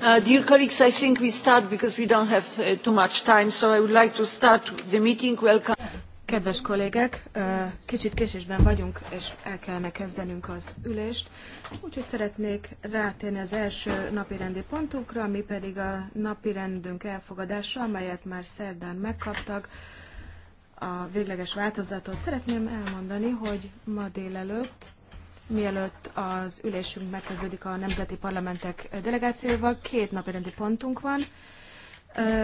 Uh, dear colleagues, I think we start because we don't have uh, too much time, so I would like to start the meeting. Welcome. Kedves kollégek, uh, kicsit késésben vagyunk, és el kellene kezdenünk az ülést, úgyhogy szeretnék rátérni az első napirendi pontunkra, ami pedig a napirendünk elfogadása, amelyet már szerdán megkaptak a végleges változatot. Szeretném elmondani, hogy ma délelőtt Mielőtt az ülésünk megkezdődik a nemzeti parlamentek delegációval, két napirendi pontunk van.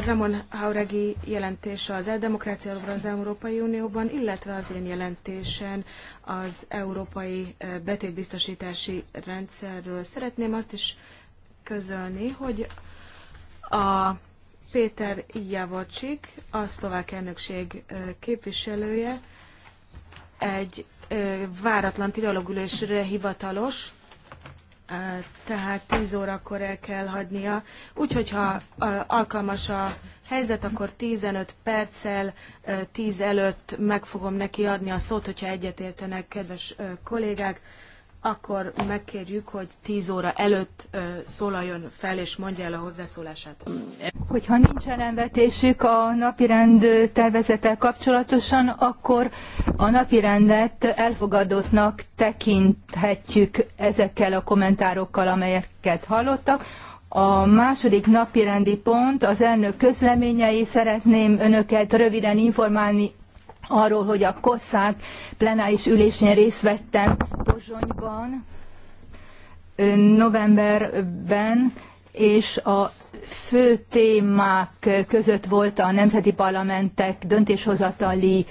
Ramon Hauregi jelentése az eldemokráciáról az Európai Unióban, illetve az én jelentésen az Európai Betétbiztosítási Rendszerről. Szeretném azt is közölni, hogy a Péter Javocsik, a szlovák elnökség képviselője, egy váratlan tilalogülésre hivatalos, tehát 10 órakor el kell hagynia. Úgyhogy ha alkalmas a helyzet, akkor 15 perccel, 10 előtt meg fogom neki adni a szót, hogyha egyetértenek, kedves kollégák akkor megkérjük, hogy 10 óra előtt szólaljon fel, és mondja el a hozzászólását. Hogyha nincs ellenvetésük a napirend tervezettel kapcsolatosan, akkor a napirendet elfogadottnak tekinthetjük ezekkel a kommentárokkal, amelyeket hallottak. A második napirendi pont az elnök közleményei. Szeretném önöket röviden informálni arról, hogy a Kosszák plenáris ülésén részt vettem Pozsonyban novemberben, és a fő témák között volt a nemzeti parlamentek döntéshozatali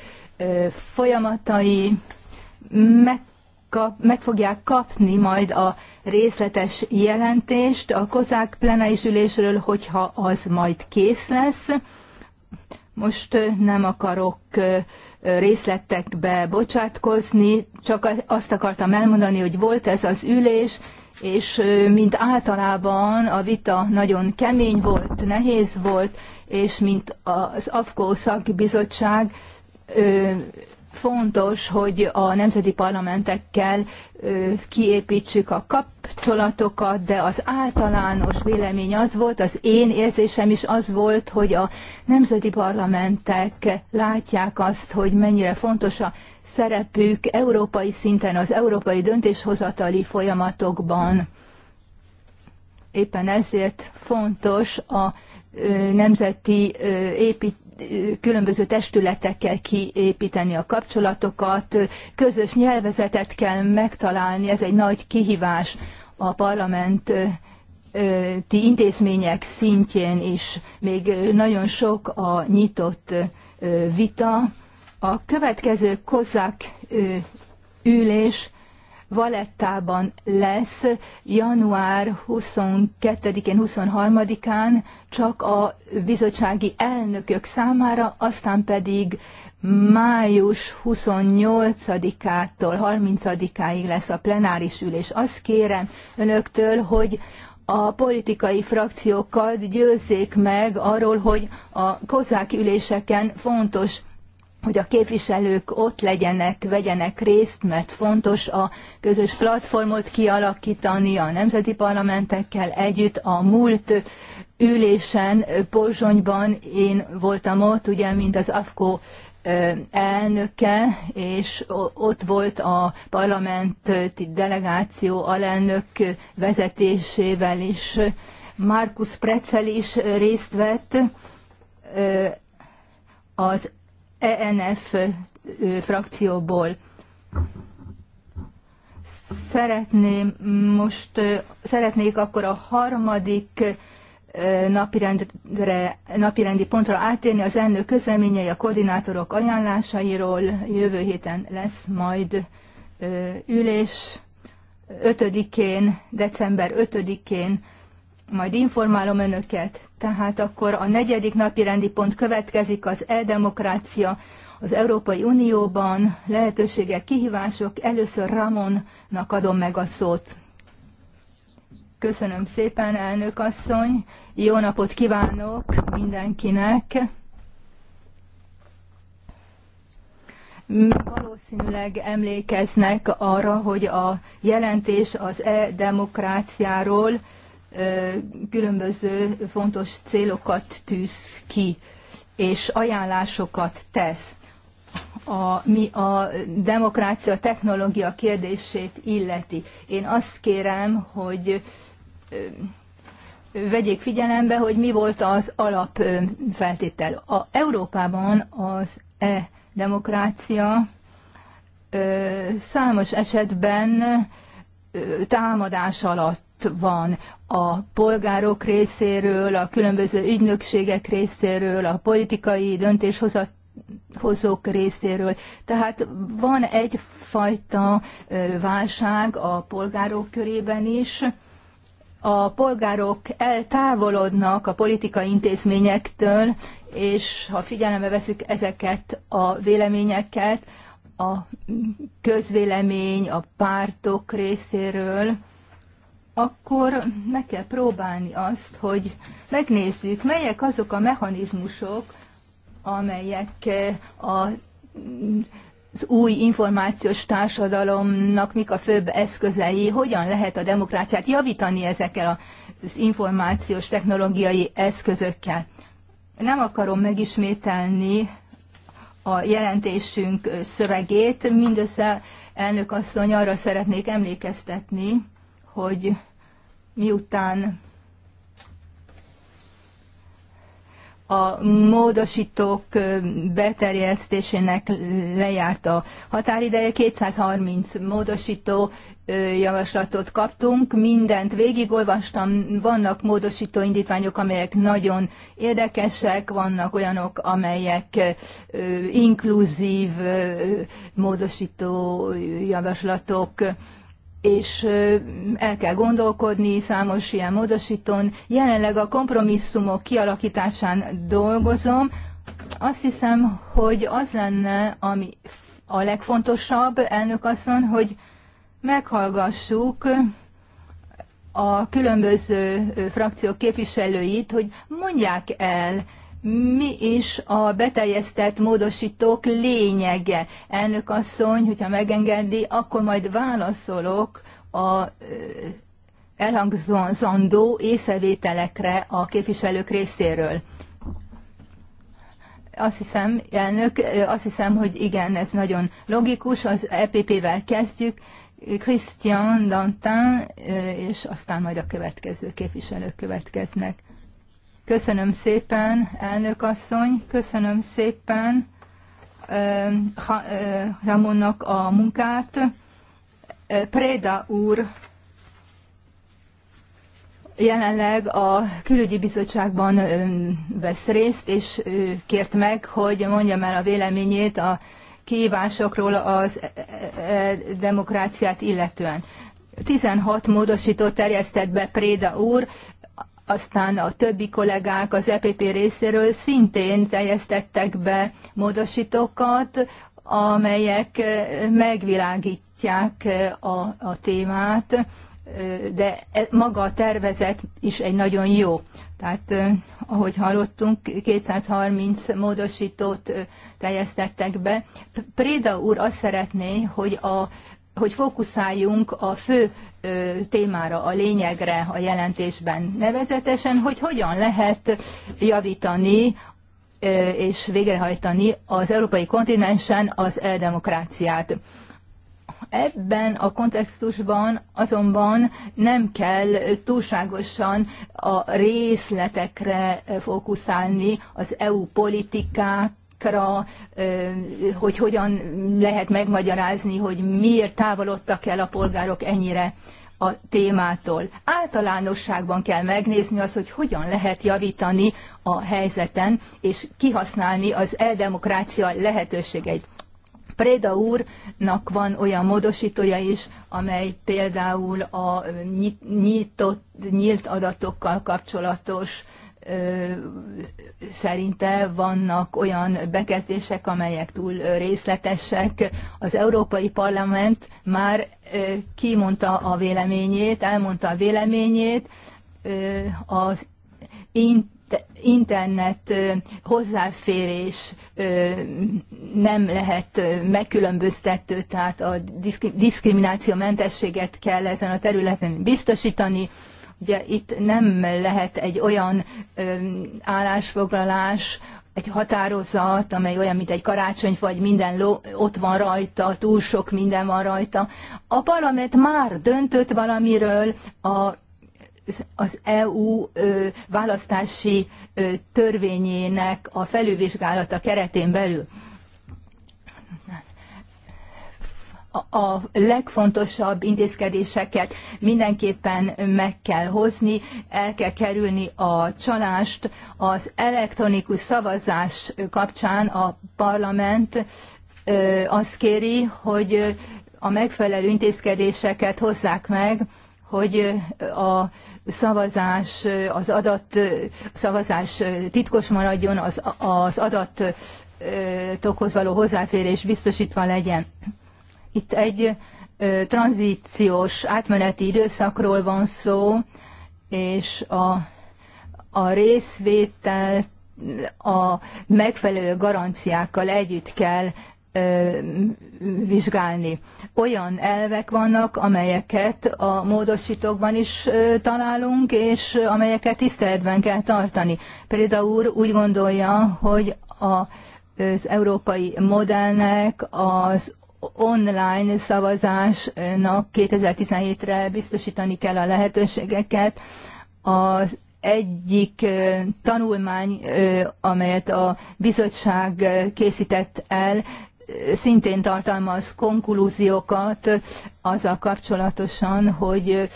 folyamatai. Megkap, meg fogják kapni majd a részletes jelentést a kozák plenáris ülésről, hogyha az majd kész lesz. Most nem akarok részletekbe bocsátkozni, csak azt akartam elmondani, hogy volt ez az ülés, és mint általában a vita nagyon kemény volt, nehéz volt, és mint az AFKO szakbizottság fontos, hogy a nemzeti parlamentekkel kiépítsük a kapcsolatokat, de az általános vélemény az volt, az én érzésem is az volt, hogy a nemzeti parlamentek látják azt, hogy mennyire fontos a szerepük európai szinten, az európai döntéshozatali folyamatokban. Éppen ezért fontos a nemzeti épít különböző testületekkel kiépíteni a kapcsolatokat, közös nyelvezetet kell megtalálni, ez egy nagy kihívás a parlament ti intézmények szintjén is még nagyon sok a nyitott vita. A következő kozák ülés Valettában lesz január 22-én, 23-án csak a bizottsági elnökök számára, aztán pedig május 28-ától 30-áig lesz a plenáris ülés. Azt kérem önöktől, hogy a politikai frakciókkal győzzék meg arról, hogy a kozák üléseken fontos hogy a képviselők ott legyenek, vegyenek részt, mert fontos a közös platformot kialakítani a nemzeti parlamentekkel együtt. A múlt ülésen Pozsonyban én voltam ott, ugye, mint az AFKO elnöke, és ott volt a parlamenti delegáció alelnök vezetésével is. Markus Precel is részt vett az ENF frakcióból. Szeretném most, szeretnék akkor a harmadik napirendre, napirendi pontra átérni az elnök közleményei, a koordinátorok ajánlásairól. Jövő héten lesz majd ülés 5-én, december 5-én majd informálom önöket. Tehát akkor a negyedik napi rendi pont következik az e-demokrácia az Európai Unióban, lehetőségek, kihívások. Először Ramonnak adom meg a szót. Köszönöm szépen, elnök asszony. Jó napot kívánok mindenkinek. Valószínűleg emlékeznek arra, hogy a jelentés az e-demokráciáról különböző fontos célokat tűz ki, és ajánlásokat tesz. A, mi a demokrácia technológia kérdését illeti. Én azt kérem, hogy vegyék figyelembe, hogy mi volt az alapfeltétel. A Európában az e demokrácia számos esetben támadás alatt van a polgárok részéről, a különböző ügynökségek részéről, a politikai döntéshozók részéről. Tehát van egyfajta válság a polgárok körében is. A polgárok eltávolodnak a politikai intézményektől, és ha figyelembe veszük ezeket a véleményeket, a közvélemény, a pártok részéről, akkor meg kell próbálni azt, hogy megnézzük, melyek azok a mechanizmusok, amelyek eh, a az új információs társadalomnak mik a főbb eszközei, hogyan lehet a demokráciát javítani ezekkel az információs technológiai eszközökkel. Nem akarom megismételni a jelentésünk szövegét, mindössze elnök asszony arra szeretnék emlékeztetni, hogy miután a módosítók beterjesztésének lejárt a határideje. 230 módosító javaslatot kaptunk, mindent végigolvastam, vannak módosító indítványok, amelyek nagyon érdekesek, vannak olyanok, amelyek inkluzív módosító javaslatok, és el kell gondolkodni számos ilyen módosítón. Jelenleg a kompromisszumok kialakításán dolgozom. Azt hiszem, hogy az lenne, ami a legfontosabb, elnök asszony, hogy meghallgassuk a különböző frakciók képviselőit, hogy mondják el, mi is a beteljesztett módosítók lényege. Elnök asszony, hogyha megengedi, akkor majd válaszolok a elhangzandó észrevételekre a képviselők részéről. Azt hiszem, elnök, azt hiszem, hogy igen, ez nagyon logikus, az EPP-vel kezdjük. Christian Dantin, és aztán majd a következő képviselők következnek. Köszönöm szépen, elnök asszony, köszönöm szépen Ramonnak a munkát. Préda úr jelenleg a külügyi bizottságban vesz részt, és ő kért meg, hogy mondjam el a véleményét a kívásokról az e, e, e, demokráciát illetően. 16 módosítót terjesztett be Préda úr, aztán a többi kollégák az EPP részéről szintén teljesztettek be módosítókat, amelyek eh, megvilágítják eh, a, a témát, eh, de e, maga a tervezet is egy nagyon jó. Tehát, ahogy hallottunk, 230 módosítót teljesztettek be. Préda úr azt szeretné, hogy a hogy fókuszáljunk a fő témára, a lényegre a jelentésben nevezetesen, hogy hogyan lehet javítani és végrehajtani az európai kontinensen az eldemokráciát. Ebben a kontextusban azonban nem kell túlságosan a részletekre fókuszálni az EU politikák célokra, hogy hogyan lehet megmagyarázni, hogy miért távolodtak el a polgárok ennyire a témától. Általánosságban kell megnézni az, hogy hogyan lehet javítani a helyzeten, és kihasználni az eldemokrácia lehetőségeit. Préda úrnak van olyan módosítója is, amely például a nyitott, nyílt adatokkal kapcsolatos szerinte vannak olyan bekezdések, amelyek túl részletesek. Az Európai Parlament már kimondta a véleményét, elmondta a véleményét, az internet hozzáférés nem lehet megkülönböztető, tehát a diszkrimináció mentességet kell ezen a területen biztosítani, Ugye itt nem lehet egy olyan ö, állásfoglalás, egy határozat, amely olyan, mint egy karácsony, vagy minden ló, ott van rajta, túl sok minden van rajta. A parlament már döntött valamiről, a az EU ö, választási ö, törvényének a felülvizsgálata keretén belül. a legfontosabb intézkedéseket mindenképpen meg kell hozni, el kell kerülni a csalást. Az elektronikus szavazás kapcsán a parlament azt kéri, hogy a megfelelő intézkedéseket hozzák meg, hogy a szavazás, az adat, szavazás titkos maradjon, az, az adatokhoz való hozzáférés biztosítva legyen. Itt egy ö, tranzíciós átmeneti időszakról van szó, és a, a részvétel a megfelelő garanciákkal együtt kell ö, vizsgálni. Olyan elvek vannak, amelyeket a módosítókban is ö, találunk, és amelyeket tiszteletben kell tartani. Például úr úgy gondolja, hogy a, az európai modellnek az online szavazásnak 2017-re biztosítani kell a lehetőségeket. Az egyik tanulmány, amelyet a bizottság készített el, szintén tartalmaz konklúziókat azzal kapcsolatosan, hogy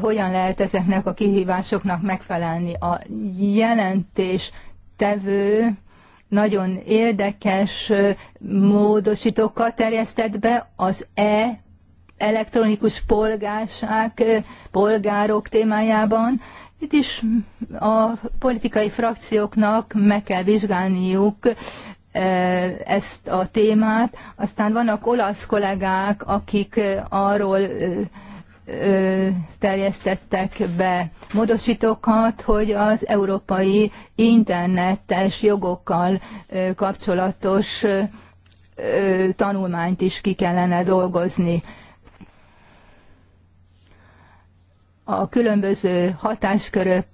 hogyan lehet ezeknek a kihívásoknak megfelelni. A jelentés tevő nagyon érdekes módosítókat terjesztett be az E elektronikus polgárság, polgárok témájában. Itt is a politikai frakcióknak meg kell vizsgálniuk ezt a témát. Aztán vannak olasz kollégák, akik arról terjesztettek be módosítókat, hogy az európai internetes jogokkal kapcsolatos tanulmányt is ki kellene dolgozni. A különböző hatáskörök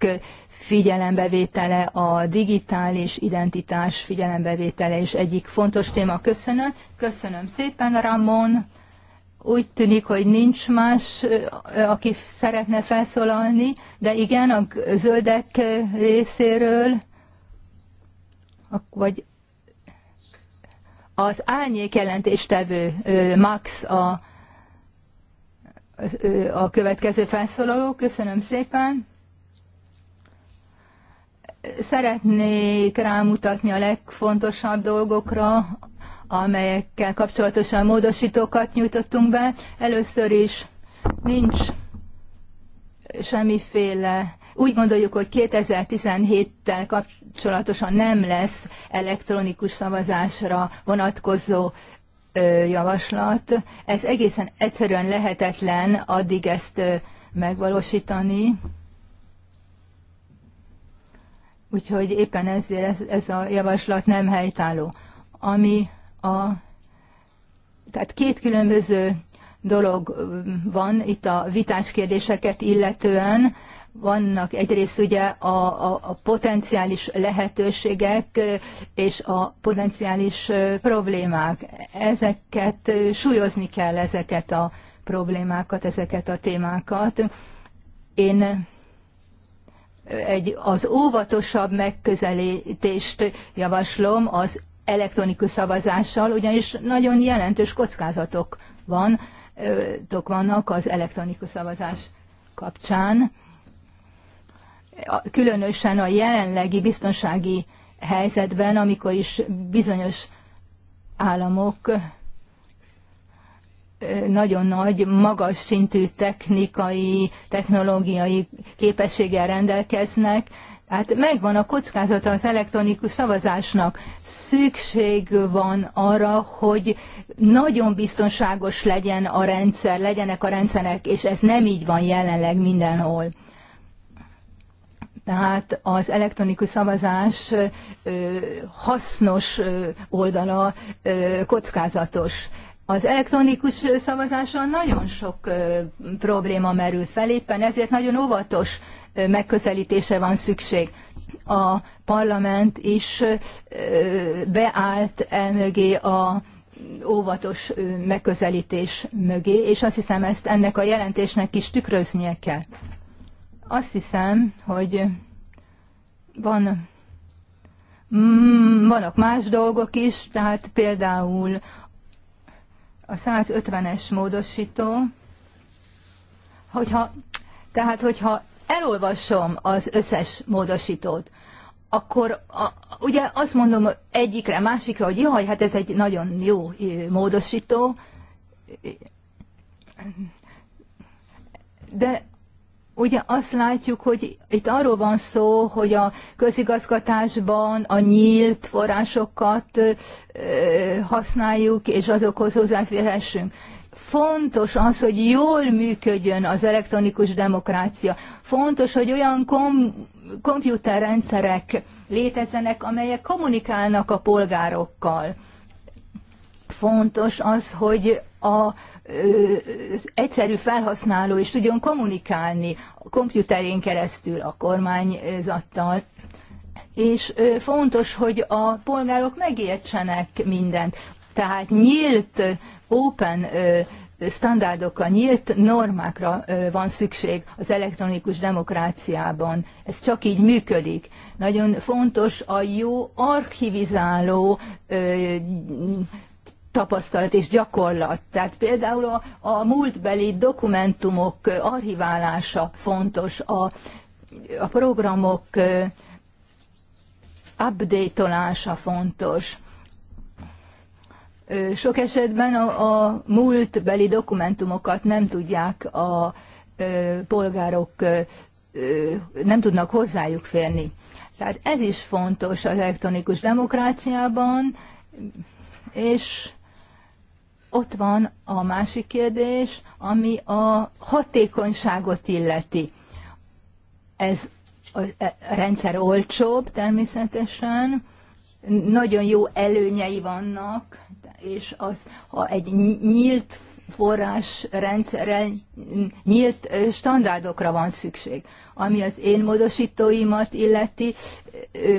figyelembevétele, a digitális identitás figyelembevétele is egyik fontos téma. Köszönöm. Köszönöm szépen, Ramon. Úgy tűnik, hogy nincs más, aki szeretne felszólalni, de igen, a zöldek részéről, vagy az árnyék jelentéstevő Max a, a következő felszólaló. Köszönöm szépen. Szeretnék rámutatni a legfontosabb dolgokra, amelyekkel kapcsolatosan módosítókat nyújtottunk be. Először is nincs semmiféle úgy gondoljuk, hogy 2017-tel kapcsolatosan nem lesz elektronikus szavazásra vonatkozó javaslat. Ez egészen egyszerűen lehetetlen addig ezt megvalósítani. Úgyhogy éppen ezért ez, ez a javaslat nem helytálló. Ami a, tehát két különböző dolog um, van itt a vitás kérdéseket illetően. Vannak egyrészt ugye a, a, a potenciális lehetőségek uh, és a potenciális uh, problémák. Ezeket uh, súlyozni kell, ezeket a problémákat, ezeket a témákat. Én egy, az óvatosabb megközelítést javaslom az elektronikus szavazással, ugyanis nagyon jelentős kockázatok van, tok vannak az elektronikus szavazás kapcsán. Különösen a jelenlegi biztonsági helyzetben, amikor is bizonyos államok nagyon nagy, magas szintű technikai, technológiai képességgel rendelkeznek, Hát megvan a kockázata az elektronikus szavazásnak. Szükség van arra, hogy nagyon biztonságos legyen a rendszer, legyenek a rendszerek, és ez nem így van jelenleg mindenhol. Tehát az elektronikus szavazás hasznos oldala kockázatos. Az elektronikus szavazáson nagyon sok probléma merül fel, éppen ezért nagyon óvatos megközelítése van szükség. A parlament is beállt el mögé a óvatos megközelítés mögé, és azt hiszem ezt ennek a jelentésnek is tükröznie kell. Azt hiszem, hogy van, mm, vannak más dolgok is, tehát például a 150-es módosító, hogyha, tehát hogyha elolvasom az összes módosítót, akkor a, ugye azt mondom egyikre, másikra, hogy jaj, hát ez egy nagyon jó módosító, de ugye azt látjuk, hogy itt arról van szó, hogy a közigazgatásban a nyílt forrásokat használjuk, és azokhoz hozzáférhessünk. Fontos az, hogy jól működjön az elektronikus demokrácia. Fontos, hogy olyan kom- kompjúterrendszerek létezzenek, amelyek kommunikálnak a polgárokkal. Fontos az, hogy a az egyszerű felhasználó is tudjon kommunikálni a kompjúterén keresztül a kormányzattal, és fontos, hogy a polgárok megértsenek mindent. Tehát nyílt, open standardokra, nyílt normákra van szükség az elektronikus demokráciában. Ez csak így működik. Nagyon fontos a jó archivizáló tapasztalat és gyakorlat. Tehát például a, a múltbeli dokumentumok archiválása fontos, a, a programok update fontos sok esetben a, a múltbeli dokumentumokat nem tudják a polgárok, nem tudnak hozzájuk férni. Tehát ez is fontos az elektronikus demokráciában, és ott van a másik kérdés, ami a hatékonyságot illeti. Ez a e, rendszer olcsóbb természetesen, nagyon jó előnyei vannak és az, ha egy nyílt forrásrendszerre nyílt standardokra van szükség. Ami az én módosítóimat illeti,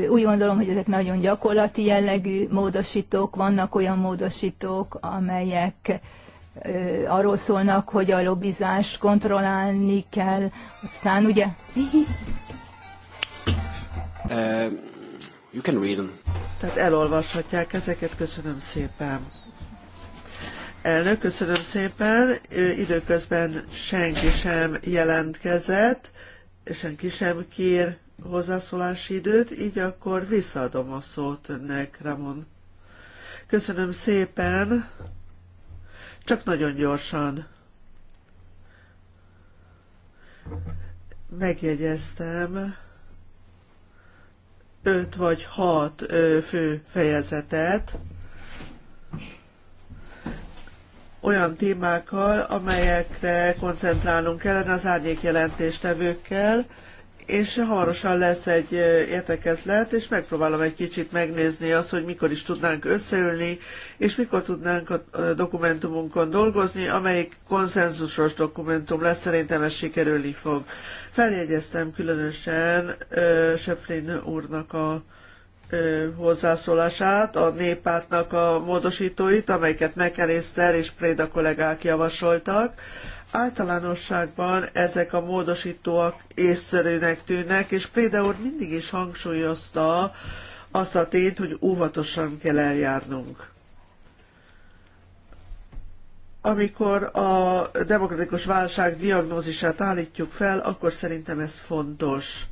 úgy gondolom, hogy ezek nagyon gyakorlati jellegű módosítók, vannak olyan módosítók, amelyek arról szólnak, hogy a lobbizást kontrollálni kell, aztán ugye... You can read them. Tehát elolvashatják ezeket, köszönöm szépen. Elnök, köszönöm szépen. Időközben senki sem jelentkezett, senki sem kér hozzászólási időt, így akkor visszaadom a szót önnek, Ramon. Köszönöm szépen. Csak nagyon gyorsan. Megjegyeztem öt vagy hat fő fejezetet olyan témákkal, amelyekre koncentrálnunk kellene az árnyék jelentéstevőkkel, és hamarosan lesz egy értekezlet, és megpróbálom egy kicsit megnézni azt, hogy mikor is tudnánk összeülni, és mikor tudnánk a dokumentumunkon dolgozni, amelyik konszenzusos dokumentum lesz, szerintem ez sikerülni fog. Feljegyeztem különösen Seflin úrnak a hozzászólását, a néppártnak a módosítóit, amelyeket McAllister és Préda kollégák javasoltak, Általánosságban ezek a módosítóak észszerűnek tűnnek, és például mindig is hangsúlyozta azt a tényt, hogy óvatosan kell eljárnunk. Amikor a demokratikus válság diagnózisát állítjuk fel, akkor szerintem ez fontos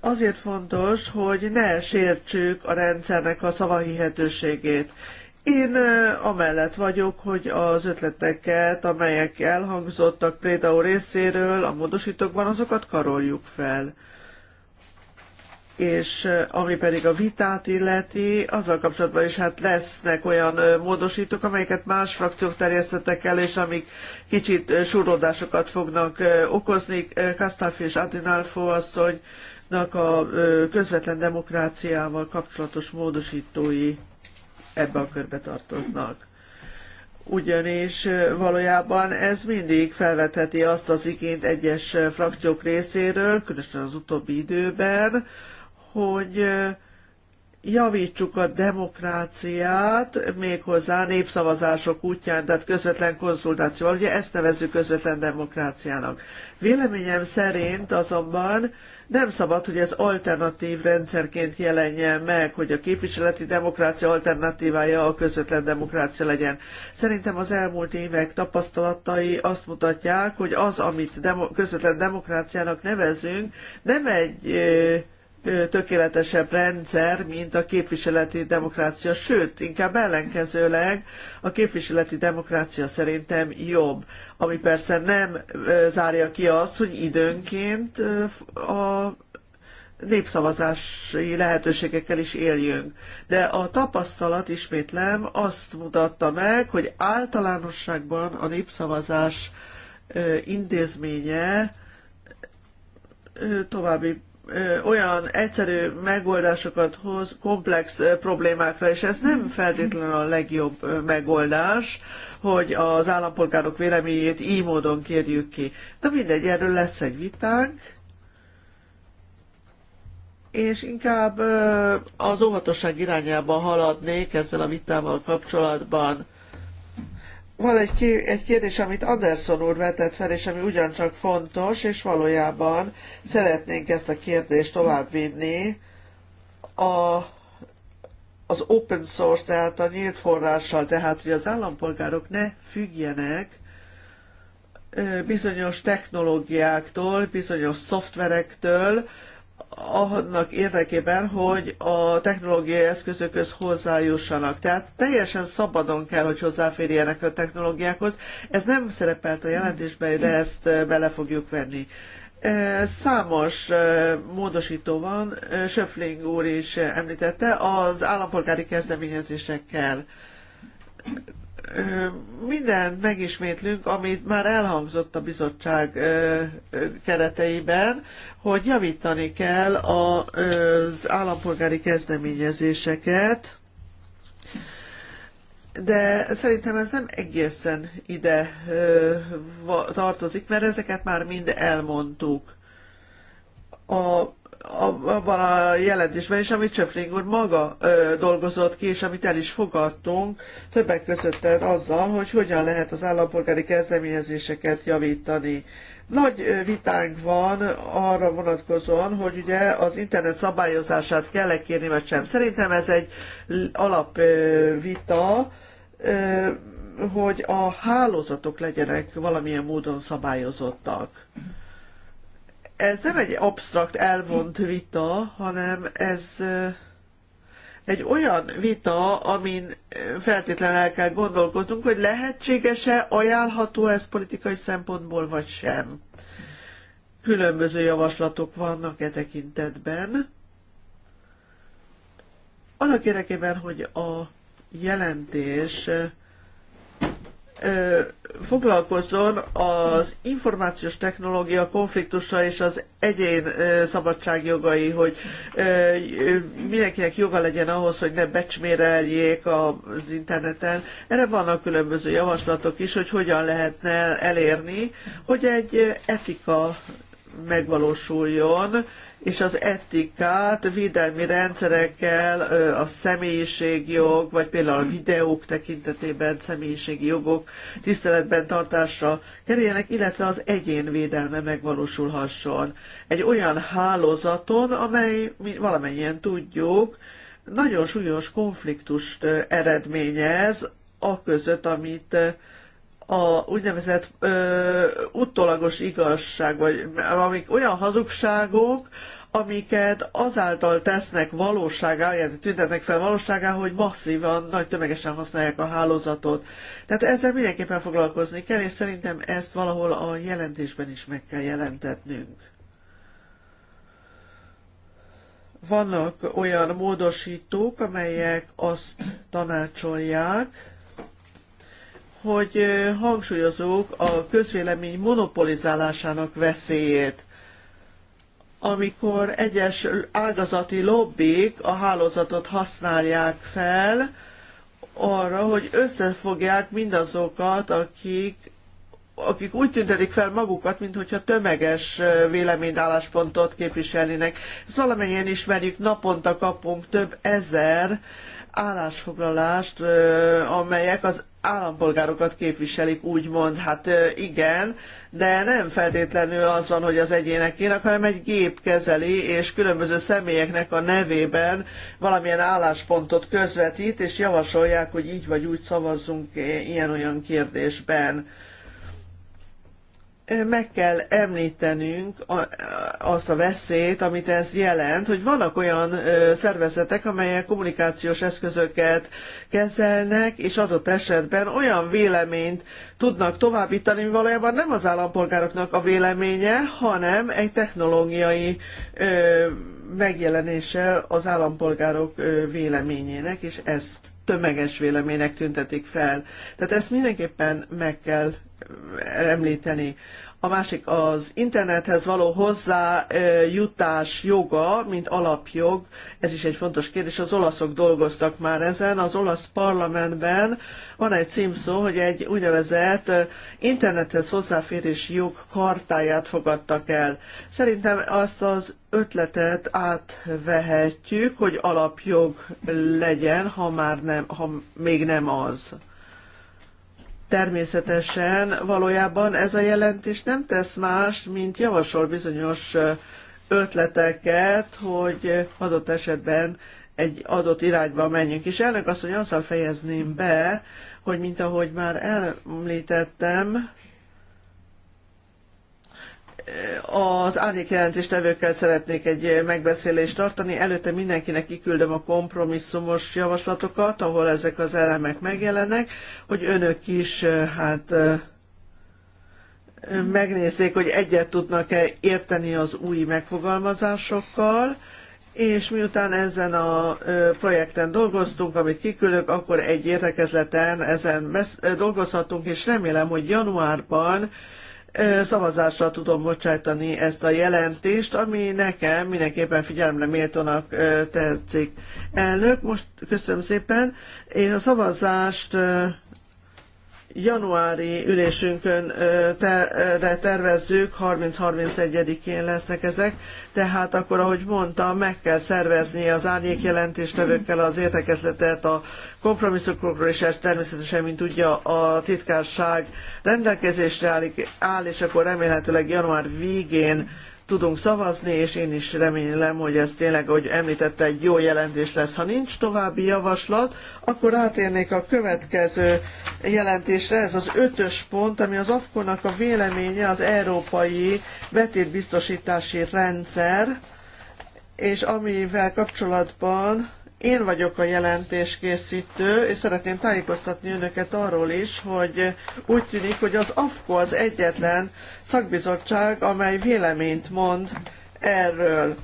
azért fontos, hogy ne sértsük a rendszernek a szavahihetőségét. Én amellett vagyok, hogy az ötleteket, amelyek elhangzottak Prédau részéről a módosítókban, azokat karoljuk fel. És ami pedig a vitát illeti, azzal kapcsolatban is hát lesznek olyan módosítók, amelyeket más frakciók terjesztettek el, és amik kicsit súródásokat fognak okozni. Kastáfi és Adinalfo asszonynak a közvetlen demokráciával kapcsolatos módosítói ebbe a körbe tartoznak. Ugyanis valójában ez mindig felvetheti azt az igényt egyes frakciók részéről, különösen az utóbbi időben, hogy javítsuk a demokráciát méghozzá népszavazások útján, tehát közvetlen konzultációval. Ugye ezt nevezzük közvetlen demokráciának. Véleményem szerint azonban nem szabad, hogy ez alternatív rendszerként jelenjen meg, hogy a képviseleti demokrácia alternatívája a közvetlen demokrácia legyen. Szerintem az elmúlt évek tapasztalatai azt mutatják, hogy az, amit demo- közvetlen demokráciának nevezünk, nem egy tökéletesebb rendszer, mint a képviseleti demokrácia, sőt, inkább ellenkezőleg a képviseleti demokrácia szerintem jobb, ami persze nem zárja ki azt, hogy időnként a népszavazási lehetőségekkel is éljünk. De a tapasztalat, ismétlem, azt mutatta meg, hogy általánosságban a népszavazás intézménye további olyan egyszerű megoldásokat hoz komplex problémákra, és ez nem feltétlenül a legjobb megoldás, hogy az állampolgárok véleményét így módon kérjük ki. De mindegy, erről lesz egy vitánk, és inkább az óvatosság irányába haladnék ezzel a vitával kapcsolatban. Van egy, egy kérdés, amit Anderson úr vetett fel, és ami ugyancsak fontos, és valójában szeretnénk ezt a kérdést továbbvinni a, az open source, tehát a nyílt forrással, tehát hogy az állampolgárok ne függjenek bizonyos technológiáktól, bizonyos szoftverektől, annak érdekében, hogy a technológiai eszközökhöz hozzájussanak. Tehát teljesen szabadon kell, hogy hozzáférjenek a technológiákhoz. Ez nem szerepelt a jelentésben, de ezt eh, bele fogjuk venni. Eh, számos eh, módosító van, Söfling úr is említette, az állampolgári kezdeményezésekkel mindent megismétlünk, amit már elhangzott a bizottság kereteiben, hogy javítani kell az állampolgári kezdeményezéseket, de szerintem ez nem egészen ide tartozik, mert ezeket már mind elmondtuk. A abban a jelentésben is, amit Csöfling úr maga ö, dolgozott ki, és amit el is fogadtunk, többek között azzal, hogy hogyan lehet az állampolgári kezdeményezéseket javítani. Nagy vitánk van arra vonatkozóan, hogy ugye az internet szabályozását kell-e kérni, vagy sem. Szerintem ez egy alapvita, hogy a hálózatok legyenek valamilyen módon szabályozottak ez nem egy absztrakt elvont vita, hanem ez egy olyan vita, amin feltétlenül el kell gondolkodnunk, hogy lehetséges-e, ajánlható ez politikai szempontból, vagy sem. Különböző javaslatok vannak e tekintetben. Annak érdekében, hogy a jelentés foglalkozzon az információs technológia konfliktusa és az egyén szabadságjogai, hogy mindenkinek joga legyen ahhoz, hogy ne becsméreljék az interneten. Erre vannak különböző javaslatok is, hogy hogyan lehetne elérni, hogy egy etika megvalósuljon, és az etikát védelmi rendszerekkel, a személyiségjog, vagy például a videók tekintetében személyiségi jogok tiszteletben tartásra kerüljenek, illetve az egyén védelme megvalósulhasson. Egy olyan hálózaton, amely mi valamennyien tudjuk, nagyon súlyos konfliktust eredményez a között, amit a úgynevezett ö, utólagos igazság, vagy amik olyan hazugságok, amiket azáltal tesznek valóságá, ilyen tüntetnek fel valóságá, hogy masszívan, nagy tömegesen használják a hálózatot. Tehát ezzel mindenképpen foglalkozni kell, és szerintem ezt valahol a jelentésben is meg kell jelentetnünk. Vannak olyan módosítók, amelyek azt tanácsolják, hogy hangsúlyozók a közvélemény monopolizálásának veszélyét amikor egyes ágazati lobbik a hálózatot használják fel arra, hogy összefogják mindazokat, akik, akik úgy tüntetik fel magukat, mintha tömeges véleményálláspontot képviselnének. Ezt valamennyien ismerjük, naponta kapunk több ezer állásfoglalást, amelyek az állampolgárokat képviselik, úgymond, hát igen, de nem feltétlenül az van, hogy az egyének hanem egy gép kezeli, és különböző személyeknek a nevében valamilyen álláspontot közvetít, és javasolják, hogy így vagy úgy szavazzunk eh, ilyen-olyan kérdésben meg kell említenünk azt a veszélyt, amit ez jelent, hogy vannak olyan szervezetek, amelyek kommunikációs eszközöket kezelnek, és adott esetben olyan véleményt tudnak továbbítani, ami valójában nem az állampolgároknak a véleménye, hanem egy technológiai megjelenése az állampolgárok véleményének, és ezt tömeges véleménynek tüntetik fel. Tehát ezt mindenképpen meg kell említeni a másik az internethez való hozzájutás joga, mint alapjog, ez is egy fontos kérdés, az olaszok dolgoztak már ezen, az olasz parlamentben van egy címszó, hogy egy úgynevezett internethez hozzáférési jog kartáját fogadtak el. Szerintem azt az ötletet átvehetjük, hogy alapjog legyen, ha már nem, ha még nem az. Természetesen valójában ez a jelentés nem tesz más, mint javasol bizonyos ötleteket, hogy adott esetben egy adott irányba menjünk. És elnök azt, hogy azzal fejezném be, hogy mint ahogy már említettem, az árnyékjelentéstevőkkel szeretnék egy megbeszélést tartani. Előtte mindenkinek kiküldöm a kompromisszumos javaslatokat, ahol ezek az elemek megjelennek, hogy önök is eh, hát eh, megnézzék, hogy egyet tudnak-e érteni az új megfogalmazásokkal, és miután ezen a eh, projekten dolgoztunk, amit kiküldök, akkor egy értekezleten ezen dolgozhatunk, és remélem, hogy januárban szavazásra tudom bocsájtani ezt a jelentést, ami nekem mindenképpen figyelemre méltónak tetszik. Elnök, most köszönöm szépen. Én a szavazást januári ülésünkön tervezzük, 30-31-én lesznek ezek, tehát akkor, ahogy mondtam, meg kell szervezni az árnyékjelentéstevőkkel az értekezletet a kompromisszokról, és ez természetesen, mint tudja, a titkárság rendelkezésre áll és akkor remélhetőleg január végén tudunk szavazni, és én is remélem, hogy ez tényleg, hogy említette, egy jó jelentés lesz. Ha nincs további javaslat, akkor átérnék a következő jelentésre. Ez az ötös pont, ami az AFKON-nak a véleménye az európai betétbiztosítási rendszer, és amivel kapcsolatban én vagyok a jelentés készítő, és szeretném tájékoztatni önöket arról is, hogy úgy tűnik, hogy az AFKO az egyetlen szakbizottság, amely véleményt mond erről.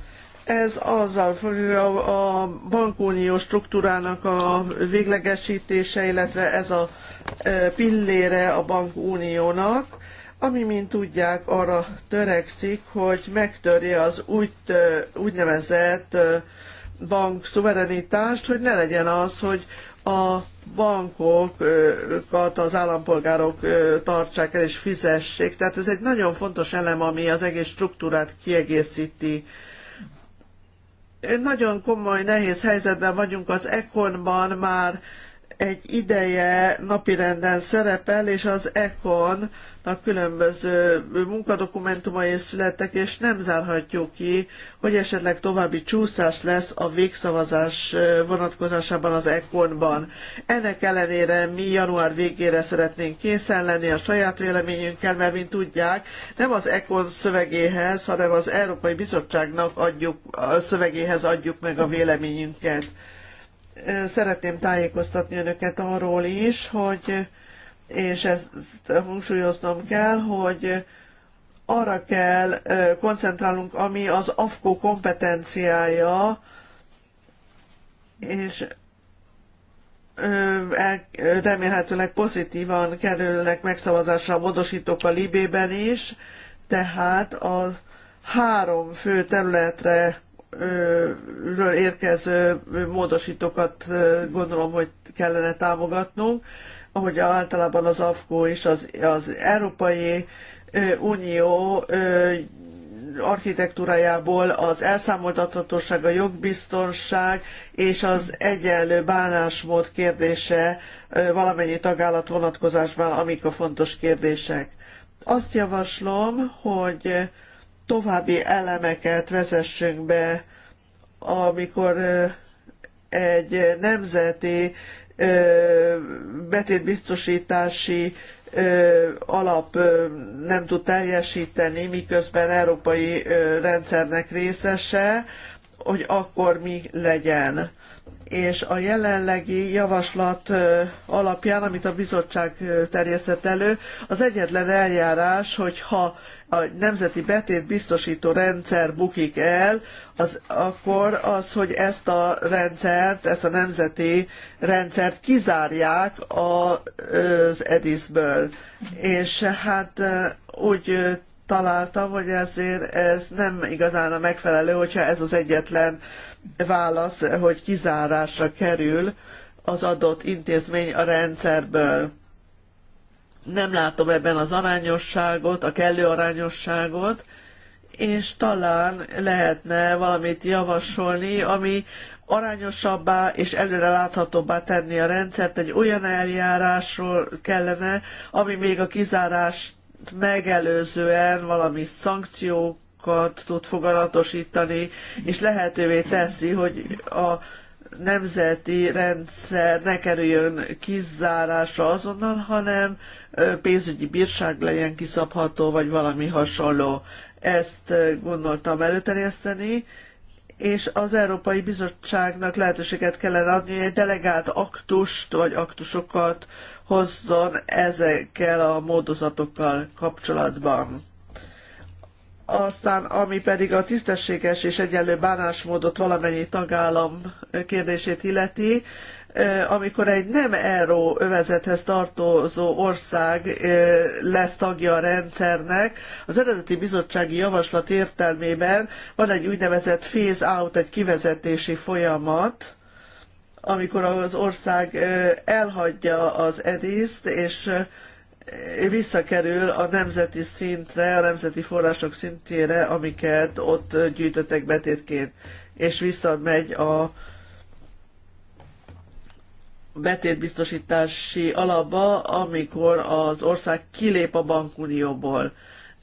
Ez azzal függ a, a bankunió struktúrának a véglegesítése, illetve ez a e, pillére a bankuniónak, ami, mint tudják, arra törekszik, hogy megtörje az úgy, e, úgynevezett e, bank szuverenitást, hogy ne legyen az, hogy a bankokat az állampolgárok tartsák el és fizessék. Tehát ez egy nagyon fontos elem, ami az egész struktúrát kiegészíti. Nagyon komoly, nehéz helyzetben vagyunk az ekonban már, egy ideje napirenden szerepel, és az ECON a különböző munkadokumentumai születtek, és nem zárhatjuk ki, hogy esetleg további csúszás lesz a végszavazás vonatkozásában az ECON-ban. Ennek ellenére mi január végére szeretnénk készen lenni a saját véleményünkkel, mert mint tudják, nem az ECON szövegéhez, hanem az Európai Bizottságnak adjuk, a szövegéhez adjuk meg a véleményünket szeretném tájékoztatni önöket arról is, hogy, és ezt hangsúlyoznom kell, hogy arra kell koncentrálnunk, ami az AFKO kompetenciája, és remélhetőleg pozitívan kerülnek megszavazásra a módosítók a Libében is, tehát a három fő területre ről érkező módosítókat gondolom, hogy kellene támogatnunk, ahogy általában az AFKO is az, az Európai Unió architektúrájából az elszámoltathatóság, a jogbiztonság és az egyenlő bánásmód kérdése valamennyi tagállat vonatkozásban, amik a fontos kérdések. Azt javaslom, hogy további elemeket vezessünk be, amikor egy nemzeti betétbiztosítási alap nem tud teljesíteni, miközben európai rendszernek részese, hogy akkor mi legyen és a jelenlegi javaslat alapján, amit a bizottság terjesztett elő, az egyetlen eljárás, hogyha a nemzeti biztosító rendszer bukik el, az, akkor az, hogy ezt a rendszert, ezt a nemzeti rendszert kizárják az EDIS-ből. És hát úgy találtam, hogy ezért ez nem igazán a megfelelő, hogyha ez az egyetlen válasz, hogy kizárásra kerül az adott intézmény a rendszerből. Nem látom ebben az arányosságot, a kellő arányosságot, és talán lehetne valamit javasolni, ami arányosabbá és előreláthatóbbá tenni a rendszert, egy olyan eljárásról kellene, ami még a kizárást megelőzően valami szankciók szabályokat tud foganatosítani, és lehetővé teszi, hogy a nemzeti rendszer ne kerüljön kizárásra azonnal, hanem pénzügyi bírság legyen kiszabható, vagy valami hasonló. Ezt gondoltam előterjeszteni, és az Európai Bizottságnak lehetőséget kellene adni, hogy egy delegált aktust vagy aktusokat hozzon ezekkel a módozatokkal kapcsolatban. Aztán, ami pedig a tisztességes és egyenlő bánásmódot valamennyi tagállam kérdését illeti, amikor egy nem euró övezethez tartozó ország lesz tagja a rendszernek, az eredeti bizottsági javaslat értelmében van egy úgynevezett phase out, egy kivezetési folyamat, amikor az ország elhagyja az edis és visszakerül a nemzeti szintre, a nemzeti források szintjére, amiket ott gyűjtöttek betétként, és visszamegy a betétbiztosítási alapba, amikor az ország kilép a bankunióból.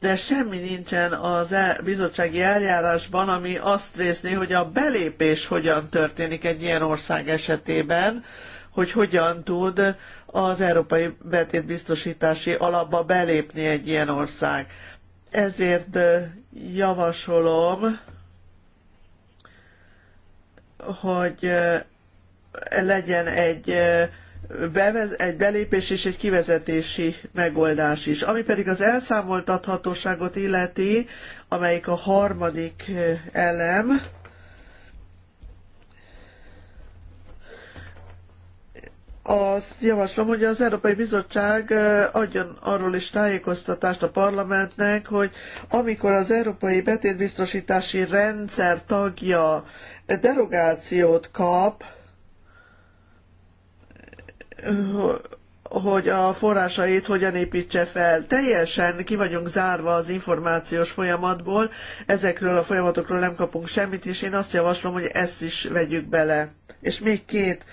De semmi nincsen az e- bizottsági eljárásban, ami azt részné, hogy a belépés hogyan történik egy ilyen ország esetében, hogy hogyan tud az Európai Betétbiztosítási Alapba belépni egy ilyen ország. Ezért javasolom, hogy legyen egy egy belépés és egy kivezetési megoldás is. Ami pedig az elszámoltathatóságot illeti, amelyik a harmadik elem, azt javaslom, hogy az Európai Bizottság adjon arról is tájékoztatást a parlamentnek, hogy amikor az Európai Betétbiztosítási Rendszer tagja derogációt kap, hogy a forrásait hogyan építse fel. Teljesen ki vagyunk zárva az információs folyamatból, ezekről a folyamatokról nem kapunk semmit, és én azt javaslom, hogy ezt is vegyük bele. És még két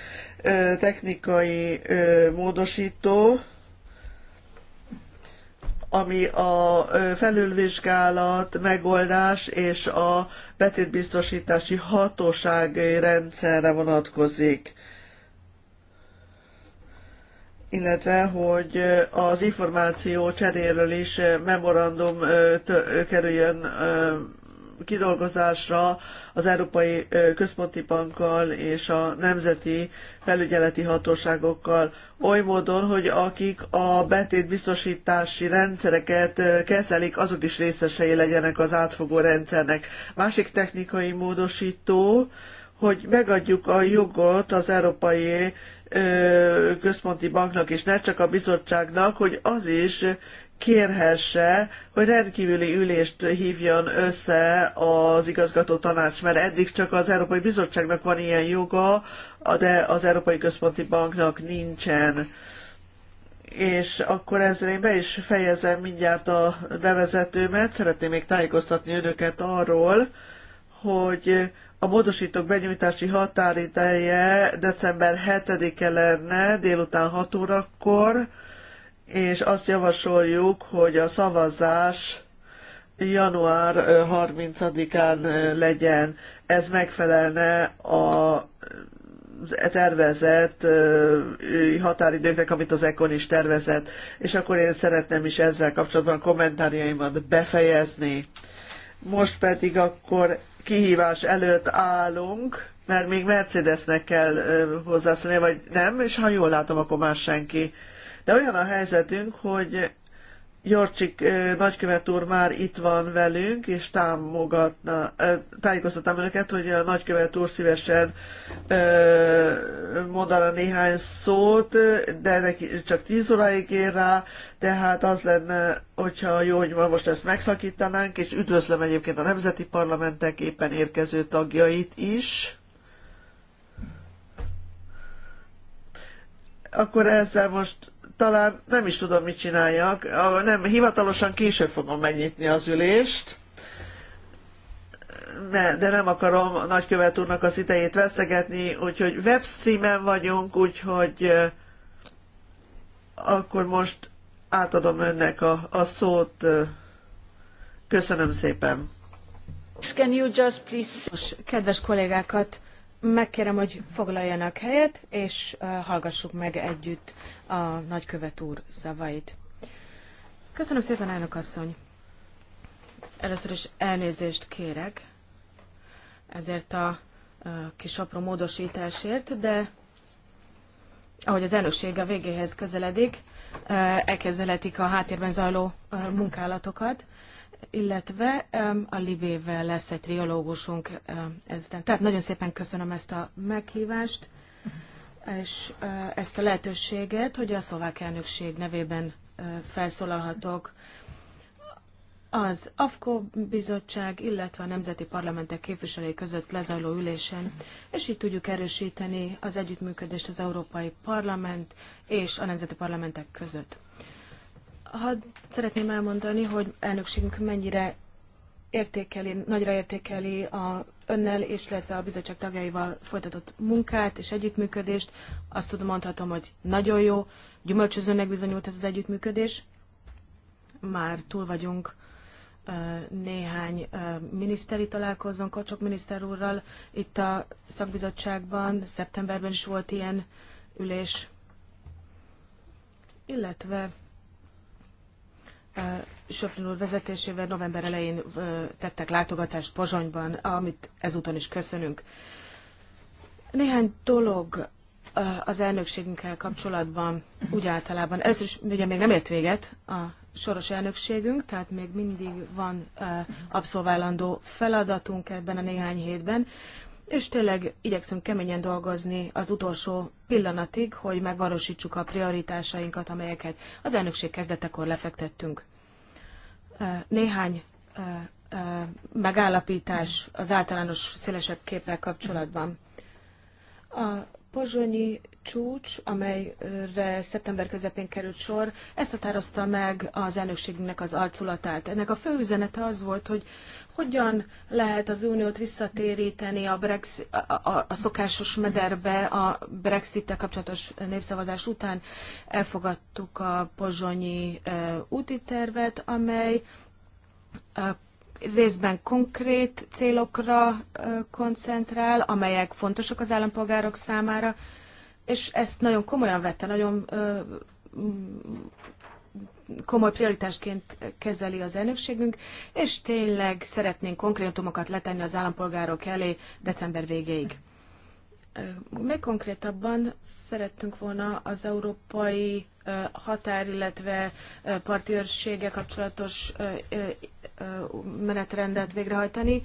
technikai módosító, ami a felülvizsgálat, megoldás és a betétbiztosítási hatósági rendszerre vonatkozik illetve hogy az információ cseréről is memorandum kerüljön kidolgozásra az Európai Központi Bankkal és a nemzeti felügyeleti hatóságokkal oly módon, hogy akik a betétbiztosítási rendszereket kezelik, azok is részesei legyenek az átfogó rendszernek. Másik technikai módosító, hogy megadjuk a jogot az Európai Központi Banknak, és ne csak a bizottságnak, hogy az is kérhesse, hogy rendkívüli ülést hívjon össze az igazgató tanács, mert eddig csak az Európai Bizottságnak van ilyen joga, de az Európai Központi Banknak nincsen. És akkor ezzel én be is fejezem mindjárt a bevezetőmet. Szeretném még tájékoztatni önöket arról, hogy a módosítók benyújtási határideje december 7-e lenne, délután 6 órakor, és azt javasoljuk, hogy a szavazás január 30-án legyen. Ez megfelelne a tervezett határidőknek, amit az Ekon is tervezett, és akkor én szeretném is ezzel kapcsolatban kommentárjaimat befejezni. Most pedig akkor kihívás előtt állunk, mert még Mercedesnek kell hozzászólni, vagy nem, és ha jól látom, akkor már senki. De olyan a helyzetünk, hogy Jorcsik nagykövet úr már itt van velünk, és támogatna, tájékoztatnám önöket, hogy a nagykövet úr szívesen mondana néhány szót, de neki csak 10 óráig ér rá, tehát az lenne, hogyha jó, hogy most ezt megszakítanánk, és üdvözlöm egyébként a nemzeti parlamentek éppen érkező tagjait is. Akkor ezzel most talán nem is tudom, mit csináljak. Nem, hivatalosan később fogom megnyitni az ülést, ne, de nem akarom a nagykövet úrnak az idejét vesztegetni, úgyhogy webstreamen vagyunk, úgyhogy akkor most átadom önnek a, a szót. Köszönöm szépen. Can you just please... Most, kedves kollégákat, megkérem, hogy foglaljanak helyet, és hallgassuk meg együtt a nagykövet úr szavait. Köszönöm szépen, elnök asszony! Először is elnézést kérek ezért a kis apró módosításért, de ahogy az elnökség a végéhez közeledik, elképzelhetik a háttérben zajló munkálatokat, illetve a Libével lesz egy triológusunk ezután. Tehát nagyon szépen köszönöm ezt a meghívást és ezt a lehetőséget, hogy a szlovák elnökség nevében felszólalhatok az AFKO bizottság, illetve a nemzeti parlamentek képviselői között lezajló ülésen, és így tudjuk erősíteni az együttműködést az Európai Parlament és a nemzeti parlamentek között. Ha szeretném elmondani, hogy elnökségünk mennyire értékeli, nagyra értékeli a önnel és illetve a bizottság tagjaival folytatott munkát és együttműködést. Azt tudom, mondhatom, hogy nagyon jó, gyümölcsözőnek bizonyult ez az együttműködés. Már túl vagyunk néhány miniszteri találkozón, Kocsok miniszter úrral itt a szakbizottságban, szeptemberben is volt ilyen ülés, illetve Söflin úr vezetésével november elején tettek látogatást Pozsonyban, amit ezúton is köszönünk. Néhány dolog az elnökségünkkel kapcsolatban úgy általában. Először is ugye még nem ért véget a soros elnökségünk, tehát még mindig van abszolválandó feladatunk ebben a néhány hétben, és tényleg igyekszünk keményen dolgozni az utolsó pillanatig, hogy megvalósítsuk a prioritásainkat, amelyeket az elnökség kezdetekor lefektettünk. Néhány megállapítás az általános szélesebb képpel kapcsolatban. A pozsonyi csúcs, amelyre szeptember közepén került sor, ezt határozta meg az elnökségünknek az arculatát. Ennek a fő üzenete az volt, hogy hogyan lehet az uniót visszatéríteni a, Brexit, a, a, a szokásos mederbe a Brexit-tel kapcsolatos népszavazás után elfogadtuk a pozsonyi e, úti tervet, amely e, részben konkrét célokra e, koncentrál, amelyek fontosak az állampolgárok számára, és ezt nagyon komolyan vette, nagyon e, komoly prioritásként kezeli az elnökségünk, és tényleg szeretnénk konkrétumokat letenni az állampolgárok elé december végéig. Még konkrétabban szerettünk volna az európai határ, illetve parti őrsége kapcsolatos menetrendet végrehajtani,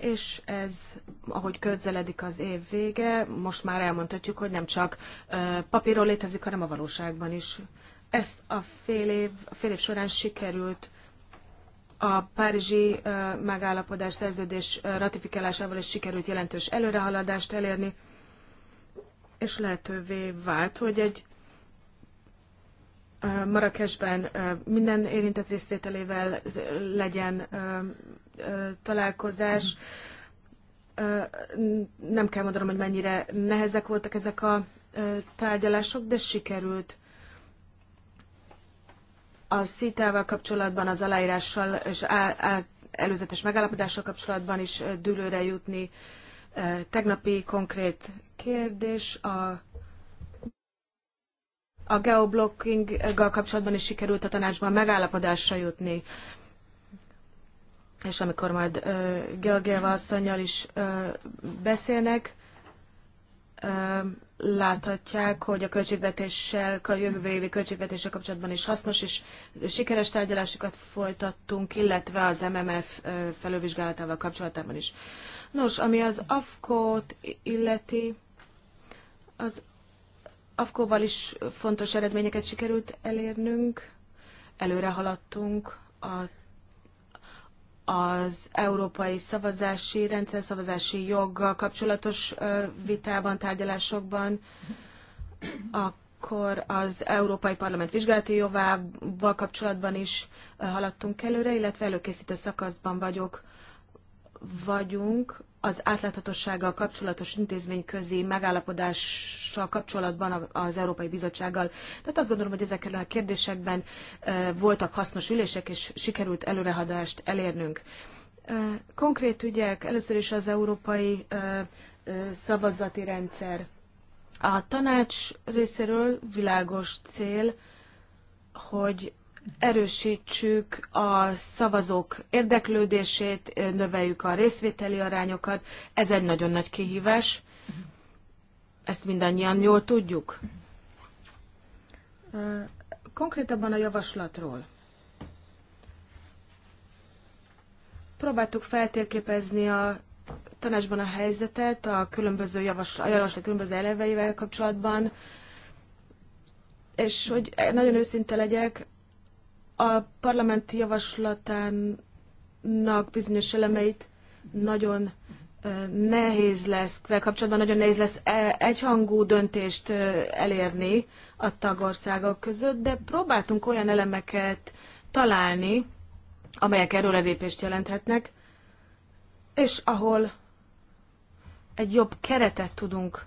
és ez, ahogy közeledik az év vége, most már elmondhatjuk, hogy nem csak papíról létezik, hanem a valóságban is ezt a fél év, a fél év során sikerült a párizsi megállapodás szerződés ratifikálásával is sikerült jelentős előrehaladást elérni, és lehetővé vált, hogy egy Marrakesben minden érintett részvételével legyen találkozás. Nem kell mondanom, hogy mennyire nehezek voltak ezek a tárgyalások, de sikerült a szitával kapcsolatban, az aláírással és előzetes megállapodással kapcsolatban is dőlőre jutni. Tegnapi konkrét kérdés a a geoblockinggal kapcsolatban is sikerült a tanácsban megállapodásra jutni. És amikor majd uh, Georgieva asszonynal is ö, beszélnek, láthatják, hogy a költségvetéssel, a jövő évi költségvetéssel kapcsolatban is hasznos és sikeres tárgyalásokat folytattunk, illetve az MMF felülvizsgálatával kapcsolatában is. Nos, ami az AFKO-t illeti, az AFKO-val is fontos eredményeket sikerült elérnünk, előre haladtunk a az európai szavazási rendszer, szavazási joggal kapcsolatos vitában, tárgyalásokban, akkor az Európai Parlament vizsgálati jogával kapcsolatban is haladtunk előre, illetve előkészítő szakaszban vagyok, vagyunk az átláthatósággal kapcsolatos intézmény közé megállapodással kapcsolatban az Európai Bizottsággal. Tehát azt gondolom, hogy ezekkel a kérdésekben voltak hasznos ülések, és sikerült előrehadást elérnünk. Konkrét ügyek, először is az európai szavazati rendszer. A tanács részéről világos cél, hogy erősítsük a szavazók érdeklődését, növeljük a részvételi arányokat. Ez egy nagyon nagy kihívás. Ezt mindannyian jól tudjuk. Konkrétabban a javaslatról. Próbáltuk feltérképezni a tanácsban a helyzetet a különböző javaslat, a javaslat különböző eleveivel kapcsolatban, és hogy nagyon őszinte legyek, a parlamenti javaslatának bizonyos elemeit nagyon nehéz lesz, vagy kapcsolatban nagyon nehéz lesz e, egyhangú döntést elérni a tagországok között, de próbáltunk olyan elemeket találni, amelyek erőrelépést jelenthetnek, és ahol egy jobb keretet tudunk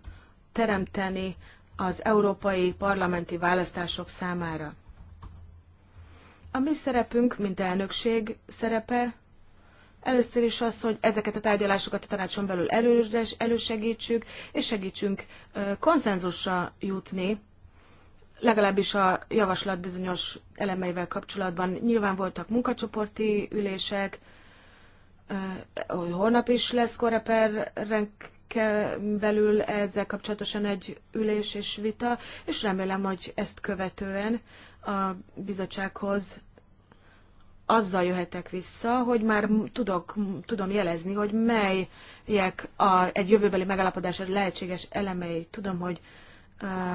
teremteni az európai parlamenti választások számára. A mi szerepünk, mint elnökség szerepe, először is az, hogy ezeket a tárgyalásokat a tanácson belül elősegítsük, és segítsünk konszenzusra jutni, legalábbis a javaslat bizonyos elemeivel kapcsolatban. Nyilván voltak munkacsoporti ülések, holnap is lesz koreperrenk belül ezzel kapcsolatosan egy ülés és vita, és remélem, hogy ezt követően a bizottsághoz azzal jöhetek vissza, hogy már tudok, tudom jelezni, hogy melyek a, egy jövőbeli megállapodás lehetséges elemei. Tudom, hogy uh,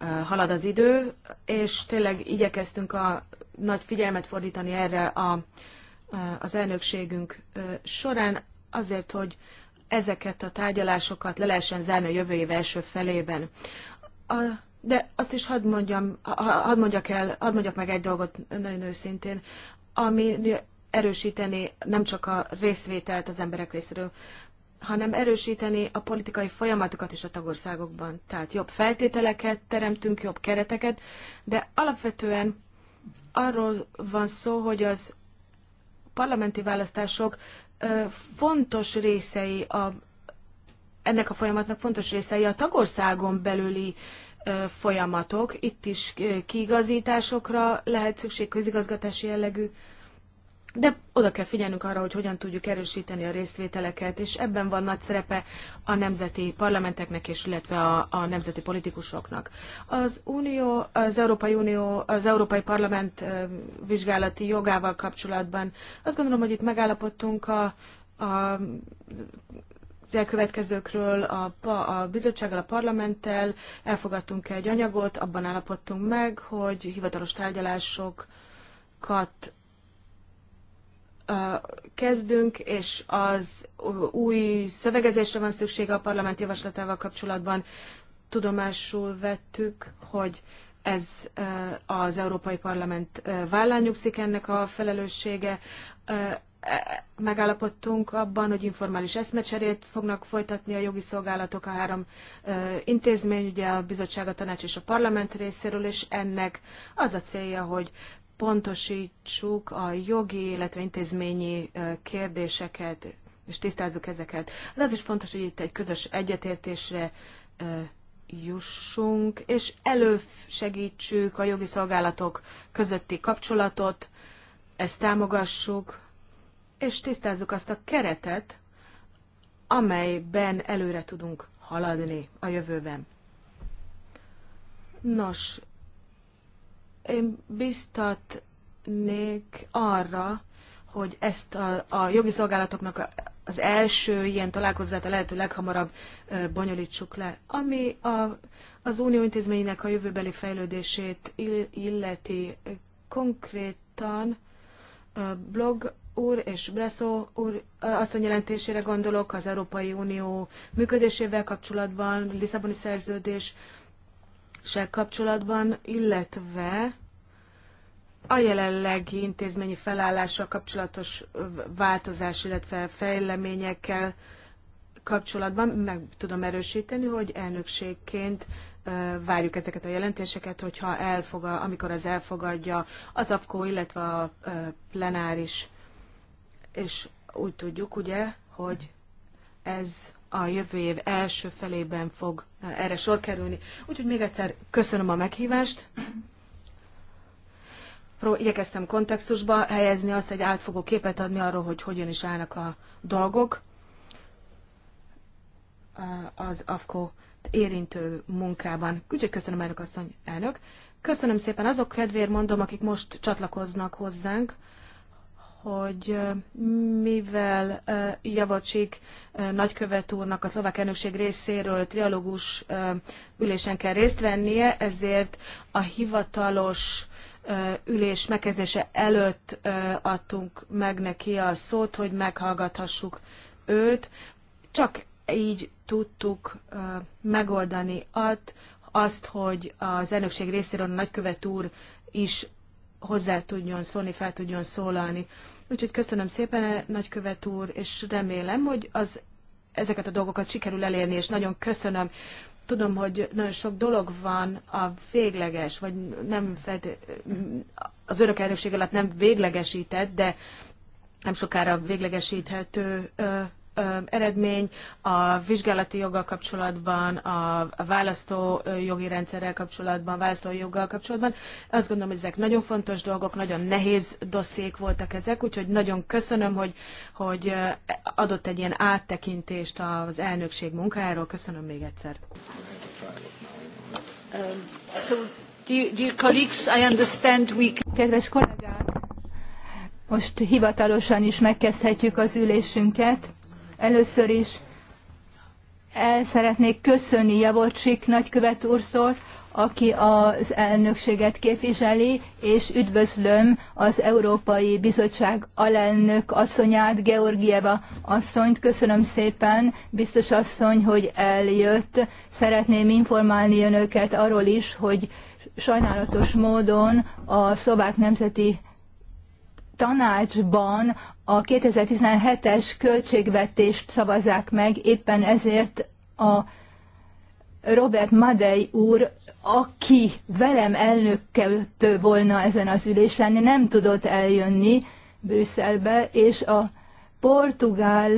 uh, halad az idő, és tényleg igyekeztünk a nagy figyelmet fordítani erre a, uh, az elnökségünk során, azért, hogy ezeket a tárgyalásokat le lehessen zárni a jövő év első felében. A de azt is hadd, mondjam, hadd mondjak el, hadd mondjak meg egy dolgot nagyon őszintén, ami erősíteni nem csak a részvételt az emberek részéről, hanem erősíteni a politikai folyamatokat is a tagországokban. Tehát jobb feltételeket teremtünk, jobb kereteket, de alapvetően arról van szó, hogy az parlamenti választások fontos részei a, ennek a folyamatnak fontos részei a tagországon belüli folyamatok. Itt is kiigazításokra lehet szükség közigazgatási jellegű, de oda kell figyelnünk arra, hogy hogyan tudjuk erősíteni a részvételeket, és ebben van nagy szerepe a nemzeti parlamenteknek és illetve a, a nemzeti politikusoknak. Az Unió, az Európai Unió, az Európai Parlament vizsgálati jogával kapcsolatban azt gondolom, hogy itt megállapodtunk a, a az elkövetkezőkről a, a bizottsággal, a parlamenttel elfogadtunk egy anyagot, abban állapodtunk meg, hogy hivatalos tárgyalásokat kezdünk, és az új szövegezésre van szüksége a parlament javaslatával kapcsolatban. Tudomásul vettük, hogy ez az Európai Parlament vállán nyugszik ennek a felelőssége. E, megállapodtunk abban, hogy informális eszmecserét fognak folytatni a jogi szolgálatok a három e, intézmény, ugye a bizottság, a tanács és a parlament részéről, és ennek az a célja, hogy pontosítsuk a jogi, illetve intézményi e, kérdéseket, és tisztázzuk ezeket. De hát az is fontos, hogy itt egy közös egyetértésre jussunk, és elősegítsük a jogi szolgálatok közötti kapcsolatot, ezt támogassuk, és tisztázzuk azt a keretet, amelyben előre tudunk haladni a jövőben. Nos, én biztatnék arra, hogy ezt a, a jogi szolgálatoknak az első ilyen találkozóját a lehető leghamarabb bonyolítsuk le. Ami a, az unió intézményének a jövőbeli fejlődését illeti konkrétan blog úr és Bresso úr asszony jelentésére gondolok az Európai Unió működésével kapcsolatban, Lisszaboni szerződéssel kapcsolatban, illetve a jelenlegi intézményi felállással kapcsolatos változás, illetve fejleményekkel kapcsolatban meg tudom erősíteni, hogy elnökségként várjuk ezeket a jelentéseket, hogyha elfogad, amikor az elfogadja az AFKO, illetve a plenáris és úgy tudjuk ugye, hogy ez a jövő év első felében fog erre sor kerülni. Úgyhogy még egyszer köszönöm a meghívást. Pró igyekeztem kontextusba helyezni azt, egy átfogó képet adni arról, hogy hogyan is állnak a dolgok az AFKO érintő munkában. Úgyhogy köszönöm, elnök asszony, elnök. Köszönöm szépen azok kedvéért mondom, akik most csatlakoznak hozzánk, hogy mivel Javacsik nagykövet úrnak a szlovák elnökség részéről trialógus ülésen kell részt vennie, ezért a hivatalos ülés megkezdése előtt adtunk meg neki a szót, hogy meghallgathassuk őt. Csak így tudtuk megoldani azt, hogy az elnökség részéről a nagykövet úr is hozzá tudjon szólni, fel tudjon szólalni. Úgyhogy köszönöm szépen, nagykövet úr, és remélem, hogy az, ezeket a dolgokat sikerül elérni, és nagyon köszönöm. Tudom, hogy nagyon sok dolog van a végleges, vagy nem fed, az örök elnökség alatt nem véglegesített, de nem sokára véglegesíthető eredmény a vizsgálati joggal kapcsolatban, a választó jogi rendszerrel kapcsolatban, választói joggal kapcsolatban. Azt gondolom, hogy ezek nagyon fontos dolgok, nagyon nehéz dosszék voltak ezek, úgyhogy nagyon köszönöm, hogy, hogy adott egy ilyen áttekintést az elnökség munkájáról. Köszönöm még egyszer. Um, Kedves kollégák, most hivatalosan is megkezdhetjük az ülésünket. Először is el szeretnék köszönni Javocsik nagykövet úrszól, aki az elnökséget képviseli, és üdvözlöm az Európai Bizottság alelnök asszonyát, Georgieva asszonyt. Köszönöm szépen, biztos asszony, hogy eljött. Szeretném informálni önöket arról is, hogy sajnálatos módon a szlovák nemzeti tanácsban a 2017-es költségvetést szavazzák meg, éppen ezért a Robert Madej úr, aki velem elnökkelt volna ezen az ülésen, nem tudott eljönni Brüsszelbe, és a portugál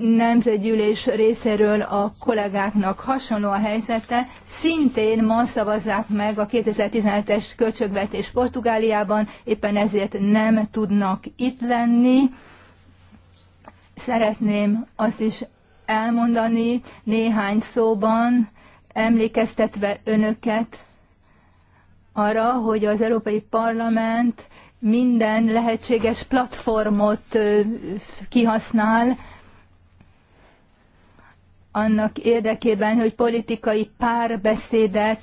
nemzetgyűlés részéről a kollégáknak hasonló a helyzete, szintén ma szavazzák meg a 2017-es költségvetés Portugáliában, éppen ezért nem tudnak itt lenni. Szeretném azt is elmondani néhány szóban, emlékeztetve önöket arra, hogy az Európai Parlament minden lehetséges platformot kihasznál, annak érdekében, hogy politikai párbeszédet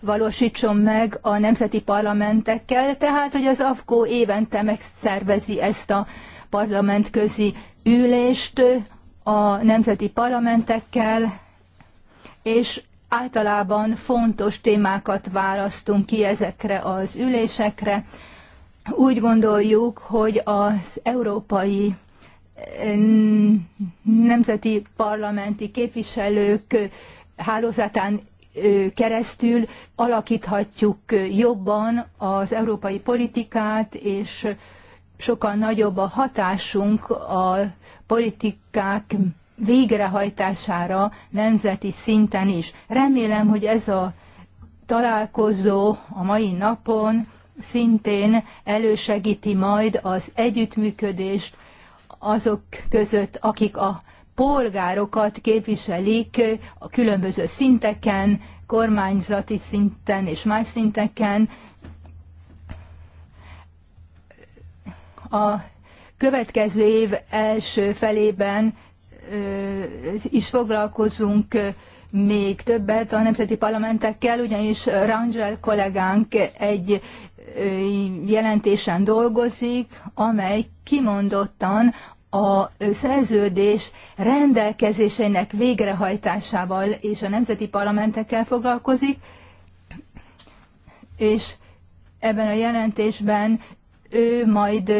valósítson meg a nemzeti parlamentekkel, tehát hogy az AFKO évente megszervezi ezt a parlamentközi ülést a nemzeti parlamentekkel, és általában fontos témákat választunk ki ezekre az ülésekre. Úgy gondoljuk, hogy az európai nemzeti parlamenti képviselők hálózatán keresztül alakíthatjuk jobban az európai politikát, és sokkal nagyobb a hatásunk a politikák végrehajtására nemzeti szinten is. Remélem, hogy ez a találkozó a mai napon szintén elősegíti majd az együttműködést azok között, akik a polgárokat képviselik a különböző szinteken, kormányzati szinten és más szinteken. A következő év első felében is foglalkozunk még többet a nemzeti parlamentekkel, ugyanis Rangel kollégánk egy jelentésen dolgozik, amely kimondottan a szerződés rendelkezéseinek végrehajtásával és a nemzeti parlamentekkel foglalkozik, és ebben a jelentésben ő majd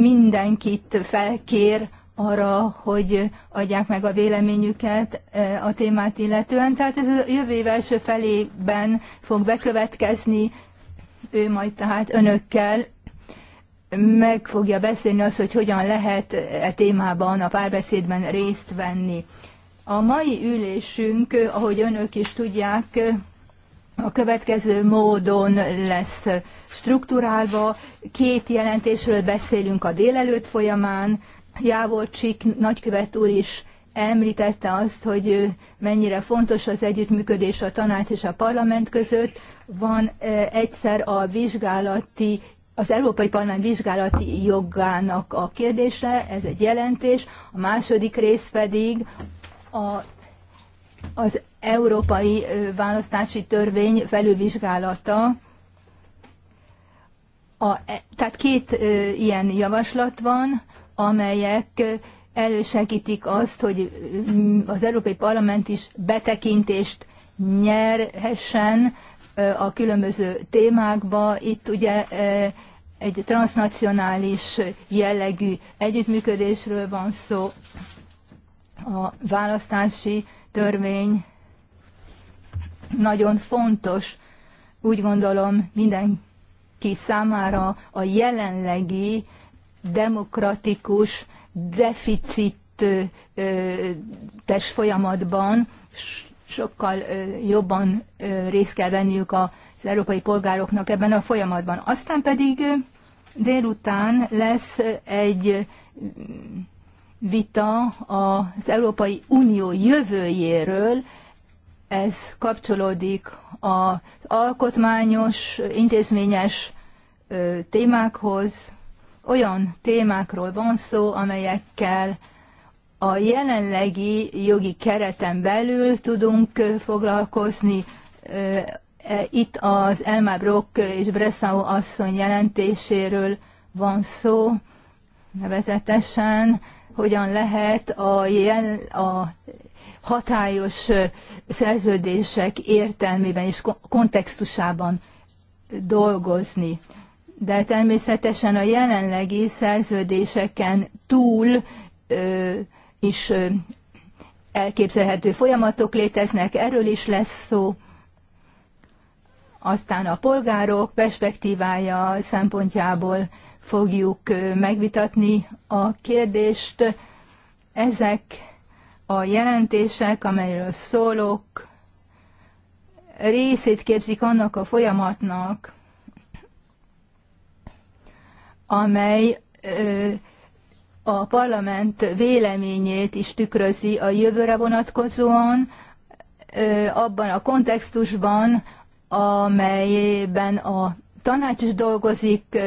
mindenkit felkér arra, hogy adják meg a véleményüket a témát illetően. Tehát ez a jövő első felében fog bekövetkezni, ő majd tehát önökkel meg fogja beszélni azt, hogy hogyan lehet e témában, a párbeszédben részt venni. A mai ülésünk, ahogy önök is tudják, a következő módon lesz struktúrálva. Két jelentésről beszélünk a délelőtt folyamán. Jávor Csik nagykövet úr is említette azt, hogy mennyire fontos az együttműködés a tanács és a parlament között. Van egyszer a vizsgálati az Európai Parlament vizsgálati jogának a kérdése, ez egy jelentés, a második rész pedig a, az Európai Választási Törvény felülvizsgálata. A, e, tehát két ilyen javaslat van, amelyek elősegítik azt, hogy mm, az Európai Parlament is betekintést nyerhessen a különböző témákba. Itt ugye egy transnacionális jellegű együttműködésről van szó, a választási törvény nagyon fontos, úgy gondolom mindenki számára a jelenlegi demokratikus deficites folyamatban sokkal jobban részt kell venniük az európai polgároknak ebben a folyamatban. Aztán pedig délután lesz egy vita az Európai Unió jövőjéről, ez kapcsolódik az alkotmányos, intézményes témákhoz, olyan témákról van szó, amelyekkel a jelenlegi jogi kereten belül tudunk foglalkozni. E, itt az Elmar Brock és Bressau asszony jelentéséről van szó, nevezetesen hogyan lehet a, jel, a hatályos szerződések értelmében és kontextusában dolgozni de természetesen a jelenlegi szerződéseken túl ö, is ö, elképzelhető folyamatok léteznek, erről is lesz szó. Aztán a polgárok perspektívája szempontjából fogjuk megvitatni a kérdést. Ezek a jelentések, amelyről szólok, részét képzik annak a folyamatnak, amely a parlament véleményét is tükrözi a jövőre vonatkozóan, abban a kontextusban, amelyben a tanács is dolgozik,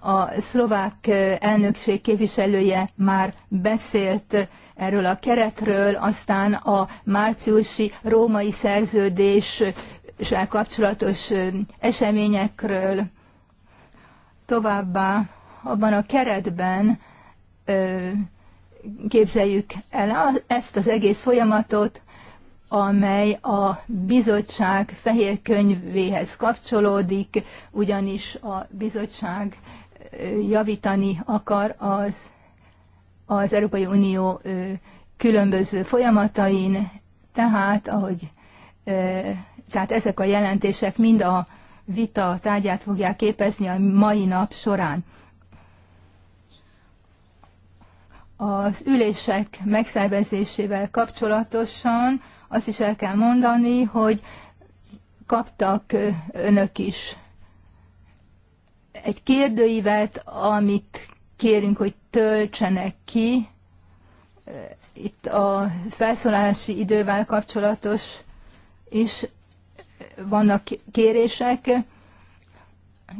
a szlovák elnökség képviselője már beszélt erről a keretről, aztán a márciusi római szerződéssel kapcsolatos eseményekről. Továbbá abban a keretben képzeljük el ezt az egész folyamatot, amely a bizottság fehér könyvéhez kapcsolódik, ugyanis a bizottság javítani akar az, az Európai Unió különböző folyamatain, tehát ahogy tehát ezek a jelentések mind a vita tárgyát fogják képezni a mai nap során. Az ülések megszervezésével kapcsolatosan azt is el kell mondani, hogy kaptak önök is egy kérdőívet, amit kérünk, hogy töltsenek ki. Itt a felszólási idővel kapcsolatos is vannak kérések,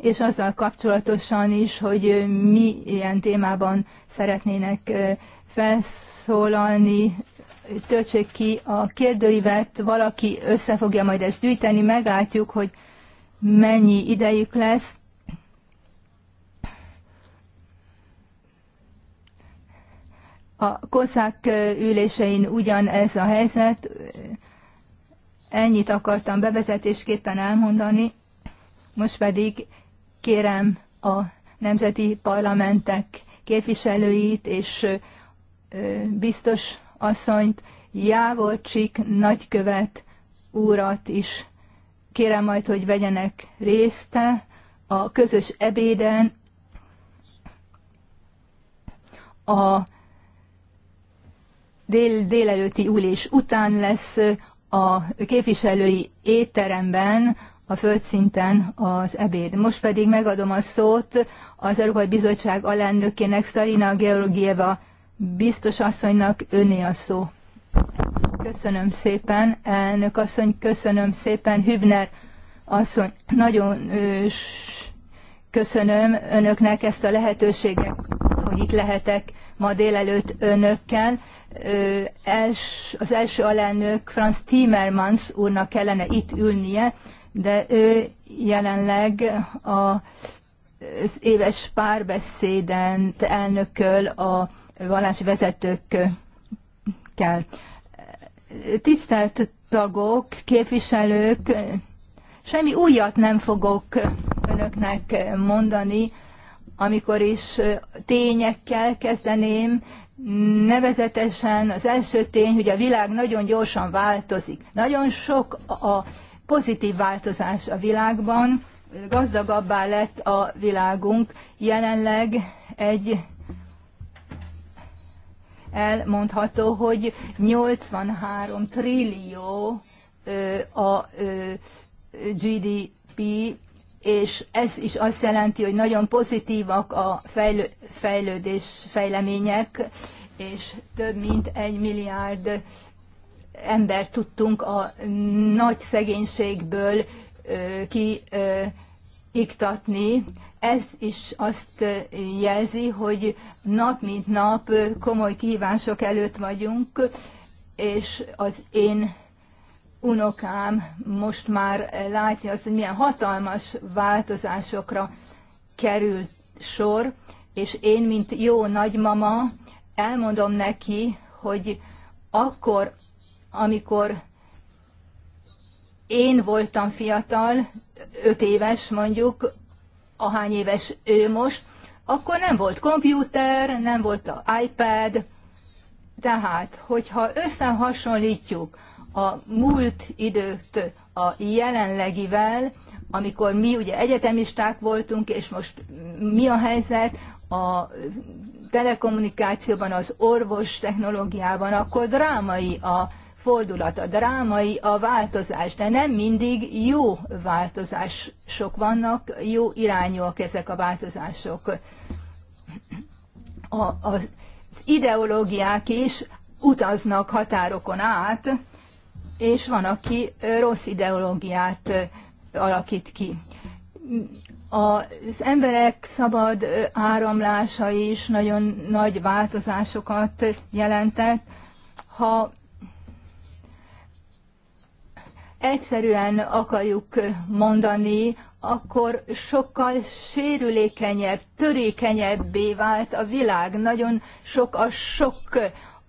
és azzal kapcsolatosan is, hogy mi ilyen témában szeretnének felszólalni, töltsék ki a kérdőívet, valaki össze fogja majd ezt gyűjteni, meglátjuk, hogy mennyi idejük lesz. A kozák ülésein ugyanez a helyzet, Ennyit akartam bevezetésképpen elmondani, most pedig kérem a nemzeti parlamentek képviselőit és biztos asszonyt, Jávorcsik nagykövet úrat is kérem majd, hogy vegyenek részt a közös ebéden, a dél, délelőtti ülés után lesz a képviselői étteremben, a földszinten az ebéd. Most pedig megadom a szót az Európai Bizottság alelnökének, Szalina Georgieva biztos asszonynak, öné a szó. Köszönöm szépen, elnök asszony, köszönöm szépen, Hübner asszony, nagyon köszönöm önöknek ezt a lehetőséget, hogy itt lehetek ma délelőtt önökkel. Az első alelnök Franz Timmermans úrnak kellene itt ülnie, de ő jelenleg a, az éves párbeszéden elnököl a vallási vezetőkkel. Tisztelt tagok, képviselők, semmi újat nem fogok önöknek mondani, amikor is tényekkel kezdeném, nevezetesen az első tény, hogy a világ nagyon gyorsan változik. Nagyon sok a pozitív változás a világban, gazdagabbá lett a világunk. Jelenleg egy elmondható, hogy 83 trillió a GDP, és ez is azt jelenti, hogy nagyon pozitívak a fejlő, fejlődés, fejlemények, és több mint egy milliárd ember tudtunk a nagy szegénységből iktatni. Ez is azt jelzi, hogy nap mint nap komoly kívások előtt vagyunk, és az én unokám most már látja azt, hogy milyen hatalmas változásokra kerül sor, és én, mint jó nagymama, elmondom neki, hogy akkor, amikor én voltam fiatal, öt éves mondjuk, ahány éves ő most, akkor nem volt kompjúter, nem volt iPad, tehát, hogyha összehasonlítjuk a múlt időt a jelenlegivel, amikor mi ugye egyetemisták voltunk, és most mi a helyzet a telekommunikációban, az orvos technológiában, akkor drámai a fordulat, a drámai a változás, de nem mindig jó változások vannak, jó irányúak ezek a változások. A, az ideológiák is utaznak határokon át, és van, aki rossz ideológiát alakít ki. Az emberek szabad áramlása is nagyon nagy változásokat jelentett. Ha egyszerűen akarjuk mondani, akkor sokkal sérülékenyebb, törékenyebbé vált a világ. Nagyon sok a sok,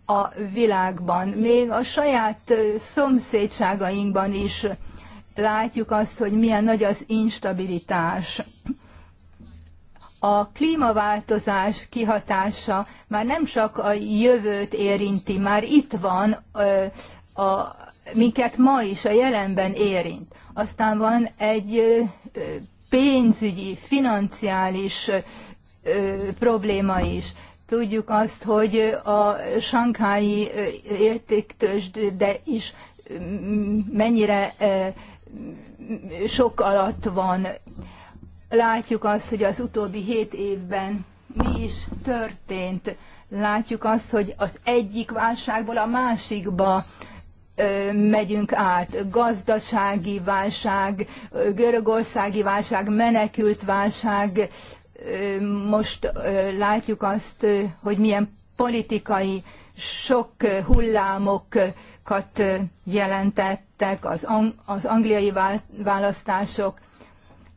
a világban, még a saját szomszédságainkban is látjuk azt, hogy milyen nagy az instabilitás. A klímaváltozás kihatása már nem csak a jövőt érinti, már itt van, a, a, minket ma is a jelenben érint. Aztán van egy pénzügyi, financiális probléma is. Tudjuk azt, hogy a sankái értéktős, de is mennyire sok alatt van. Látjuk azt, hogy az utóbbi hét évben mi is történt. Látjuk azt, hogy az egyik válságból a másikba megyünk át. Gazdasági válság, görögországi válság, menekült válság, most látjuk azt, hogy milyen politikai sok hullámokat jelentettek az, ang- az angliai választások.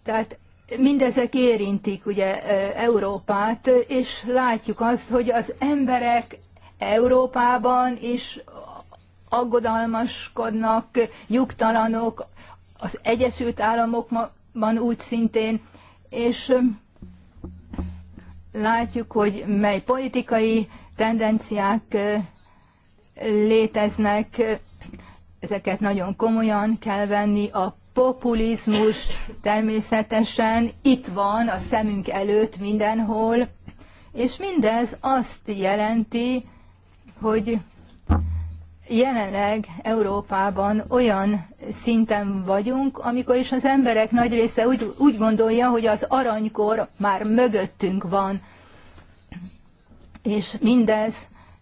Tehát mindezek érintik ugye Európát, és látjuk azt, hogy az emberek Európában is aggodalmaskodnak, nyugtalanok, az Egyesült Államokban úgy szintén, és látjuk, hogy mely politikai tendenciák léteznek, ezeket nagyon komolyan kell venni. A populizmus természetesen itt van a szemünk előtt mindenhol, és mindez azt jelenti, hogy jelenleg Európában olyan szinten vagyunk, amikor is az emberek nagy része úgy, úgy gondolja, hogy az aranykor már mögöttünk van. És mindez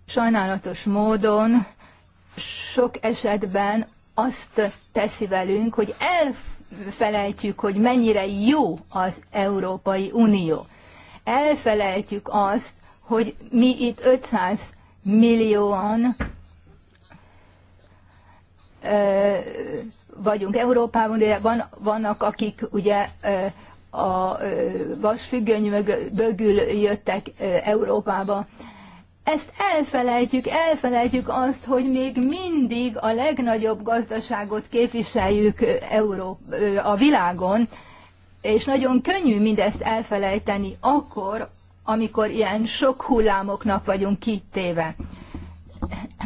sajnálatos módon sok esetben azt teszi velünk, hogy elfelejtjük, hogy mennyire jó az Európai Unió. Elfelejtjük azt, hogy mi itt 500 millióan vagyunk Európában, de van, vannak, akik ugye a vasfüggöny mögül jöttek Európába. Ezt elfelejtjük, elfelejtjük azt, hogy még mindig a legnagyobb gazdaságot képviseljük Euró, a világon, és nagyon könnyű mindezt elfelejteni akkor, amikor ilyen sok hullámoknak vagyunk kitéve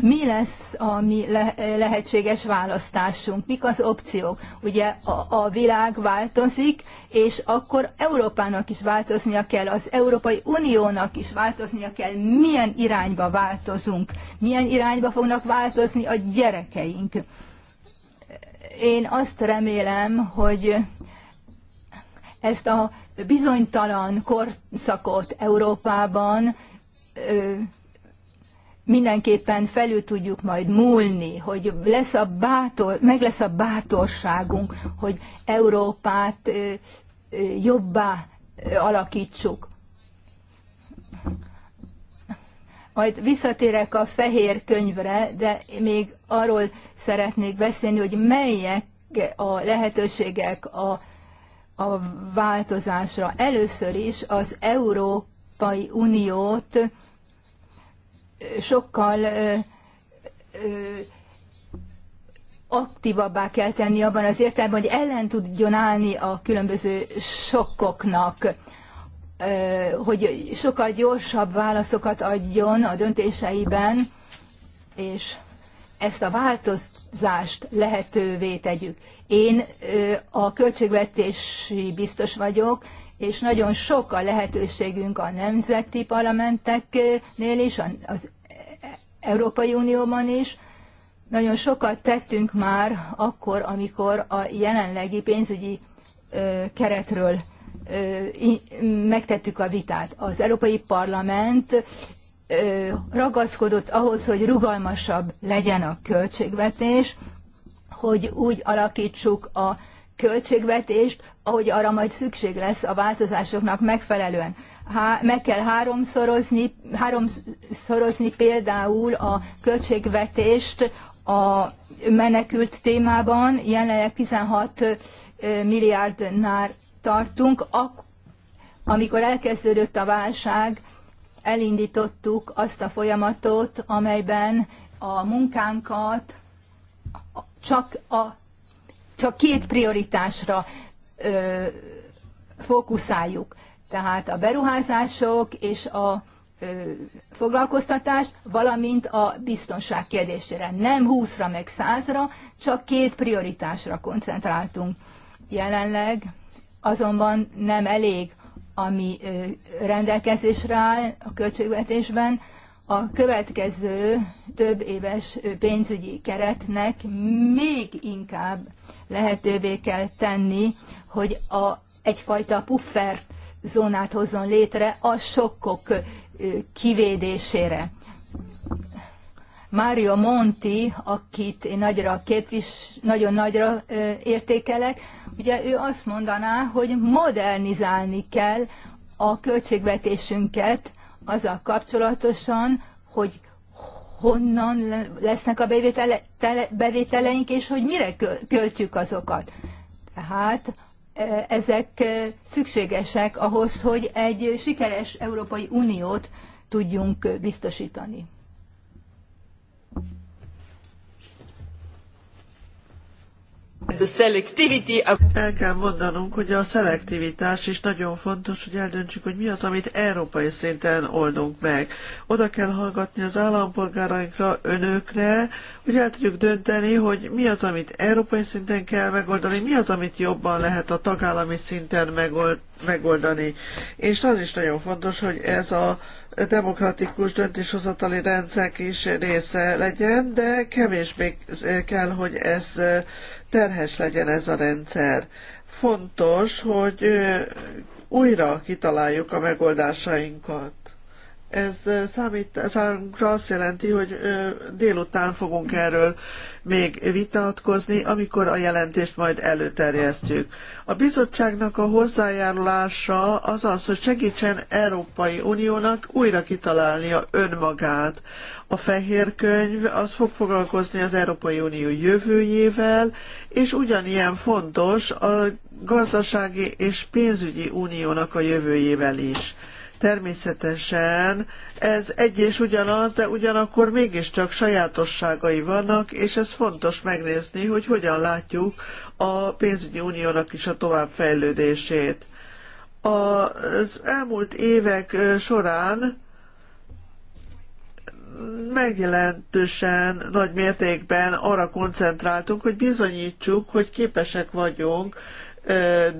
mi lesz a mi lehetséges választásunk, mik az opciók. Ugye a, a világ változik, és akkor Európának is változnia kell, az Európai Uniónak is változnia kell, milyen irányba változunk, milyen irányba fognak változni a gyerekeink. Én azt remélem, hogy ezt a bizonytalan korszakot Európában mindenképpen felül tudjuk majd múlni, hogy lesz a bátor, meg lesz a bátorságunk, hogy Európát jobbá alakítsuk. Majd visszatérek a fehér könyvre, de még arról szeretnék beszélni, hogy melyek a lehetőségek a, a változásra. Először is az Európai Uniót sokkal aktívabbá kell tenni abban az értelemben, hogy ellen tudjon állni a különböző sokkoknak, hogy sokkal gyorsabb válaszokat adjon a döntéseiben, és ezt a változást lehetővé tegyük. Én a költségvetési biztos vagyok, és nagyon sok a lehetőségünk a nemzeti parlamenteknél is, az Európai Unióban is. Nagyon sokat tettünk már akkor, amikor a jelenlegi pénzügyi keretről megtettük a vitát. Az Európai Parlament ragaszkodott ahhoz, hogy rugalmasabb legyen a költségvetés, hogy úgy alakítsuk a költségvetést, ahogy arra majd szükség lesz a változásoknak megfelelően. Há, meg kell háromszorozni, háromszorozni például a költségvetést a menekült témában, jelenleg 16 milliárdnál tartunk, ak- amikor elkezdődött a válság, elindítottuk azt a folyamatot, amelyben a munkánkat csak a csak két prioritásra ö, fókuszáljuk. Tehát a beruházások és a ö, foglalkoztatás, valamint a biztonság kérdésére. Nem 20-ra meg 100-ra, csak két prioritásra koncentráltunk. Jelenleg azonban nem elég, ami rendelkezésre áll a költségvetésben, a következő több éves pénzügyi keretnek még inkább lehetővé kell tenni, hogy a, egyfajta puffer zónát hozzon létre a sokkok kivédésére. Mário Monti, akit én nagyra képvis, nagyon nagyra értékelek, ugye ő azt mondaná, hogy modernizálni kell a költségvetésünket, azzal kapcsolatosan, hogy honnan lesznek a bevétele, tele, bevételeink, és hogy mire költjük azokat. Tehát e, ezek e, szükségesek ahhoz, hogy egy sikeres Európai Uniót tudjunk e, biztosítani. El kell mondanunk, hogy a szelektivitás is nagyon fontos, hogy eldöntsük, hogy mi az, amit európai szinten oldunk meg. Oda kell hallgatni az állampolgárainkra, önökre, hogy el tudjuk dönteni, hogy mi az, amit európai szinten kell megoldani, mi az, amit jobban lehet a tagállami szinten megoldani. És az is nagyon fontos, hogy ez a demokratikus döntéshozatali rendszerek is része legyen, de kevésbé eh, kell, hogy ez eh, terhes legyen ez a rendszer. Fontos, hogy eh, újra kitaláljuk a megoldásainkat. Ez számít, számunkra azt jelenti, hogy délután fogunk erről még vitatkozni, amikor a jelentést majd előterjesztjük. A bizottságnak a hozzájárulása az az, hogy segítsen Európai Uniónak újra kitalálnia önmagát. A fehér könyv az fog foglalkozni az Európai Unió jövőjével, és ugyanilyen fontos a gazdasági és pénzügyi uniónak a jövőjével is. Természetesen ez egy és ugyanaz, de ugyanakkor mégiscsak sajátosságai vannak, és ez fontos megnézni, hogy hogyan látjuk a pénzügyi uniónak is a továbbfejlődését. Az elmúlt évek során megjelentősen nagy mértékben arra koncentráltunk, hogy bizonyítsuk, hogy képesek vagyunk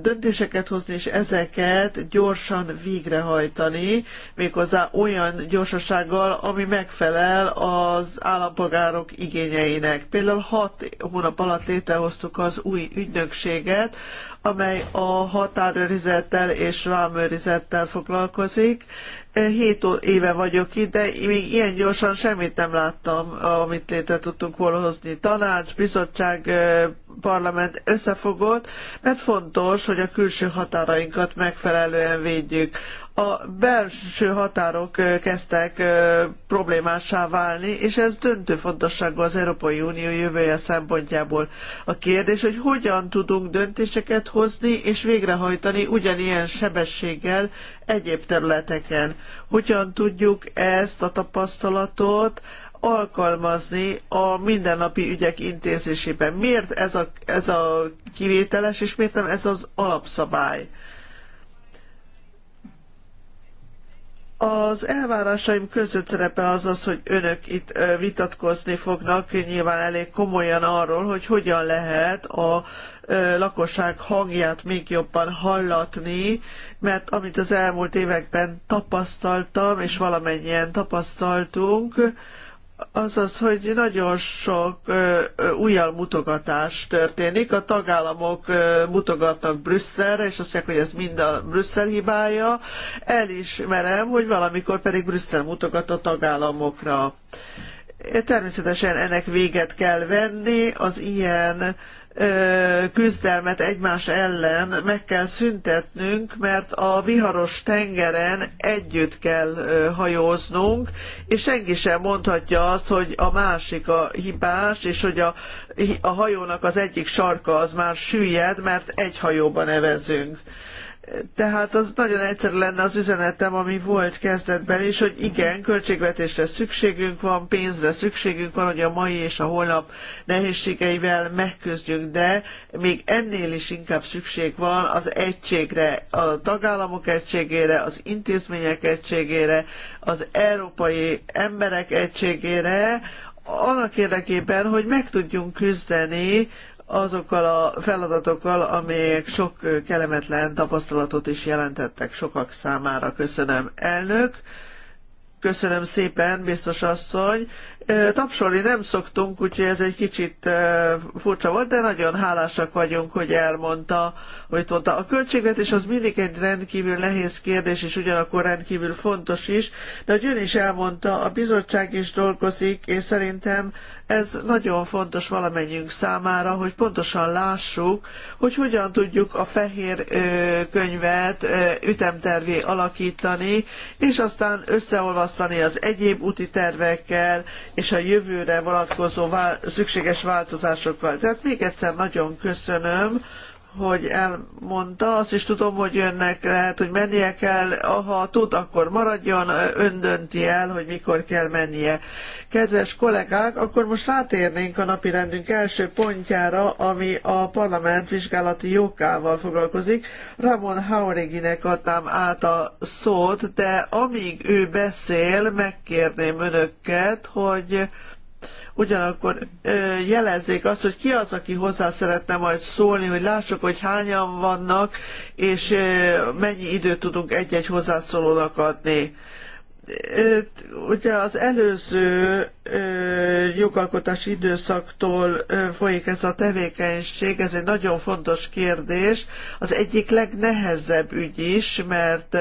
döntéseket hozni, és ezeket gyorsan végrehajtani, méghozzá olyan gyorsasággal, ami megfelel az állampolgárok igényeinek. Például hat hónap alatt létrehoztuk az új ügynökséget, amely a határőrizettel és vámőrizettel foglalkozik, Hét éve vagyok itt, de még ilyen gyorsan semmit nem láttam, amit létre tudtunk volna hozni. Tanács, bizottság, parlament összefogott, mert fontos, hogy a külső határainkat megfelelően védjük. A belső határok kezdtek problémássá válni, és ez döntő fontosságú az Európai Unió jövője szempontjából. A kérdés, hogy hogyan tudunk döntéseket hozni és végrehajtani ugyanilyen sebességgel egyéb területeken. Hogyan tudjuk ezt a tapasztalatot alkalmazni a mindennapi ügyek intézésében? Miért ez a, ez a kivételes, és miért nem ez az alapszabály? Az elvárásaim között szerepel az az, hogy önök itt vitatkozni fognak nyilván elég komolyan arról, hogy hogyan lehet a lakosság hangját még jobban hallatni, mert amit az elmúlt években tapasztaltam, és valamennyien tapasztaltunk, Azaz, hogy nagyon sok ö, újjal mutogatás történik. A tagállamok mutogatnak Brüsszelre, és azt mondják, hogy ez mind a Brüsszel hibája. Elismerem, hogy valamikor pedig Brüsszel mutogat a tagállamokra. Természetesen ennek véget kell venni, az ilyen küzdelmet egymás ellen meg kell szüntetnünk, mert a viharos tengeren együtt kell hajóznunk, és senki sem mondhatja azt, hogy a másik a hibás, és hogy a, a hajónak az egyik sarka az már süllyed, mert egy hajóban nevezünk. Tehát az nagyon egyszerű lenne az üzenetem, ami volt kezdetben is, hogy igen, költségvetésre szükségünk van, pénzre szükségünk van, hogy a mai és a holnap nehézségeivel megküzdjünk, de még ennél is inkább szükség van az egységre, a tagállamok egységére, az intézmények egységére, az európai emberek egységére, annak érdekében, hogy meg tudjunk küzdeni azokkal a feladatokkal, amelyek sok kellemetlen tapasztalatot is jelentettek sokak számára. Köszönöm, elnök! Köszönöm szépen, biztos asszony. Tapsolni nem szoktunk, úgyhogy ez egy kicsit furcsa volt, de nagyon hálásak vagyunk, hogy elmondta, hogy mondta. A költségvetés az mindig egy rendkívül nehéz kérdés, és ugyanakkor rendkívül fontos is, de hogy ön is elmondta, a bizottság is dolgozik, és szerintem ez nagyon fontos valamennyiünk számára, hogy pontosan lássuk, hogy hogyan tudjuk a fehér könyvet ütemtervé alakítani, és aztán összeolvasztani az egyéb úti tervekkel és a jövőre vonatkozó szükséges változásokkal. Tehát még egyszer nagyon köszönöm, hogy elmondta, azt is tudom, hogy önnek lehet, hogy mennie kell, ha tud, akkor maradjon, ön dönti el, hogy mikor kell mennie. Kedves kollégák, akkor most rátérnénk a napirendünk első pontjára, ami a parlament vizsgálati jogával foglalkozik. Ramon Haureginek adnám át a szót, de amíg ő beszél, megkérném önöket, hogy ugyanakkor jelezzék azt, hogy ki az, aki hozzá szeretne majd szólni, hogy lássuk, hogy hányan vannak, és mennyi időt tudunk egy-egy hozzászólónak adni ugye az előző jogalkotási időszaktól folyik ez a tevékenység, ez egy nagyon fontos kérdés, az egyik legnehezebb ügy is, mert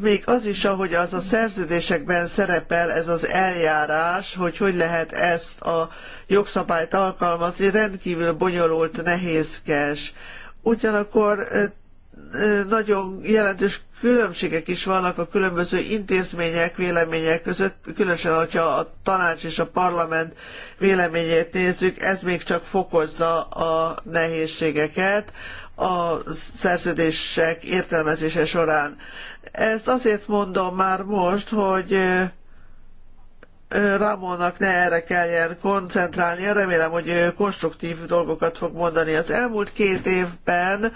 még az is, ahogy az a szerződésekben szerepel ez az eljárás, hogy hogy lehet ezt a jogszabályt alkalmazni, rendkívül bonyolult, nehézkes. Ugyanakkor nagyon jelentős különbségek is vannak a különböző intézmények vélemények között, különösen, hogyha a tanács és a parlament véleményét nézzük, ez még csak fokozza a nehézségeket a szerződések értelmezése során. Ezt azért mondom már most, hogy Ramonnak ne erre kelljen koncentrálnia, remélem, hogy konstruktív dolgokat fog mondani. Az elmúlt két évben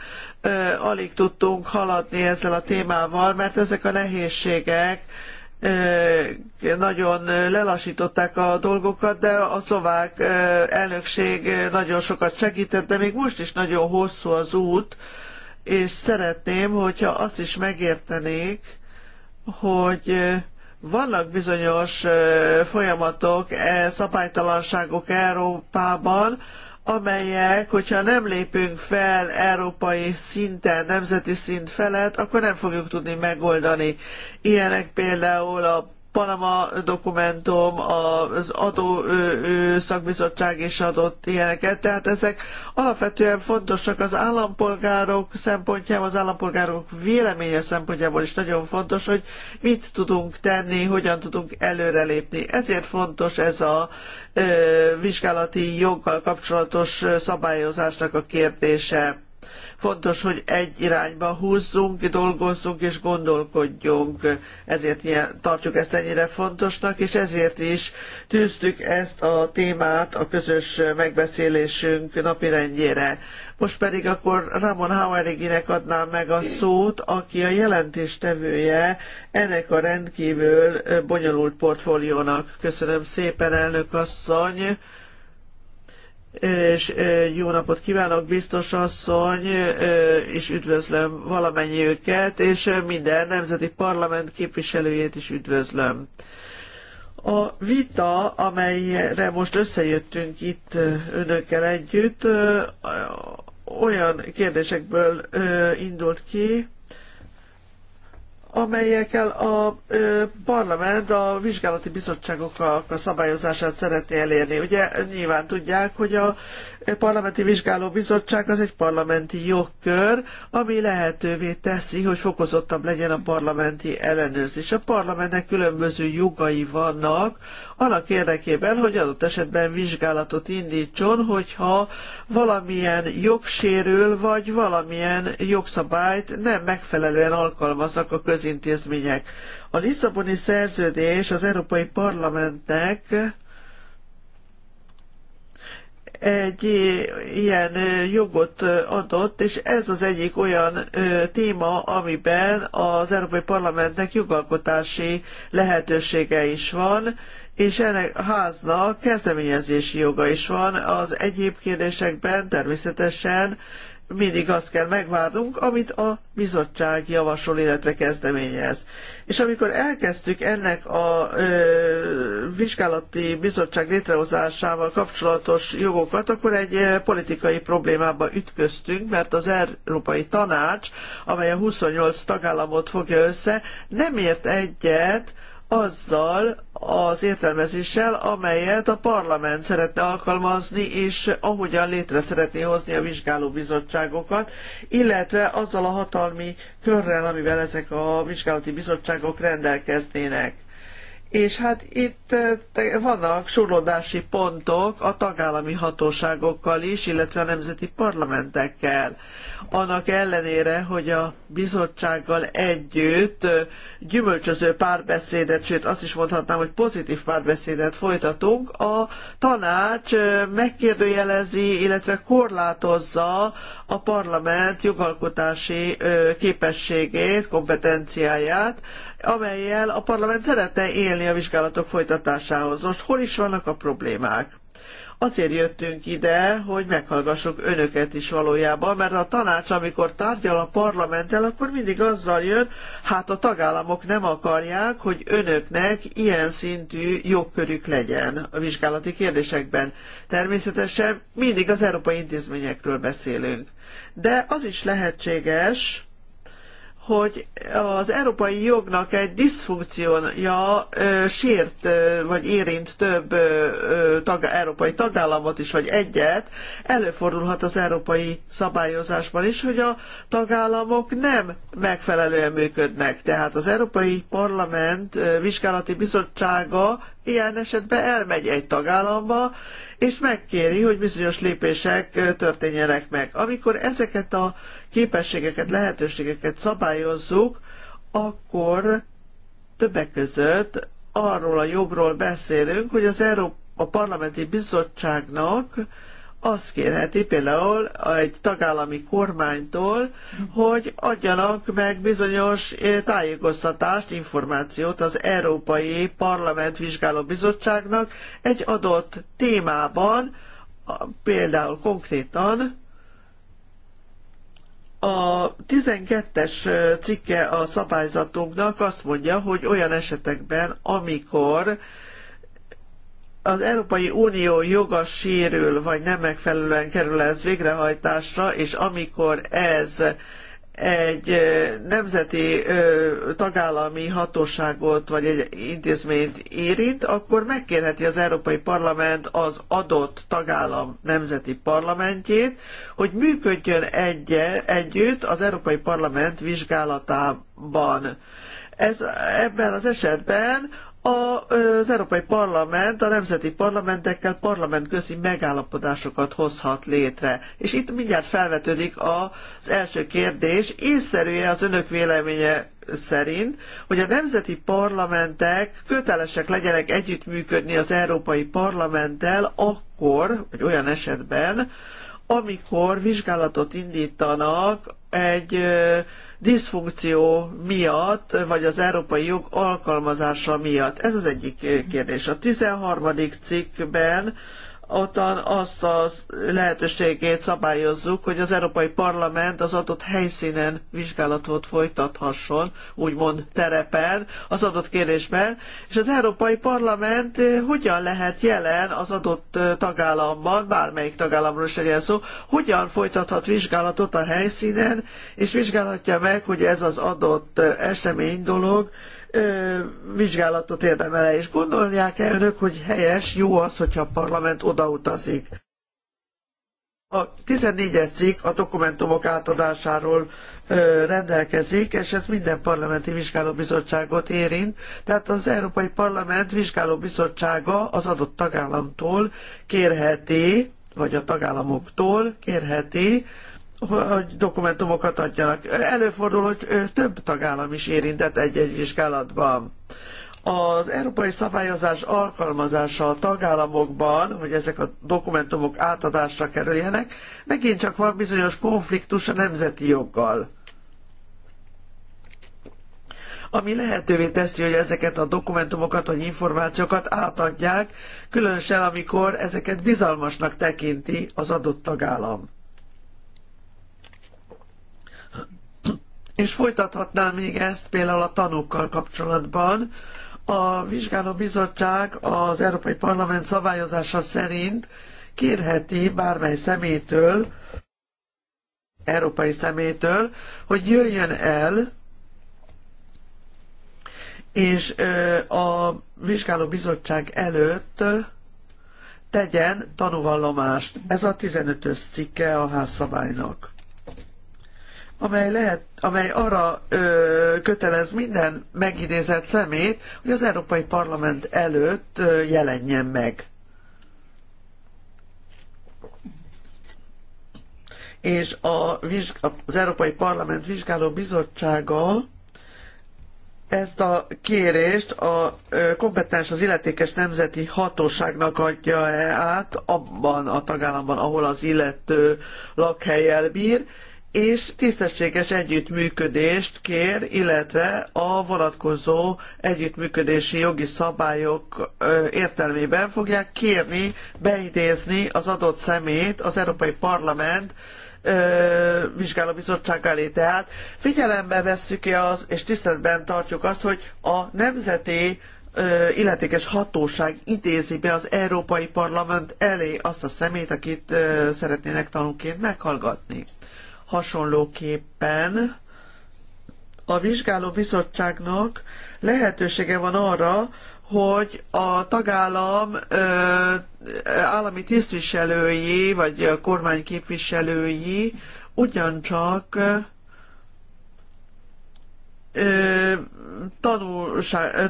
alig tudtunk haladni ezzel a témával, mert ezek a nehézségek nagyon lelassították a dolgokat, de a szlovák elnökség nagyon sokat segített, de még most is nagyon hosszú az út, és szeretném, hogyha azt is megértenék, hogy vannak bizonyos folyamatok, e, szabálytalanságok Európában, amelyek, hogyha nem lépünk fel európai szinten, nemzeti szint felett, akkor nem fogjuk tudni megoldani. Ilyenek például a Panama dokumentum, az adó szakbizottság is adott ilyeneket, tehát ezek alapvetően fontosak az állampolgárok szempontjából, az állampolgárok véleménye szempontjából is nagyon fontos, hogy mit tudunk tenni, hogyan tudunk előrelépni. Ezért fontos ez a vizsgálati joggal kapcsolatos szabályozásnak a kérdése Fontos, hogy egy irányba húzzunk, dolgozzunk és gondolkodjunk. Ezért ilyen, tartjuk ezt ennyire fontosnak, és ezért is tűztük ezt a témát a közös megbeszélésünk napirendjére. Most pedig akkor Ramon Haueriginek adnám meg a szót, aki a jelentéstevője ennek a rendkívül bonyolult portfóliónak. Köszönöm szépen, elnök asszony! és jó napot kívánok, biztos asszony, és üdvözlöm őket, és minden nemzeti parlament képviselőjét is üdvözlöm. A vita, amelyre most összejöttünk itt önökkel együtt, olyan kérdésekből indult ki, amelyekkel a parlament a vizsgálati bizottságoknak a szabályozását szeretné elérni. Ugye nyilván tudják, hogy a parlamenti vizsgáló bizottság az egy parlamenti jogkör, ami lehetővé teszi, hogy fokozottabb legyen a parlamenti ellenőrzés. A parlamentnek különböző jogai vannak, annak érdekében, hogy adott esetben vizsgálatot indítson, hogyha valamilyen jogsérül, vagy valamilyen jogszabályt nem megfelelően alkalmaznak a köz az intézmények. A Lisszaboni szerződés az Európai Parlamentnek egy ilyen jogot adott, és ez az egyik olyan téma, amiben az Európai Parlamentnek jogalkotási lehetősége is van, és ennek a háznak kezdeményezési joga is van. Az egyéb kérdésekben természetesen mindig azt kell megvárnunk, amit a bizottság javasol, illetve kezdeményez. És amikor elkezdtük ennek a ö, vizsgálati bizottság létrehozásával kapcsolatos jogokat, akkor egy ö, politikai problémába ütköztünk, mert az Európai Tanács, amely a 28 tagállamot fogja össze, nem ért egyet, azzal az értelmezéssel, amelyet a parlament szeretne alkalmazni, és ahogyan létre szeretné hozni a vizsgálóbizottságokat, illetve azzal a hatalmi körrel, amivel ezek a vizsgálati bizottságok rendelkeznének. És hát itt eh, vannak surlódási pontok a tagállami hatóságokkal is, illetve a nemzeti parlamentekkel annak ellenére, hogy a bizottsággal együtt gyümölcsöző párbeszédet, sőt azt is mondhatnám, hogy pozitív párbeszédet folytatunk, a tanács megkérdőjelezi, illetve korlátozza a parlament jogalkotási képességét, kompetenciáját, amelyel a parlament szeretne élni a vizsgálatok folytatásához. Most hol is vannak a problémák? Azért jöttünk ide, hogy meghallgassuk önöket is valójában, mert a tanács, amikor tárgyal a parlamenttel, akkor mindig azzal jön, hát a tagállamok nem akarják, hogy önöknek ilyen szintű jogkörük legyen a vizsgálati kérdésekben. Természetesen mindig az európai intézményekről beszélünk. De az is lehetséges, hogy az európai jognak egy diszfunkciója sért vagy érint több tag, európai tagállamot is, vagy egyet, előfordulhat az európai szabályozásban is, hogy a tagállamok nem megfelelően működnek. Tehát az Európai Parlament vizsgálati bizottsága ilyen esetben elmegy egy tagállamba, és megkéri, hogy bizonyos lépések történjenek meg. Amikor ezeket a képességeket, lehetőségeket szabályozzuk, akkor többek között arról a jogról beszélünk, hogy az Európa Parlamenti Bizottságnak azt kérheti például egy tagállami kormánytól, hogy adjanak meg bizonyos eh, tájékoztatást, információt az Európai Parlament Vizsgáló Bizottságnak egy adott témában, például konkrétan a 12-es eh, cikke a szabályzatunknak azt mondja, hogy olyan esetekben, amikor az Európai Unió joga sérül, vagy nem megfelelően kerül ez végrehajtásra, és amikor ez egy nemzeti tagállami hatóságot vagy egy intézményt érint, akkor megkérheti az Európai Parlament az adott tagállam nemzeti parlamentjét, hogy működjön egy együtt az Európai Parlament vizsgálatában. Ez, ebben az esetben az Európai Parlament a nemzeti parlamentekkel parlamentközi megállapodásokat hozhat létre. És itt mindjárt felvetődik az első kérdés, észszerű-e az önök véleménye szerint, hogy a nemzeti parlamentek kötelesek legyenek együttműködni az Európai Parlamenttel akkor, vagy olyan esetben, amikor vizsgálatot indítanak egy diszfunkció miatt, vagy az európai jog alkalmazása miatt? Ez az egyik kérdés. A 13. cikkben ottan azt a lehetőségét szabályozzuk, hogy az Európai Parlament az adott helyszínen vizsgálatot folytathasson, úgymond terepen, az adott kérdésben, és az Európai Parlament hogyan lehet jelen az adott tagállamban, bármelyik tagállamról is legyen szó, hogyan folytathat vizsgálatot a helyszínen, és vizsgálhatja meg, hogy ez az adott esemény dolog, ö, vizsgálatot érdemel -e. És gondolják elnök, hogy helyes, jó az, hogyha a parlament odautazik. A 14-es cikk a dokumentumok átadásáról ö, rendelkezik, és ez minden parlamenti vizsgálóbizottságot érint, tehát az Európai Parlament vizsgálóbizottsága az adott tagállamtól kérheti, vagy a tagállamoktól kérheti, hogy dokumentumokat adjanak. Előfordul, hogy több tagállam is érintett egy-egy vizsgálatban. Az európai szabályozás alkalmazása a tagállamokban, hogy ezek a dokumentumok átadásra kerüljenek, megint csak van bizonyos konfliktus a nemzeti joggal ami lehetővé teszi, hogy ezeket a dokumentumokat vagy információkat átadják, különösen amikor ezeket bizalmasnak tekinti az adott tagállam. És folytathatnám még ezt például a tanúkkal kapcsolatban. A vizsgáló bizottság az Európai Parlament szabályozása szerint kérheti bármely szemétől, európai szemétől, hogy jöjjön el, és a vizsgáló bizottság előtt tegyen tanúvallomást. Ez a 15-ös cikke a házszabálynak amely, lehet, amely arra ö, kötelez minden megidézett szemét, hogy az Európai Parlament előtt ö, jelenjen meg. És a, az Európai Parlament Vizsgáló Bizottsága ezt a kérést a kompetens az illetékes nemzeti hatóságnak adja -e át abban a tagállamban, ahol az illető lakhelyel bír, és tisztességes együttműködést kér, illetve a vonatkozó együttműködési jogi szabályok értelmében fogják kérni, beidézni az adott szemét az Európai Parlament vizsgálóbizottság elé. Tehát figyelembe vesszük -e az, és tiszteletben tartjuk azt, hogy a nemzeti illetékes hatóság idézi be az Európai Parlament elé azt a szemét, akit szeretnének tanúként meghallgatni. Hasonlóképpen a vizsgáló bizottságnak lehetősége van arra, hogy a tagállam állami tisztviselői vagy kormányképviselői ugyancsak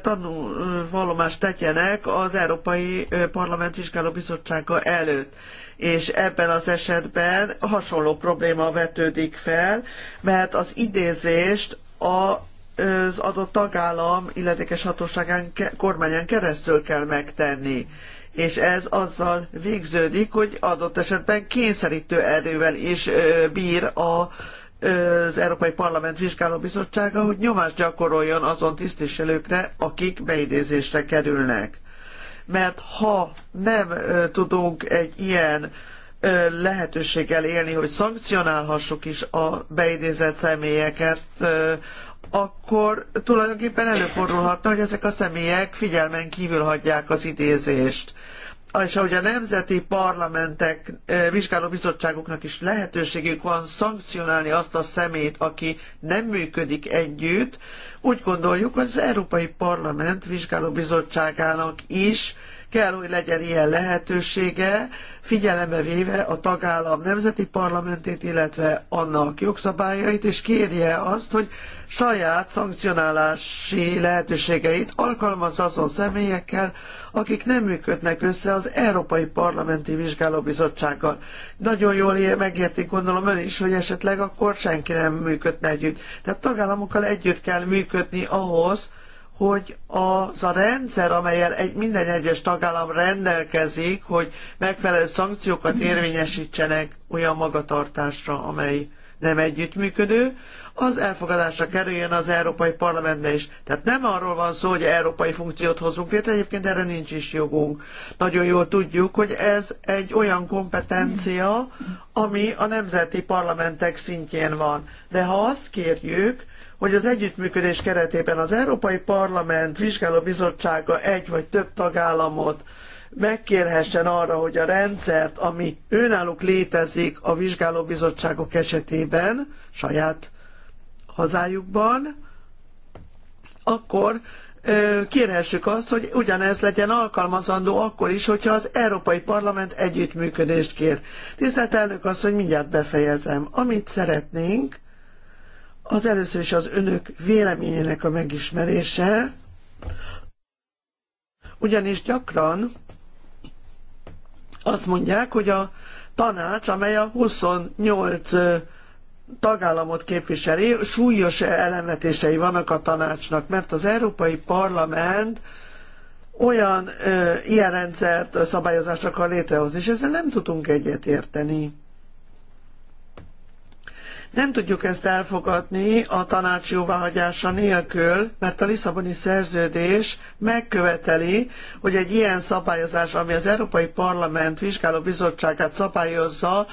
tanulvallomást tegyenek az Európai Parlament Vizsgáló Bizottsága előtt és ebben az esetben hasonló probléma vetődik fel, mert az idézést a az adott tagállam illetékes hatóságán, kormányán keresztül kell megtenni. És ez azzal végződik, hogy adott esetben kényszerítő erővel is bír a, az Európai Parlament Vizsgálóbizottsága, hogy nyomást gyakoroljon azon tisztviselőkre, akik beidézésre kerülnek mert ha nem tudunk egy ilyen lehetőséggel élni, hogy szankcionálhassuk is a beidézett személyeket, akkor tulajdonképpen előfordulhatna, hogy ezek a személyek figyelmen kívül hagyják az idézést és ahogy a nemzeti parlamentek eh, vizsgáló bizottságoknak is lehetőségük van szankcionálni azt a szemét, aki nem működik együtt, úgy gondoljuk, hogy az Európai Parlament vizsgáló bizottságának is kell, hogy legyen ilyen lehetősége, figyelembe véve a tagállam nemzeti parlamentét, illetve annak jogszabályait, és kérje azt, hogy saját szankcionálási lehetőségeit alkalmazza azon személyekkel, akik nem működnek össze az Európai Parlamenti Vizsgálóbizottsággal. Nagyon jól megértik, gondolom ön is, hogy esetleg akkor senki nem működne együtt. Tehát tagállamokkal együtt kell működni ahhoz, hogy az a rendszer, amelyel egy, minden egyes tagállam rendelkezik, hogy megfelelő szankciókat érvényesítsenek olyan magatartásra, amely nem együttműködő, az elfogadásra kerüljön az Európai Parlamentbe is. Tehát nem arról van szó, hogy európai funkciót hozunk létre, egyébként erre nincs is jogunk. Nagyon jól tudjuk, hogy ez egy olyan kompetencia, ami a nemzeti parlamentek szintjén van. De ha azt kérjük, hogy az együttműködés keretében az Európai Parlament vizsgáló bizottsága egy vagy több tagállamot megkérhessen arra, hogy a rendszert, ami önállók létezik a vizsgáló bizottságok esetében, saját hazájukban, akkor kérhessük azt, hogy ugyanez legyen alkalmazandó akkor is, hogyha az Európai Parlament együttműködést kér. Tisztelt elnök asszony, mindjárt befejezem. Amit szeretnénk, az először is az önök véleményének a megismerése, ugyanis gyakran azt mondják, hogy a tanács, amely a 28 tagállamot képviseli, súlyos elemetései vannak a tanácsnak, mert az Európai Parlament olyan ö, ilyen rendszert szabályozást akar létrehozni, és ezzel nem tudunk egyetérteni. Nem tudjuk ezt elfogadni a tanács jóváhagyása nélkül, mert a Lisszaboni szerződés megköveteli, hogy egy ilyen szabályozás, ami az Európai Parlament vizsgáló bizottságát szabályozza,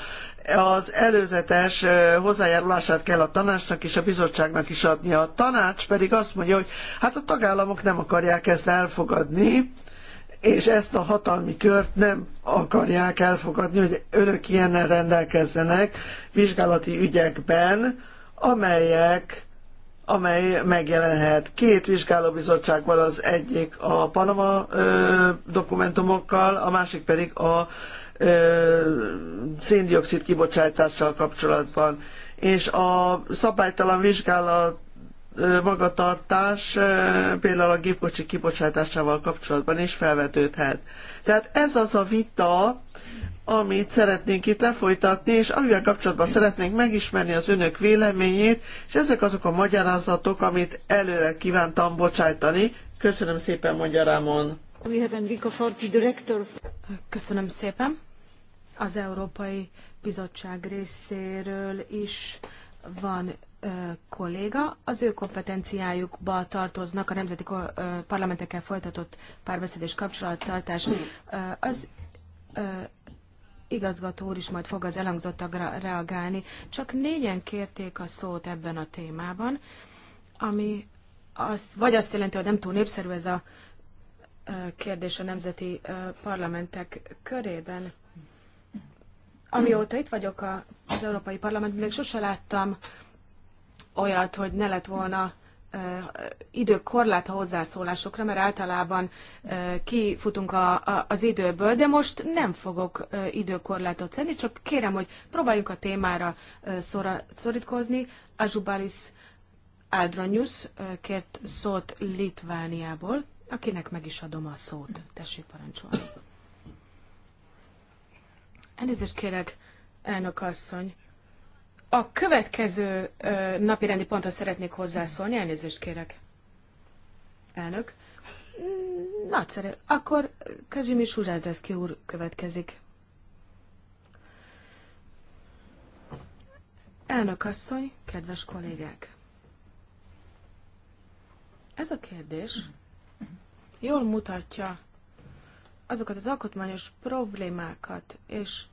az előzetes hozzájárulását kell a tanácsnak és a bizottságnak is adnia. A tanács pedig azt mondja, hogy hát a tagállamok nem akarják ezt elfogadni, és ezt a hatalmi kört nem akarják elfogadni, hogy önök ilyennel rendelkezzenek vizsgálati ügyekben, amelyek amely megjelenhet. Két vizsgálóbizottságban, az egyik a Panama ö, dokumentumokkal, a másik pedig a ö, széndiokszid kibocsátással kapcsolatban. És a szabálytalan vizsgálat magatartás például a gépkocsi kibocsátásával kapcsolatban is felvetődhet. Tehát ez az a vita, amit szeretnénk itt lefolytatni, és amivel kapcsolatban szeretnénk megismerni az önök véleményét, és ezek azok a magyarázatok, amit előre kívántam bocsájtani. Köszönöm szépen, mondja Rámon. We have Enrico Forti, director. Köszönöm szépen. Az Európai Bizottság részéről is van kolléga, az ő kompetenciájukba tartoznak a nemzeti parlamentekkel folytatott párbeszéd és kapcsolattartás. Az igazgató úr is majd fog az elhangzottakra reagálni. Csak négyen kérték a szót ebben a témában, ami az, vagy azt jelenti, hogy nem túl népszerű ez a kérdés a nemzeti parlamentek körében. Amióta itt vagyok az Európai Parlamentben, még sose láttam olyat, hogy ne lett volna időkorlát a hozzászólásokra, mert általában kifutunk a, a, az időből, de most nem fogok időkorlátot szedni, csak kérem, hogy próbáljunk a témára szora, szorítkozni. Azsubalis Aldronius kért szót Litvániából, akinek meg is adom a szót. Tessék parancsolni. Elnézést kérek, elnök asszony. A következő napirendi pontot szeretnék hozzászólni, elnézést kérek. Elnök. Mm, nagyszerű. Akkor Kazimi Suzsázdeszki úr következik. Elnök asszony, kedves kollégák! Ez a kérdés jól mutatja azokat az alkotmányos problémákat és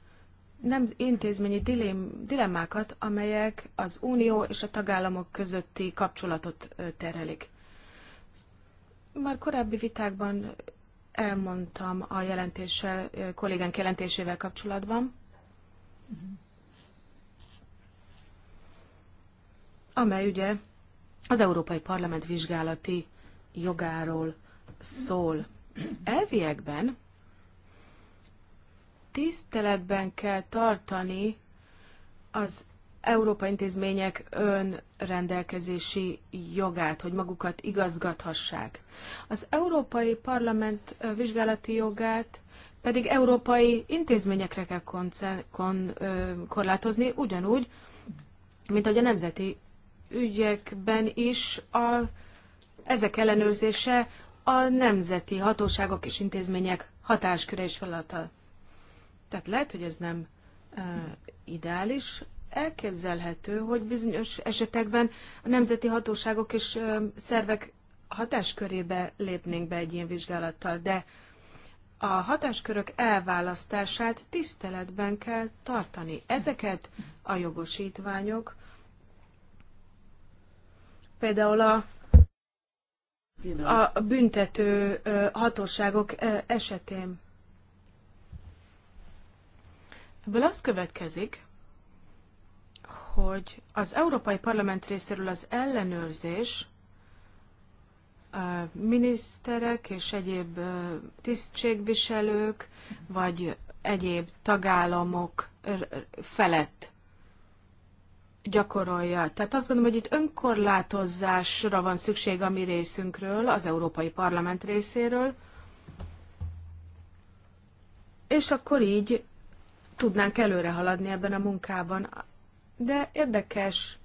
nem intézményi dilém, dilemmákat, amelyek az unió és a tagállamok közötti kapcsolatot terelik. Már korábbi vitákban elmondtam a jelentéssel, kollégánk jelentésével kapcsolatban, amely ugye az Európai Parlament vizsgálati jogáról szól. Elviekben tiszteletben kell tartani az Európa intézmények önrendelkezési jogát, hogy magukat igazgathassák. Az Európai Parlament vizsgálati jogát pedig európai intézményekre kell koncern, kon, korlátozni, ugyanúgy, mint ahogy a nemzeti ügyekben is a, ezek ellenőrzése a nemzeti hatóságok és intézmények hatásköre és feladata. Tehát lehet, hogy ez nem uh, ideális, elképzelhető, hogy bizonyos esetekben a nemzeti hatóságok és uh, szervek hatáskörébe lépnénk be egy ilyen vizsgálattal, de a hatáskörök elválasztását tiszteletben kell tartani. Ezeket a jogosítványok, például a, a büntető hatóságok esetén Ebből az következik, hogy az Európai Parlament részéről az ellenőrzés miniszterek és egyéb tisztségviselők, vagy egyéb tagállamok felett gyakorolja. Tehát azt gondolom, hogy itt önkorlátozásra van szükség a mi részünkről, az Európai Parlament részéről, és akkor így tudnánk előre haladni ebben a munkában. De érdekes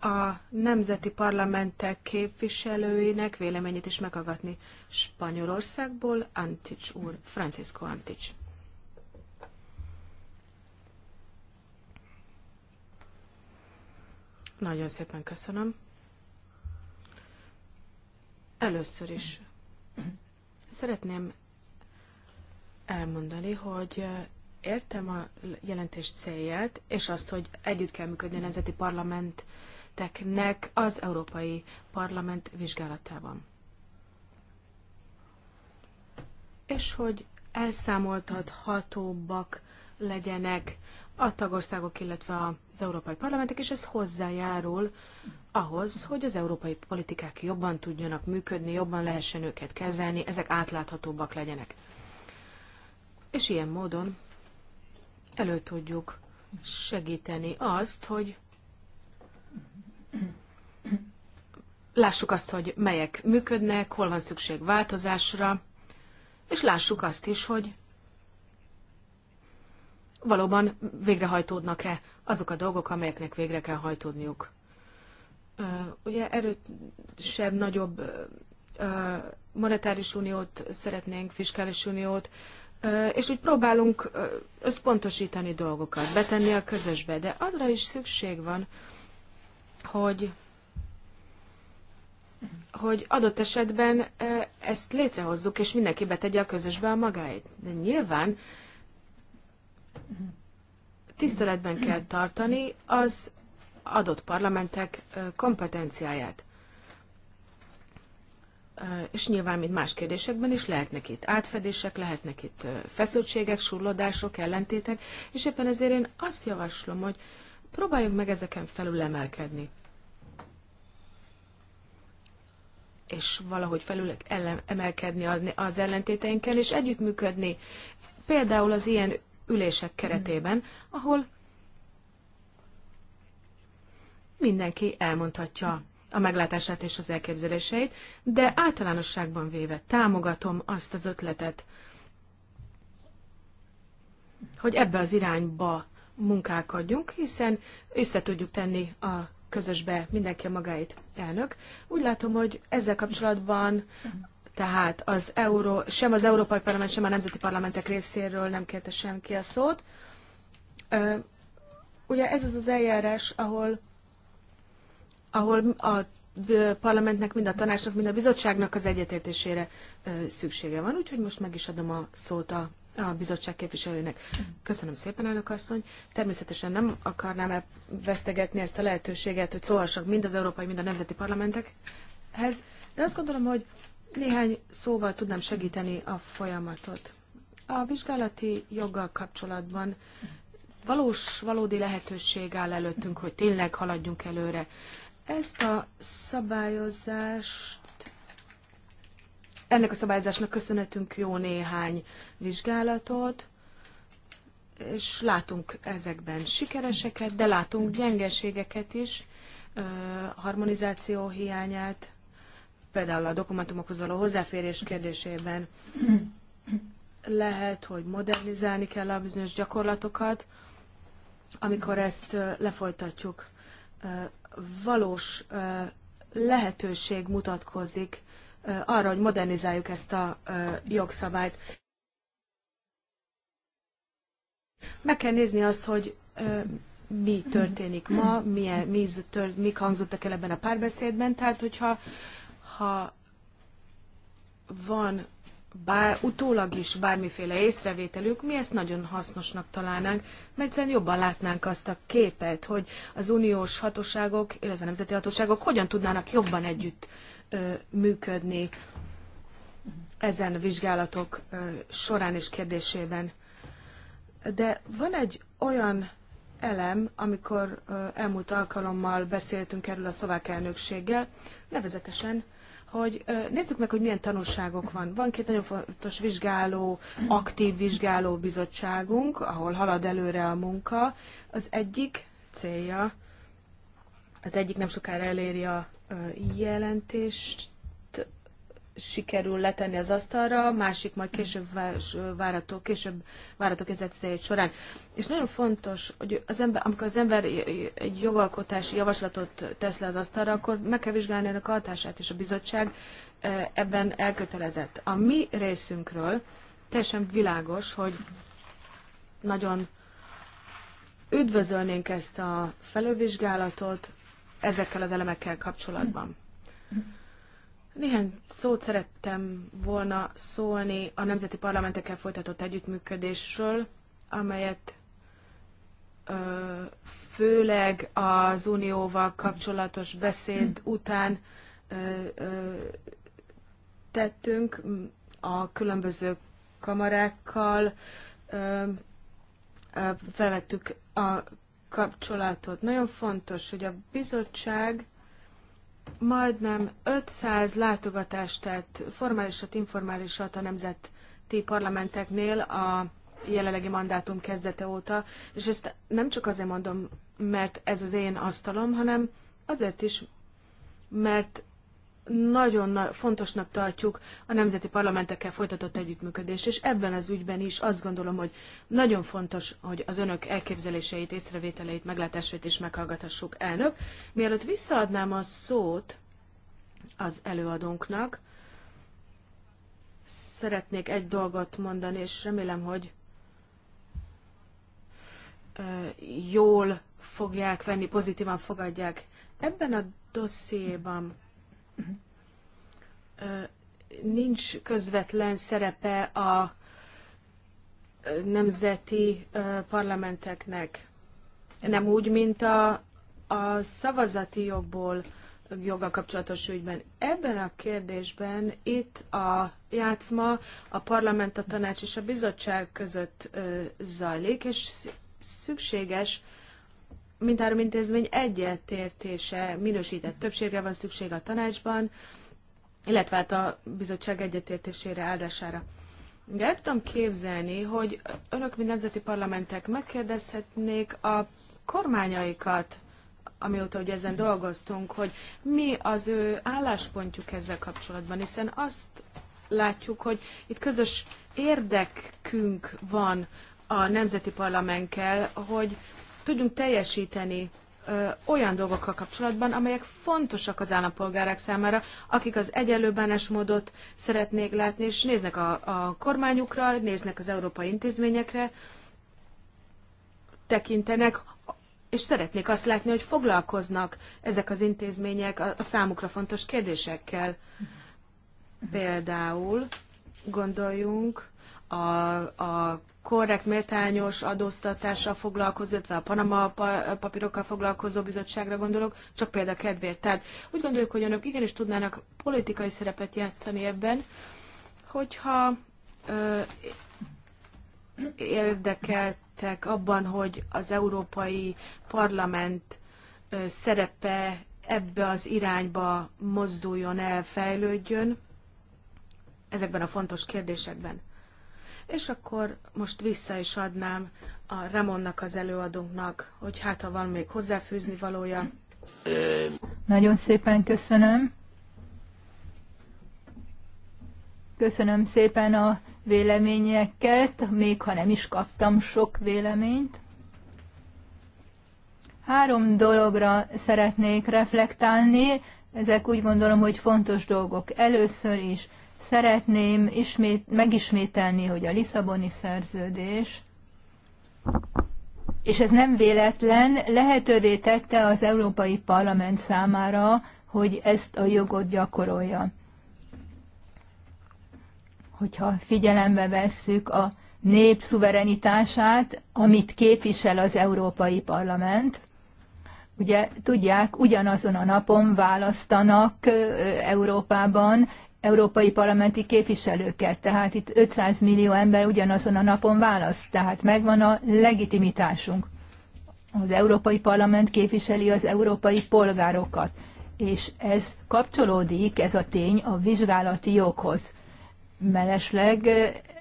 a nemzeti parlamentek képviselőinek véleményét is meghallgatni. Spanyolországból Antics úr, Francisco Antics. Nagyon szépen köszönöm. Először is szeretném elmondani, hogy Értem a jelentés célját, és azt, hogy együtt kell működni a nemzeti parlamenteknek az Európai Parlament vizsgálatában. És hogy elszámoltathatóbbak legyenek a tagországok, illetve az európai parlamentek, és ez hozzájárul ahhoz, hogy az európai politikák jobban tudjanak működni, jobban lehessen őket kezelni, ezek átláthatóbbak legyenek. És ilyen módon elő tudjuk segíteni azt, hogy lássuk azt, hogy melyek működnek, hol van szükség változásra, és lássuk azt is, hogy valóban végrehajtódnak-e azok a dolgok, amelyeknek végre kell hajtódniuk. Ugye erősebb, nagyobb monetáris uniót szeretnénk, fiskális uniót, és úgy próbálunk összpontosítani dolgokat, betenni a közösbe, de azra is szükség van, hogy hogy adott esetben ezt létrehozzuk, és mindenki betegye a közösbe a magáit. De nyilván tiszteletben kell tartani az adott parlamentek kompetenciáját és nyilván, mint más kérdésekben is, lehetnek itt átfedések, lehetnek itt feszültségek, surlodások, ellentétek, és éppen ezért én azt javaslom, hogy próbáljunk meg ezeken felül emelkedni. És valahogy felül emelkedni az ellentéteinken, és együttműködni. Például az ilyen ülések keretében, ahol mindenki elmondhatja a meglátását és az elképzeléseit, de általánosságban véve támogatom azt az ötletet, hogy ebbe az irányba munkálkodjunk, hiszen össze tudjuk tenni a közösbe mindenki a magáit elnök. Úgy látom, hogy ezzel kapcsolatban tehát az Euró, sem az Európai Parlament, sem a Nemzeti Parlamentek részéről nem kérte senki a szót. Ugye ez az az eljárás, ahol ahol a parlamentnek, mind a tanácsnak, mind a bizottságnak az egyetértésére szüksége van, úgyhogy most meg is adom a szót a a bizottság képviselőnek. Köszönöm szépen, elnök asszony. Természetesen nem akarnám vesztegetni ezt a lehetőséget, hogy szólhassak mind az európai, mind a nemzeti parlamentekhez, de azt gondolom, hogy néhány szóval tudnám segíteni a folyamatot. A vizsgálati joggal kapcsolatban valós, valódi lehetőség áll előttünk, hogy tényleg haladjunk előre. Ezt a szabályozást, ennek a szabályozásnak köszönhetünk jó néhány vizsgálatot, és látunk ezekben sikereseket, de látunk gyengeségeket is, harmonizáció hiányát, például a dokumentumokhoz való hozzáférés kérdésében lehet, hogy modernizálni kell a bizonyos gyakorlatokat, amikor ezt lefolytatjuk valós lehetőség mutatkozik arra, hogy modernizáljuk ezt a jogszabályt. Meg kell nézni azt, hogy mi történik ma, milyen, mi, tör, mik hangzottak el ebben a párbeszédben, tehát hogyha ha van bár, utólag is bármiféle észrevételük, mi ezt nagyon hasznosnak találnánk, mert hiszen jobban látnánk azt a képet, hogy az uniós hatóságok, illetve nemzeti hatóságok hogyan tudnának jobban együtt ö, működni ezen vizsgálatok ö, során és kérdésében. De van egy olyan elem, amikor ö, elmúlt alkalommal beszéltünk erről a szlovák elnökséggel, nevezetesen hogy nézzük meg, hogy milyen tanulságok van. Van két nagyon fontos vizsgáló, aktív vizsgáló bizottságunk, ahol halad előre a munka. Az egyik célja, az egyik nem sokára eléri a jelentést, sikerül letenni az asztalra, másik majd később várható, később várható 2017 során. És nagyon fontos, hogy az ember, amikor az ember egy jogalkotási javaslatot tesz le az asztalra, akkor meg kell vizsgálni ennek a hatását, és a bizottság e, ebben elkötelezett. A mi részünkről teljesen világos, hogy nagyon üdvözölnénk ezt a felővizsgálatot ezekkel az elemekkel kapcsolatban. Néhány szót szerettem volna szólni a nemzeti parlamentekkel folytatott együttműködésről, amelyet ö, főleg az unióval kapcsolatos beszéd után ö, ö, tettünk a különböző kamarákkal, ö, felvettük a kapcsolatot. Nagyon fontos, hogy a bizottság majdnem 500 látogatást tett formálisat, informálisat a nemzeti parlamenteknél a jelenlegi mandátum kezdete óta, és ezt nem csak azért mondom, mert ez az én asztalom, hanem azért is, mert nagyon fontosnak tartjuk a nemzeti parlamentekkel folytatott együttműködést, és ebben az ügyben is azt gondolom, hogy nagyon fontos, hogy az önök elképzeléseit, észrevételeit, meglátásait is meghallgathassuk, elnök. Mielőtt visszaadnám a szót az előadónknak, szeretnék egy dolgot mondani, és remélem, hogy jól fogják venni, pozitívan fogadják. Ebben a dossziéban nincs közvetlen szerepe a nemzeti parlamenteknek. Nem úgy, mint a, a szavazati jogból joga kapcsolatos ügyben. Ebben a kérdésben itt a játszma a parlament, a tanács és a bizottság között zajlik, és szükséges mindhárom intézmény egyetértése, minősített többségre van szükség a tanácsban, illetve hát a bizottság egyetértésére, áldására. De el tudom képzelni, hogy önök, mint nemzeti parlamentek megkérdezhetnék a kormányaikat, amióta ugye ezen dolgoztunk, hogy mi az ő álláspontjuk ezzel kapcsolatban, hiszen azt látjuk, hogy itt közös érdekünk van a nemzeti parlamentkel, hogy tudjunk teljesíteni ö, olyan dolgokkal kapcsolatban, amelyek fontosak az állampolgárák számára, akik az egyenlő bánásmódot szeretnék látni, és néznek a, a kormányukra, néznek az európai intézményekre, tekintenek, és szeretnék azt látni, hogy foglalkoznak ezek az intézmények a, a számukra fontos kérdésekkel. Mhm. Például gondoljunk a, a korrekt, méltányos adóztatással foglalkozó, illetve a Panama papírokkal foglalkozó bizottságra gondolok, csak példa kedvéért. Tehát úgy gondoljuk, hogy önök igenis tudnának politikai szerepet játszani ebben, hogyha ö, érdekeltek abban, hogy az Európai Parlament ö, szerepe ebbe az irányba mozduljon el, fejlődjön ezekben a fontos kérdésekben. És akkor most vissza is adnám a Ramonnak az előadónknak, hogy hát ha van még hozzáfűzni valója. Nagyon szépen köszönöm. Köszönöm szépen a véleményeket, még ha nem is kaptam sok véleményt. Három dologra szeretnék reflektálni, ezek úgy gondolom, hogy fontos dolgok. Először is Szeretném ismét, megismételni, hogy a Lisszaboni szerződés, és ez nem véletlen, lehetővé tette az Európai Parlament számára, hogy ezt a jogot gyakorolja. Hogyha figyelembe vesszük a nép szuverenitását, amit képvisel az Európai Parlament, ugye tudják, ugyanazon a napon választanak Európában európai parlamenti képviselőket. Tehát itt 500 millió ember ugyanazon a napon választ, tehát megvan a legitimitásunk. Az Európai Parlament képviseli az európai polgárokat, és ez kapcsolódik, ez a tény, a vizsgálati joghoz. Melesleg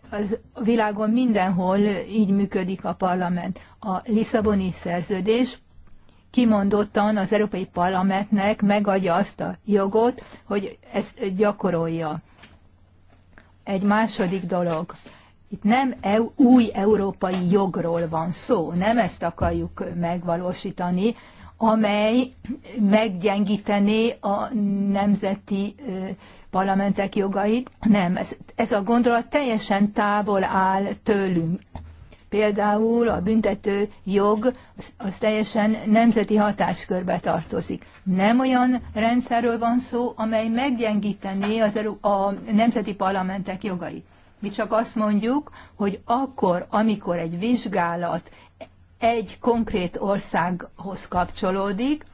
az világon mindenhol így működik a parlament. A Lisszaboni szerződés kimondottan az Európai Parlamentnek megadja azt a jogot, hogy ezt gyakorolja. Egy második dolog. Itt nem EU, új európai jogról van szó, nem ezt akarjuk megvalósítani, amely meggyengítené a nemzeti parlamentek jogait. Nem, ez, ez a gondolat teljesen távol áll tőlünk. Például a büntető jog az teljesen nemzeti hatáskörbe tartozik. Nem olyan rendszerről van szó, amely meggyengítené az, a nemzeti parlamentek jogait. Mi csak azt mondjuk, hogy akkor, amikor egy vizsgálat egy konkrét országhoz kapcsolódik,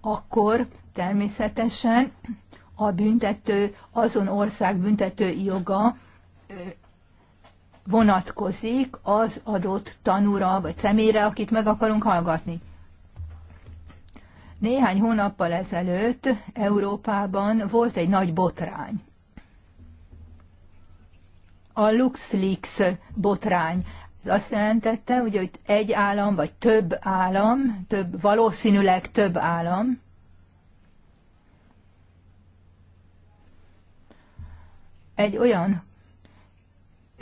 akkor természetesen a büntető, azon ország büntető joga vonatkozik az adott tanúra vagy személyre, akit meg akarunk hallgatni. Néhány hónappal ezelőtt Európában volt egy nagy botrány. A LuxLeaks botrány. Ez azt jelentette, hogy egy állam, vagy több állam, több, valószínűleg több állam, egy olyan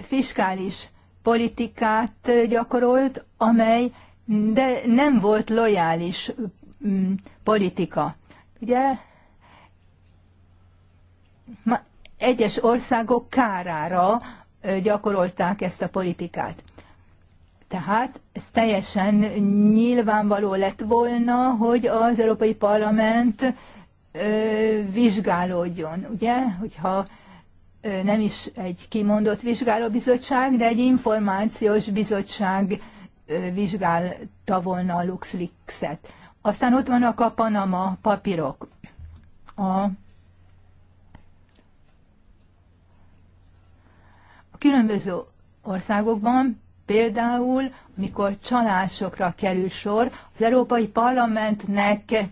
fiskális politikát gyakorolt, amely de nem volt lojális mm, politika. Ugye egyes országok kárára gyakorolták ezt a politikát. Tehát ez teljesen nyilvánvaló lett volna, hogy az Európai Parlament ö, vizsgálódjon, ugye? Hogyha nem is egy kimondott vizsgálóbizottság, de egy információs bizottság vizsgálta volna a LuxLeaks-et. Aztán ott vannak a Panama papírok. A különböző országokban, például amikor csalásokra kerül sor, az Európai Parlamentnek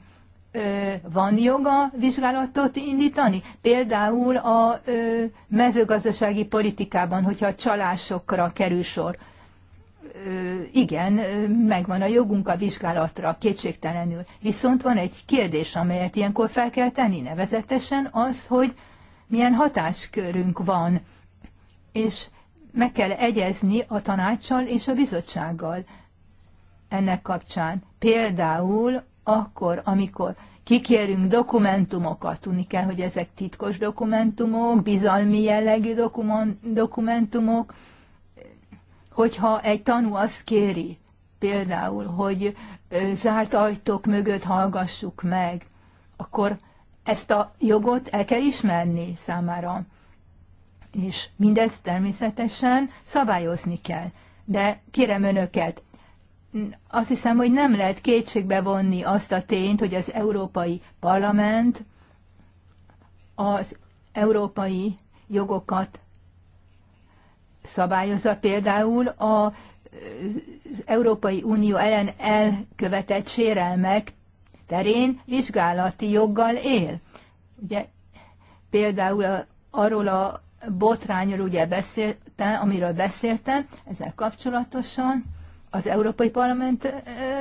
van joga vizsgálatot indítani? Például a mezőgazdasági politikában, hogyha a csalásokra kerül sor. Igen, megvan a jogunk a vizsgálatra, kétségtelenül. Viszont van egy kérdés, amelyet ilyenkor fel kell tenni, nevezetesen az, hogy milyen hatáskörünk van, és meg kell egyezni a tanácssal és a bizottsággal ennek kapcsán. Például akkor, amikor kikérünk dokumentumokat, tudni kell, hogy ezek titkos dokumentumok, bizalmi jellegű dokumentumok, hogyha egy tanú azt kéri, például, hogy zárt ajtók mögött hallgassuk meg, akkor ezt a jogot el kell ismerni számára. És mindezt természetesen szabályozni kell. De kérem önöket, azt hiszem, hogy nem lehet kétségbe vonni azt a tényt, hogy az Európai Parlament az európai jogokat szabályozza például a, az Európai Unió ellen elkövetett sérelmek terén vizsgálati joggal él. Ugye például a, arról a botrányról ugye beszéltem, amiről beszéltem ezzel kapcsolatosan, az Európai Parlament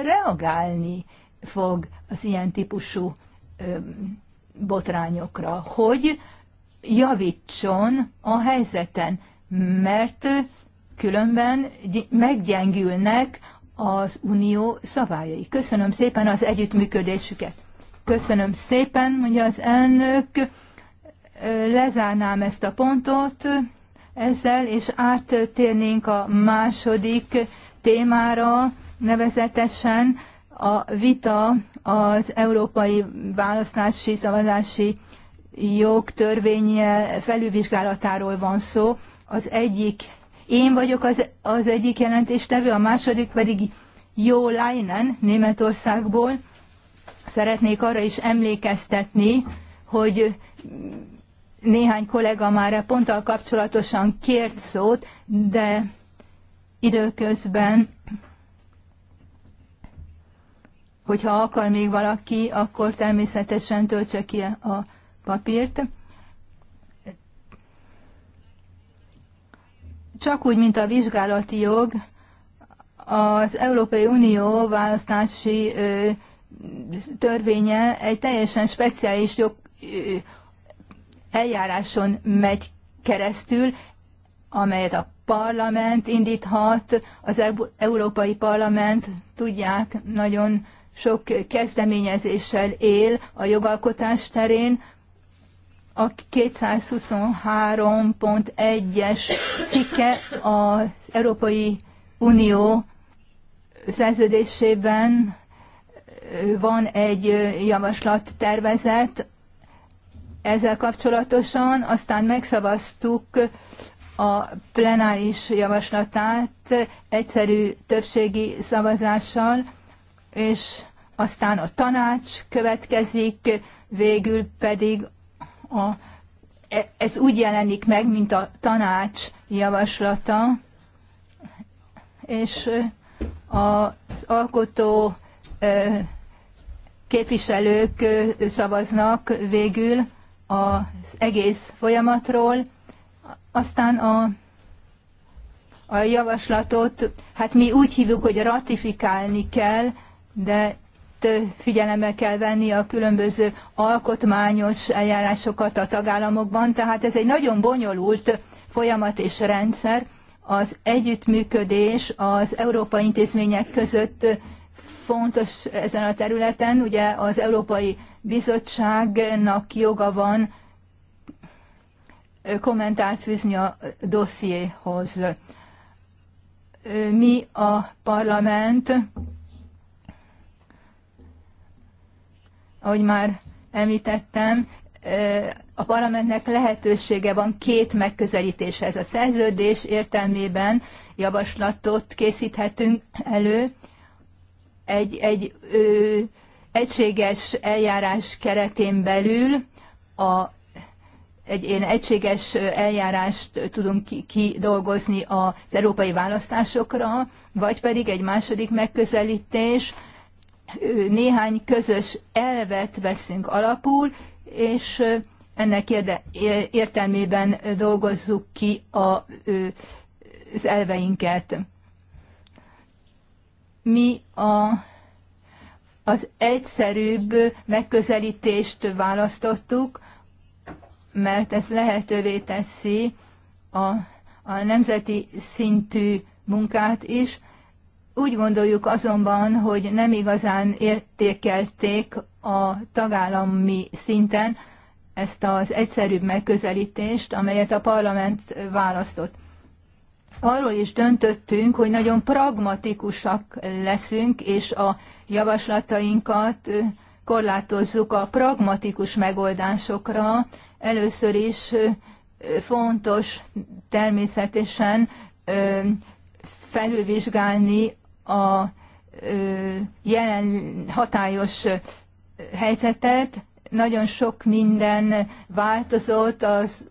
reagálni fog az ilyen típusú botrányokra, hogy javítson a helyzeten, mert különben meggyengülnek az unió szabályai. Köszönöm szépen az együttműködésüket. Köszönöm szépen, mondja az elnök, lezárnám ezt a pontot ezzel, és áttérnénk a második témára, nevezetesen a vita az európai választási, szavazási jogtörvény felülvizsgálatáról van szó. Az egyik, én vagyok az, az egyik jelentéstevő, a második pedig Jó Leinen Németországból. Szeretnék arra is emlékeztetni, hogy néhány kollega már ponttal kapcsolatosan kért szót, de időközben, hogyha akar még valaki, akkor természetesen töltse ki a papírt. Csak úgy, mint a vizsgálati jog, az Európai Unió választási ö, törvénye egy teljesen speciális jog, ö, eljáráson megy keresztül, amelyet a parlament indíthat, az Európai Parlament, tudják, nagyon sok kezdeményezéssel él a jogalkotás terén. A 223.1-es cikke az Európai Unió szerződésében van egy javaslat tervezet ezzel kapcsolatosan, aztán megszavaztuk a plenáris javaslatát egyszerű többségi szavazással, és aztán a tanács következik, végül pedig a, e, ez úgy jelenik meg, mint a tanács javaslata, és az alkotó képviselők szavaznak végül az egész folyamatról, aztán a, a javaslatot, hát mi úgy hívjuk, hogy ratifikálni kell, de figyelembe kell venni a különböző alkotmányos eljárásokat a tagállamokban, tehát ez egy nagyon bonyolult folyamat és rendszer. Az együttműködés az európai intézmények között fontos ezen a területen. Ugye az Európai Bizottságnak joga van kommentárt fűzni a dossziéhoz. Mi a parlament, ahogy már említettem, a parlamentnek lehetősége van két megközelítéshez. A szerződés értelmében javaslatot készíthetünk elő, egy, egy ö, egységes eljárás keretén belül a egy ilyen egységes eljárást tudunk kidolgozni az európai választásokra, vagy pedig egy második megközelítés, néhány közös elvet veszünk alapul, és ennek értelmében dolgozzuk ki a, az elveinket. Mi a, az egyszerűbb megközelítést választottuk, mert ez lehetővé teszi a, a nemzeti szintű munkát is. Úgy gondoljuk azonban, hogy nem igazán értékelték a tagállami szinten ezt az egyszerűbb megközelítést, amelyet a parlament választott. Arról is döntöttünk, hogy nagyon pragmatikusak leszünk, és a javaslatainkat korlátozzuk a pragmatikus megoldásokra, Először is fontos természetesen felülvizsgálni a jelen hatályos helyzetet. Nagyon sok minden változott az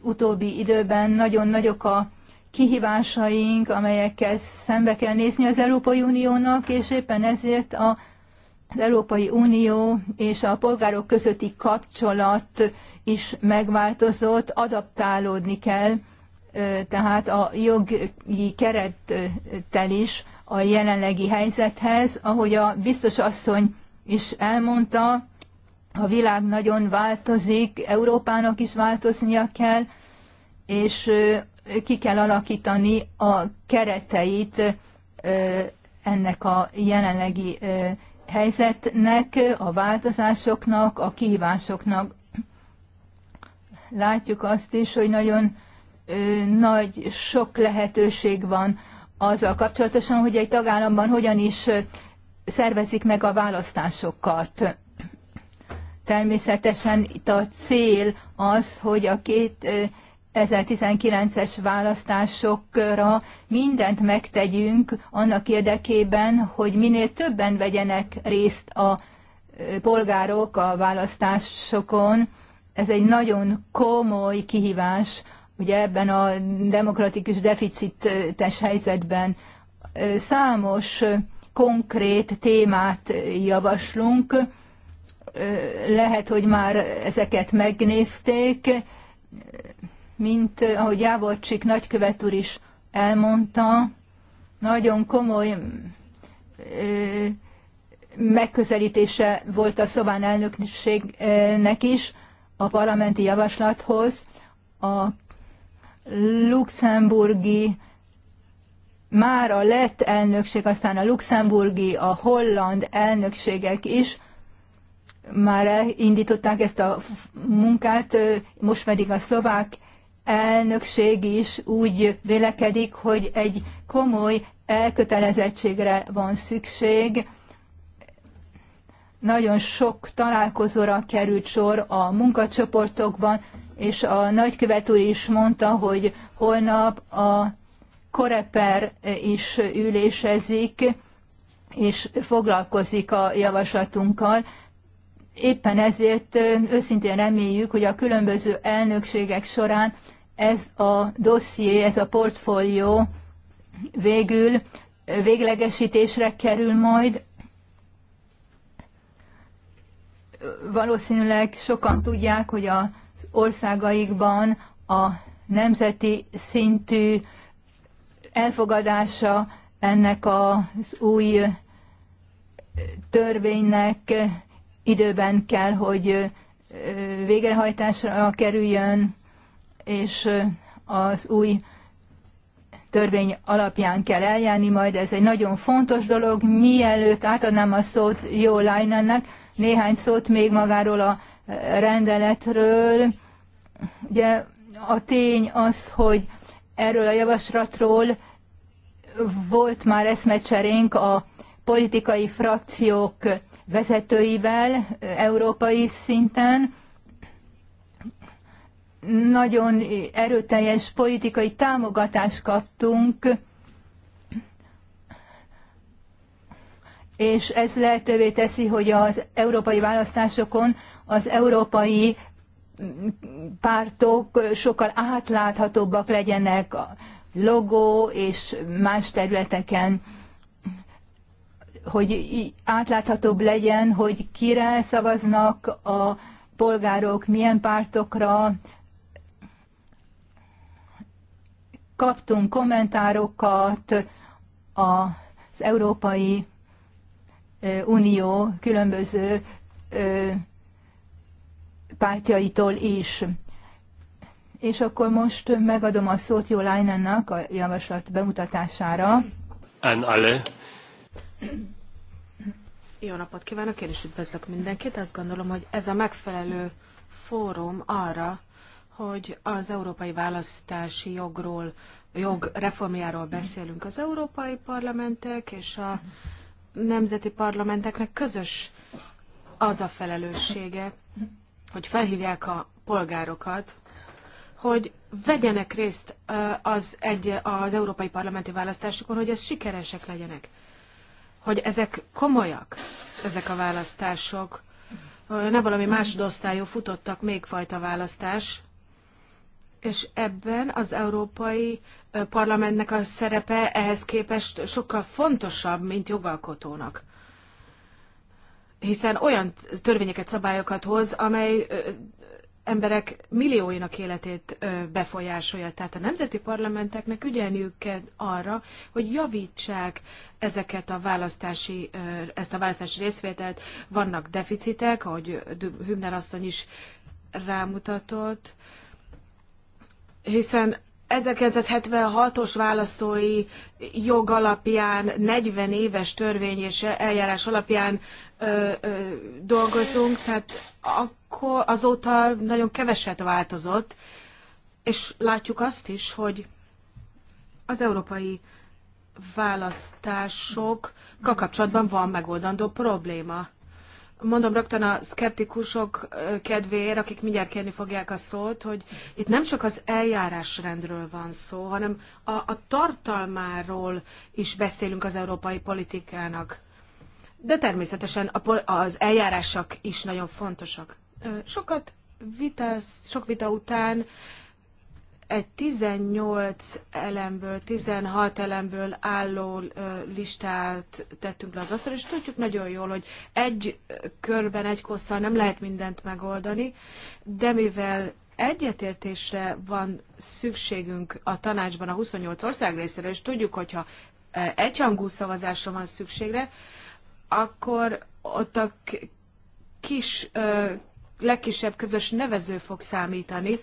utóbbi időben, nagyon nagyok a kihívásaink, amelyekkel szembe kell nézni az Európai Uniónak, és éppen ezért a az Európai Unió és a polgárok közötti kapcsolat is megváltozott, adaptálódni kell, tehát a jogi kerettel is a jelenlegi helyzethez. Ahogy a biztos asszony is elmondta, a világ nagyon változik, Európának is változnia kell, és ki kell alakítani a kereteit ennek a jelenlegi helyzetnek, a változásoknak, a kihívásoknak. Látjuk azt is, hogy nagyon nagy, sok lehetőség van azzal kapcsolatosan, hogy egy tagállamban hogyan is szervezik meg a választásokat. Természetesen itt a cél az, hogy a két 2019-es választásokra mindent megtegyünk annak érdekében, hogy minél többen vegyenek részt a polgárok a választásokon. Ez egy nagyon komoly kihívás, ugye ebben a demokratikus deficites helyzetben számos konkrét témát javaslunk. Lehet, hogy már ezeket megnézték, mint ahogy Jávorcsik nagykövet úr is elmondta, nagyon komoly ö, megközelítése volt a szobán elnökségnek is a parlamenti javaslathoz. A luxemburgi, már a lett elnökség, aztán a luxemburgi, a holland elnökségek is már elindították ezt a munkát, most pedig a szlovák elnökség is úgy vélekedik, hogy egy komoly elkötelezettségre van szükség. Nagyon sok találkozóra került sor a munkacsoportokban, és a nagykövet úr is mondta, hogy holnap a koreper is ülésezik, és foglalkozik a javaslatunkkal. Éppen ezért őszintén reméljük, hogy a különböző elnökségek során ez a dosszié, ez a portfólió végül véglegesítésre kerül majd. Valószínűleg sokan tudják, hogy az országaikban a nemzeti szintű elfogadása ennek az új törvénynek időben kell, hogy végrehajtásra kerüljön, és az új törvény alapján kell eljárni, majd ez egy nagyon fontos dolog. Mielőtt átadnám a szót Jó Lájnennek, néhány szót még magáról a rendeletről. Ugye a tény az, hogy erről a javaslatról volt már eszmecserénk a politikai frakciók vezetőivel európai szinten, nagyon erőteljes politikai támogatást kaptunk, és ez lehetővé teszi, hogy az európai választásokon az európai pártok sokkal átláthatóbbak legyenek a logó és más területeken, hogy átláthatóbb legyen, hogy kire szavaznak a polgárok, milyen pártokra, kaptunk kommentárokat az Európai Unió különböző pártjaitól is. És akkor most megadom a szót Jó Lájnennak a javaslat bemutatására. En alle. Jó napot kívánok, én is üdvözlök mindenkit. Azt gondolom, hogy ez a megfelelő fórum arra, hogy az európai választási jogról, jog reformjáról beszélünk. Az európai parlamentek és a nemzeti parlamenteknek közös az a felelőssége, hogy felhívják a polgárokat, hogy vegyenek részt az, egy, az európai parlamenti választásokon, hogy ez sikeresek legyenek. Hogy ezek komolyak, ezek a választások, ne valami másodosztályú futottak még fajta választás, és ebben az Európai Parlamentnek a szerepe ehhez képest sokkal fontosabb, mint jogalkotónak. Hiszen olyan törvényeket, szabályokat hoz, amely emberek millióinak életét befolyásolja. Tehát a nemzeti parlamenteknek ügyelniük kell arra, hogy javítsák ezeket a választási, ezt a választási részvételt. Vannak deficitek, ahogy Hübner asszony is rámutatott, hiszen 1976-os választói jog alapján, 40 éves törvény és eljárás alapján ö, ö, dolgozunk, tehát akkor azóta nagyon keveset változott, és látjuk azt is, hogy az európai választásokkal kapcsolatban van megoldandó probléma mondom rögtön a szkeptikusok kedvéért, akik mindjárt kérni fogják a szót, hogy itt nem csak az eljárásrendről van szó, hanem a, a tartalmáról is beszélünk az európai politikának. De természetesen a, az eljárások is nagyon fontosak. Sokat vita, sok vita után egy 18 elemből, 16 elemből álló listát tettünk le az asztalra, és tudjuk nagyon jól, hogy egy körben, egy kosszal nem lehet mindent megoldani, de mivel egyetértésre van szükségünk a tanácsban a 28 ország részére, és tudjuk, hogyha egyhangú szavazásra van szükségre, akkor ott a kis, legkisebb közös nevező fog számítani,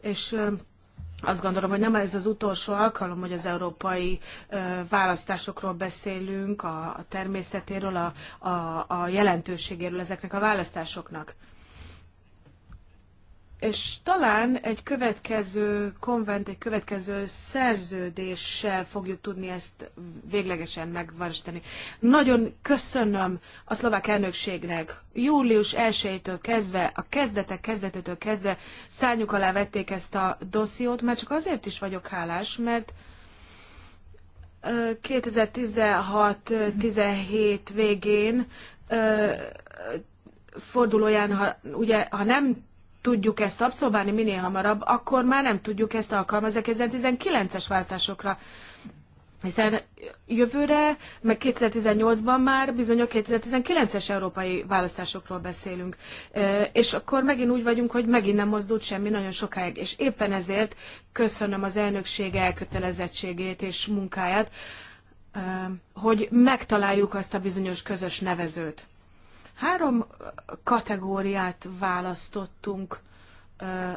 és azt gondolom, hogy nem ez az utolsó alkalom, hogy az európai választásokról beszélünk, a, természetéről, a, a, a jelentőségéről ezeknek a választásoknak és talán egy következő konvent, egy következő szerződéssel fogjuk tudni ezt véglegesen megvalósítani. Nagyon köszönöm a szlovák elnökségnek. Július 1-től kezdve, a kezdetek kezdetétől kezdve szárnyuk alá vették ezt a dossziót, mert csak azért is vagyok hálás, mert 2016-17 végén fordulóján, ha, ugye, ha nem tudjuk ezt abszolválni minél hamarabb, akkor már nem tudjuk ezt alkalmazni 2019-es választásokra. Hiszen jövőre, meg 2018-ban már bizony a 2019-es európai választásokról beszélünk. És akkor megint úgy vagyunk, hogy megint nem mozdult semmi nagyon sokáig. És éppen ezért köszönöm az elnökség elkötelezettségét és munkáját, hogy megtaláljuk azt a bizonyos közös nevezőt. Három kategóriát választottunk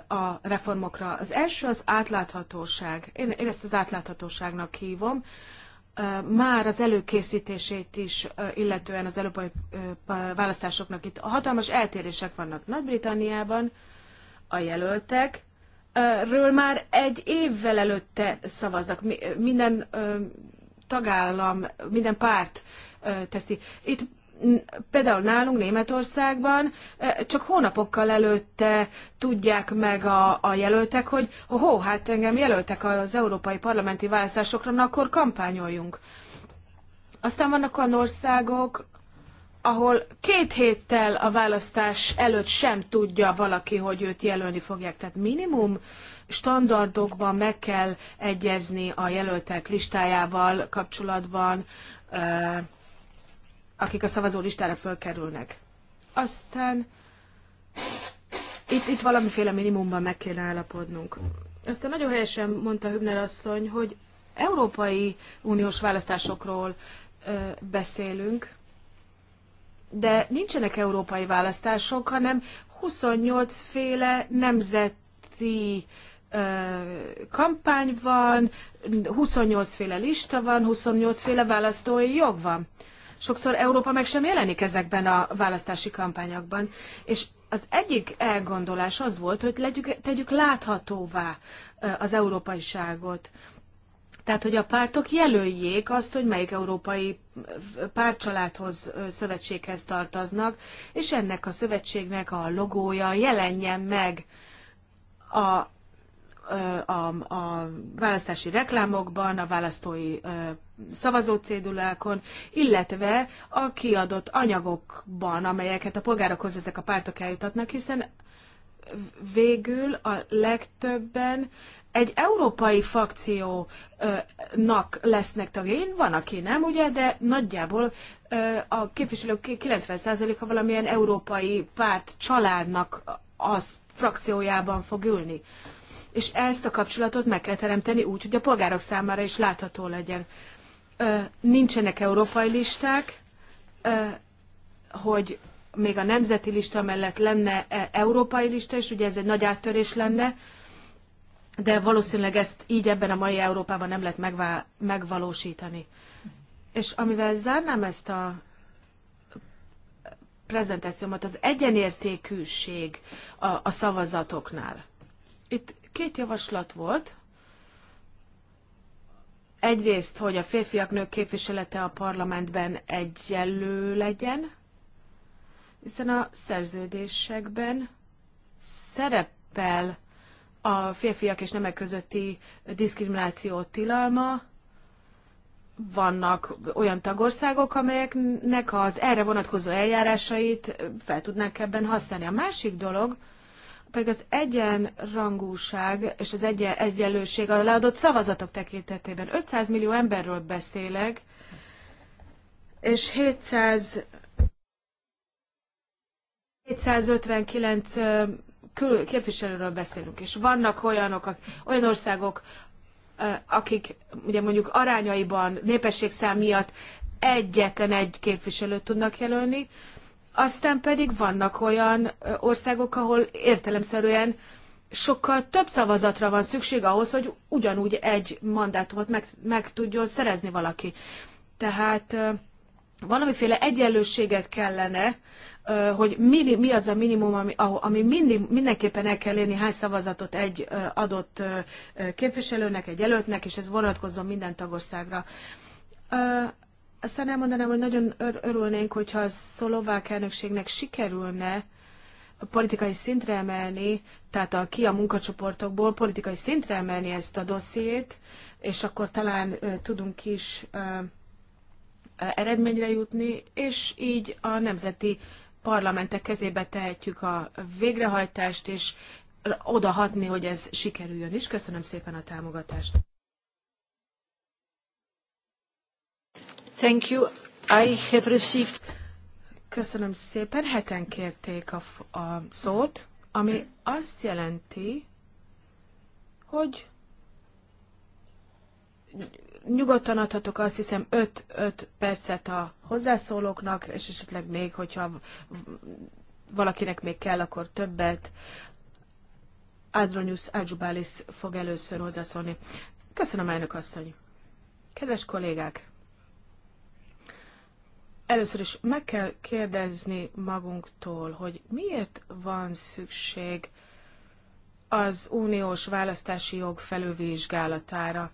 a reformokra. Az első az átláthatóság. Én, én ezt az átláthatóságnak hívom. Már az előkészítését is, illetően az előbb választásoknak itt hatalmas eltérések vannak Nagy-Britanniában, a jelöltek, ről már egy évvel előtte szavaznak. Minden tagállam, minden párt teszi. Itt például nálunk Németországban csak hónapokkal előtte tudják meg a, a jelöltek, hogy hó, hát engem jelöltek az európai parlamenti választásokra, na akkor kampányoljunk. Aztán vannak olyan országok, ahol két héttel a választás előtt sem tudja valaki, hogy őt jelölni fogják. Tehát minimum standardokban meg kell egyezni a jelöltek listájával kapcsolatban akik a szavazó listára fölkerülnek. Aztán itt, itt valamiféle minimumban meg kéne állapodnunk. Aztán nagyon helyesen mondta Hübner asszony, hogy Európai Uniós választásokról ö, beszélünk, de nincsenek európai választások, hanem 28 féle nemzeti ö, kampány van, 28 féle lista van, 28 féle választói jog van sokszor Európa meg sem jelenik ezekben a választási kampányokban. És az egyik elgondolás az volt, hogy legyük, tegyük láthatóvá az európai ságot, Tehát, hogy a pártok jelöljék azt, hogy melyik európai pártcsaládhoz, szövetséghez tartoznak, és ennek a szövetségnek a logója jelenjen meg a, a, a választási reklámokban, a választói szavazócédulákon, illetve a kiadott anyagokban, amelyeket a polgárokhoz ezek a pártok eljutatnak, hiszen végül a legtöbben egy európai fakciónak lesznek tagjai, van, aki nem, ugye, de nagyjából a képviselők 90%-a valamilyen európai párt családnak az frakciójában fog ülni és ezt a kapcsolatot meg kell teremteni úgy, hogy a polgárok számára is látható legyen. Nincsenek európai listák, hogy még a nemzeti lista mellett lenne e, európai lista, és ugye ez egy nagy áttörés lenne, de valószínűleg ezt így ebben a mai Európában nem lehet megvá- megvalósítani. És amivel zárnám ezt a prezentációmat, az egyenértékűség a, a szavazatoknál. Itt Két javaslat volt. Egyrészt, hogy a férfiak nők képviselete a parlamentben egyenlő legyen, hiszen a szerződésekben szerepel a férfiak és nemek közötti diszkrimináció tilalma, vannak olyan tagországok, amelyeknek az erre vonatkozó eljárásait fel tudnánk ebben használni. A másik dolog, pedig az egyenrangúság és az egyen, egyenlőség a leadott szavazatok tekintetében. 500 millió emberről beszélek, és 700, 759 kül, képviselőről beszélünk, és vannak olyanok, olyan országok, akik ugye mondjuk arányaiban, népességszám miatt egyetlen egy képviselőt tudnak jelölni, aztán pedig vannak olyan országok, ahol értelemszerűen sokkal több szavazatra van szükség ahhoz, hogy ugyanúgy egy mandátumot meg, meg tudjon szerezni valaki. Tehát valamiféle egyenlőséget kellene, hogy mi, mi az a minimum, ami, ami mindig, mindenképpen el kell érni, hány szavazatot egy adott képviselőnek, egy előttnek, és ez vonatkozom minden tagországra. Aztán elmondanám, hogy nagyon örülnénk, hogyha a szlovák elnökségnek sikerülne a politikai szintre emelni, tehát a, ki a munkacsoportokból politikai szintre emelni ezt a dossziét, és akkor talán ö, tudunk is ö, eredményre jutni, és így a nemzeti parlamentek kezébe tehetjük a végrehajtást, és odahatni, hogy ez sikerüljön is. Köszönöm szépen a támogatást. Thank you. I have received... Köszönöm szépen. Heten kérték a, a szót, ami azt jelenti, hogy nyugodtan adhatok azt hiszem 5-5 percet a hozzászólóknak, és esetleg még, hogyha valakinek még kell, akkor többet. Adronius Adjubalis fog először hozzászólni. Köszönöm, elnök asszony! Kedves kollégák! Először is meg kell kérdezni magunktól, hogy miért van szükség az uniós választási jog felülvizsgálatára.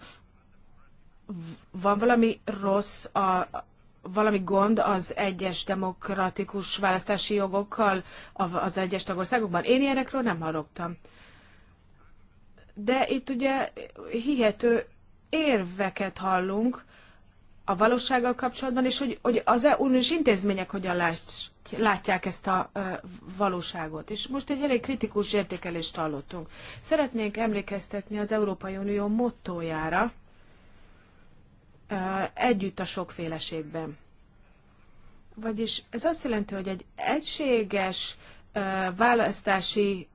Van valami rossz, a, valami gond az egyes demokratikus választási jogokkal az egyes tagországokban? Én ilyenekről nem hallottam. De itt ugye hihető érveket hallunk, a valósággal kapcsolatban, és hogy, hogy az e uniós intézmények hogyan látják ezt a valóságot. És most egy elég kritikus értékelést hallottunk. Szeretnénk emlékeztetni az Európai Unió mottójára, együtt a sokféleségben. Vagyis ez azt jelenti, hogy egy egységes választási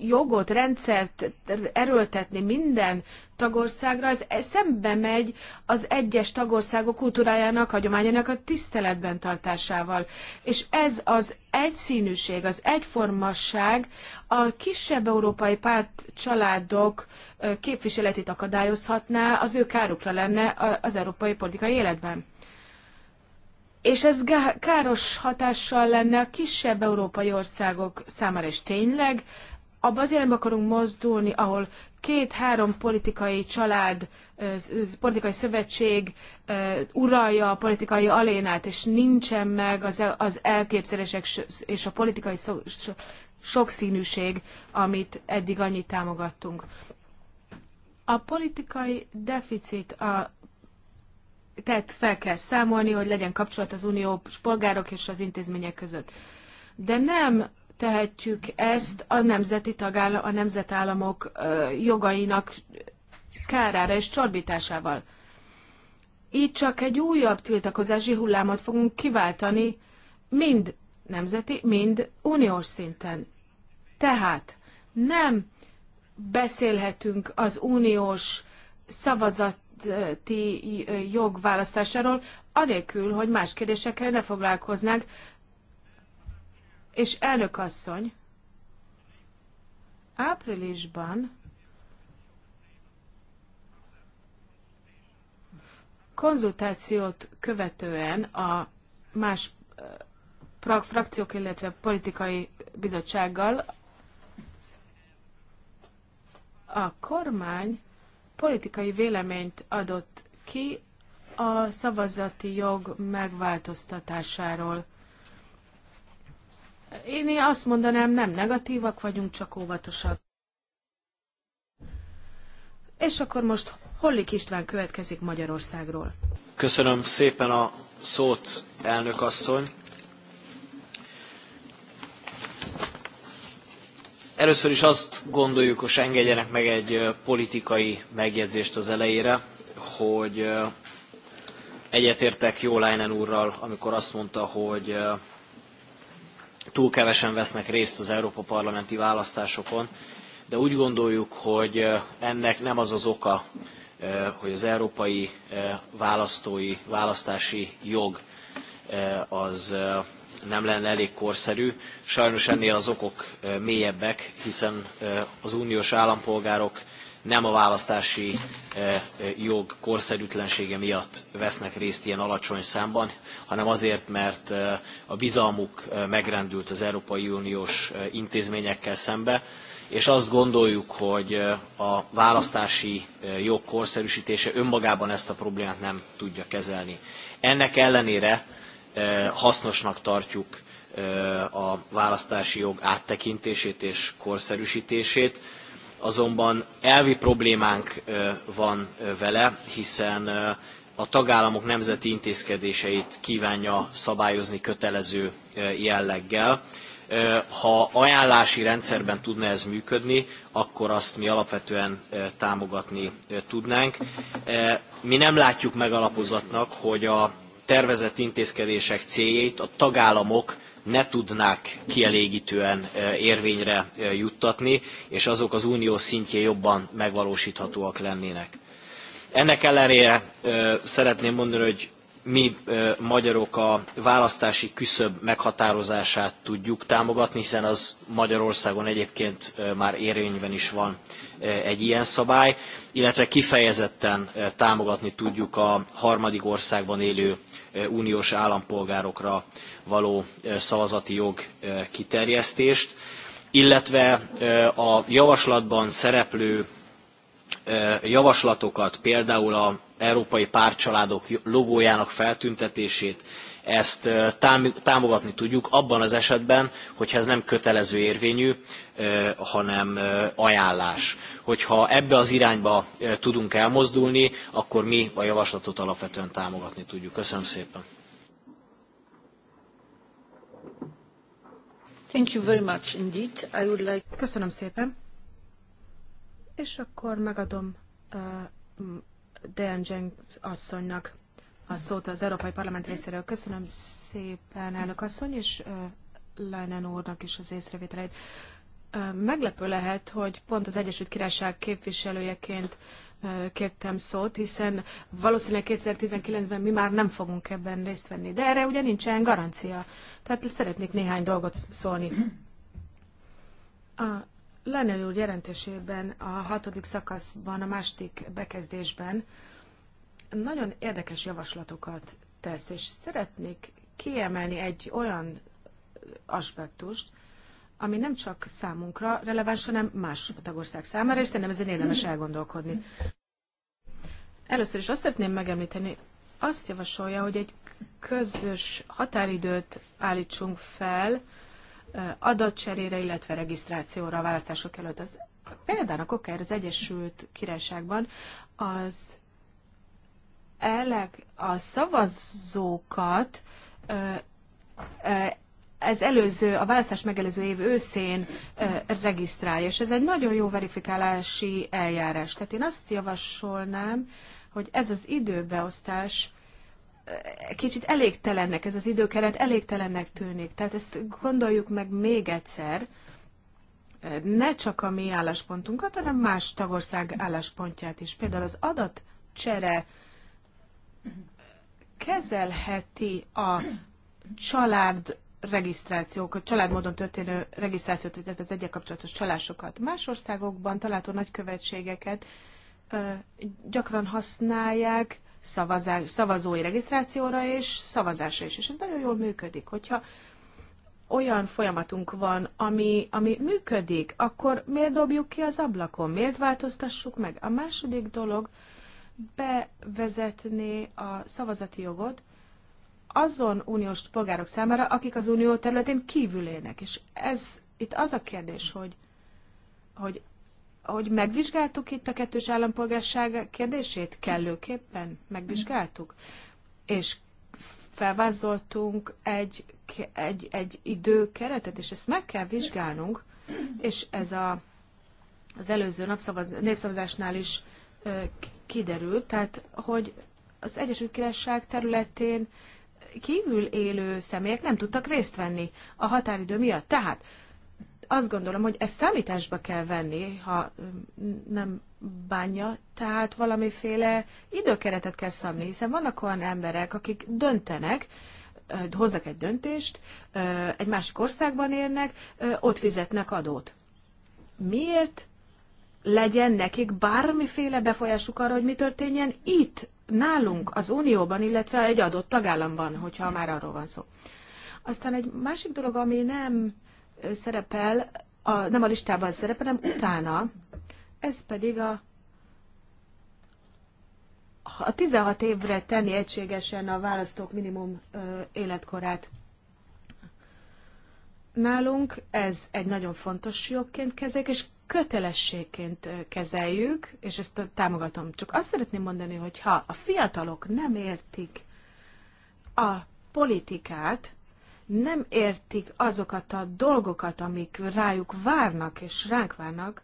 jogot, rendszert erőltetni minden tagországra, az szembe megy az egyes tagországok kultúrájának, hagyományának a tiszteletben tartásával. És ez az egyszínűség, az egyformasság a kisebb európai párt családok képviseletét akadályozhatná, az ő kárukra lenne az európai politikai életben és ez káros hatással lenne a kisebb európai országok számára, és tényleg abban az irányba akarunk mozdulni, ahol két-három politikai család, politikai szövetség uralja a politikai alénát, és nincsen meg az, az elképzelések és a politikai sokszínűség, amit eddig annyit támogattunk. A politikai deficit a tehát fel kell számolni, hogy legyen kapcsolat az unió, polgárok és az intézmények között. De nem tehetjük ezt a nemzeti tagállam, a nemzetállamok jogainak kárára és csorbításával. Így csak egy újabb tiltakozási hullámot fogunk kiváltani, mind nemzeti, mind uniós szinten. Tehát nem beszélhetünk az uniós szavazat nemzeti jog választásáról, anélkül, hogy más kérdésekkel ne foglalkoznánk. És elnök asszony, áprilisban konzultációt követően a más frakciók, illetve politikai bizottsággal a kormány politikai véleményt adott ki a szavazati jog megváltoztatásáról. Én azt mondanám, nem negatívak vagyunk, csak óvatosak. És akkor most Hollik István következik Magyarországról. Köszönöm szépen a szót, elnök asszony. Először is azt gondoljuk, hogy engedjenek meg egy politikai megjegyzést az elejére, hogy egyetértek Jó Leinen úrral, amikor azt mondta, hogy túl kevesen vesznek részt az Európa Parlamenti választásokon, de úgy gondoljuk, hogy ennek nem az az oka, hogy az európai választói, választási jog az nem lenne elég korszerű. Sajnos ennél az okok mélyebbek, hiszen az uniós állampolgárok nem a választási jog korszerűtlensége miatt vesznek részt ilyen alacsony számban, hanem azért, mert a bizalmuk megrendült az Európai Uniós intézményekkel szembe, és azt gondoljuk, hogy a választási jog korszerűsítése önmagában ezt a problémát nem tudja kezelni. Ennek ellenére Eh, hasznosnak tartjuk eh, a választási jog áttekintését és korszerűsítését. Azonban elvi problémánk eh, van vele, hiszen a tagállamok nemzeti intézkedéseit kívánja szabályozni kötelező jelleggel. Ha ajánlási rendszerben tudna ez működni, akkor azt mi alapvetően támogatni tudnánk. Mi nem látjuk megalapozatnak, hogy a tervezett intézkedések céljait a tagállamok ne tudnák kielégítően e, érvényre e, juttatni, és azok az unió szintjén jobban megvalósíthatóak lennének. Ennek ellenére e, szeretném mondani, hogy mi magyarok a választási küszöb meghatározását tudjuk támogatni, hiszen az Magyarországon egyébként már érvényben is van egy ilyen szabály, illetve kifejezetten támogatni tudjuk a harmadik országban élő Eh, uniós állampolgárokra való eh, szavazati jog eh, kiterjesztést, illetve a javaslatban szereplő javaslatokat, például a európai pártcsaládok logójának feltüntetését, ezt támogatni tudjuk abban az esetben, hogyha ez nem kötelező érvényű, hanem ajánlás. Hogyha ebbe az irányba tudunk elmozdulni, akkor mi a javaslatot alapvetően támogatni tudjuk. Köszönöm szépen. Thank you very much indeed. I would like... Köszönöm szépen. És akkor megadom uh, Dean Jenks asszonynak a szót az Európai Parlament részéről. Köszönöm szépen, elnök asszony, és Leinen úrnak is az észrevételeit. Meglepő lehet, hogy pont az Egyesült Királyság képviselőjeként kértem szót, hiszen valószínűleg 2019-ben mi már nem fogunk ebben részt venni. De erre ugye nincsen garancia. Tehát szeretnék néhány dolgot szólni. A Lenel úr jelentésében a hatodik szakaszban, a második bekezdésben nagyon érdekes javaslatokat tesz, és szeretnék kiemelni egy olyan aspektust, ami nem csak számunkra releváns, hanem más tagország számára, és nem ezen érdemes elgondolkodni. Először is azt szeretném megemlíteni, azt javasolja, hogy egy közös határidőt állítsunk fel adatcserére, illetve regisztrációra a választások előtt. Az, példának okáért az Egyesült Királyságban az elek, a szavazókat ez előző, a választás megelőző év őszén regisztrálja, és ez egy nagyon jó verifikálási eljárás. Tehát én azt javasolnám, hogy ez az időbeosztás kicsit elégtelennek, ez az időkeret elégtelennek tűnik. Tehát ezt gondoljuk meg még egyszer, ne csak a mi álláspontunkat, hanem más tagország álláspontját is. Például az adatcsere kezelheti a család regisztrációkat, családmódon történő regisztrációt, tehát az egyek kapcsolatos csalásokat. Más országokban található nagykövetségeket gyakran használják szavazás, szavazói regisztrációra és szavazásra is, és ez nagyon jól működik. Hogyha olyan folyamatunk van, ami, ami működik, akkor miért dobjuk ki az ablakon, miért változtassuk meg? A második dolog, bevezetné a szavazati jogot azon uniós polgárok számára, akik az unió területén kívül élnek. És ez itt az a kérdés, hogy, hogy, hogy megvizsgáltuk itt a kettős állampolgárság kérdését kellőképpen? Megvizsgáltuk? És felvázoltunk egy, egy, egy időkeretet, és ezt meg kell vizsgálnunk, és ez a, az előző népszavazásnál is kiderült, tehát hogy az Egyesült Királyság területén kívül élő személyek nem tudtak részt venni a határidő miatt. Tehát azt gondolom, hogy ezt számításba kell venni, ha nem bánja, tehát valamiféle időkeretet kell szabni, hiszen vannak olyan emberek, akik döntenek, hoznak egy döntést, egy másik országban érnek, ott fizetnek adót. Miért legyen nekik bármiféle befolyásuk arra, hogy mi történjen itt, nálunk, az Unióban, illetve egy adott tagállamban, hogyha már arról van szó. Aztán egy másik dolog, ami nem szerepel, a, nem a listában szerepel, hanem utána, ez pedig a, a 16 évre tenni egységesen a választók minimum ö, életkorát. Nálunk ez egy nagyon fontos jogként kezelik, és kötelességként kezeljük, és ezt támogatom. Csak azt szeretném mondani, hogy ha a fiatalok nem értik a politikát, nem értik azokat a dolgokat, amik rájuk várnak és ránk várnak,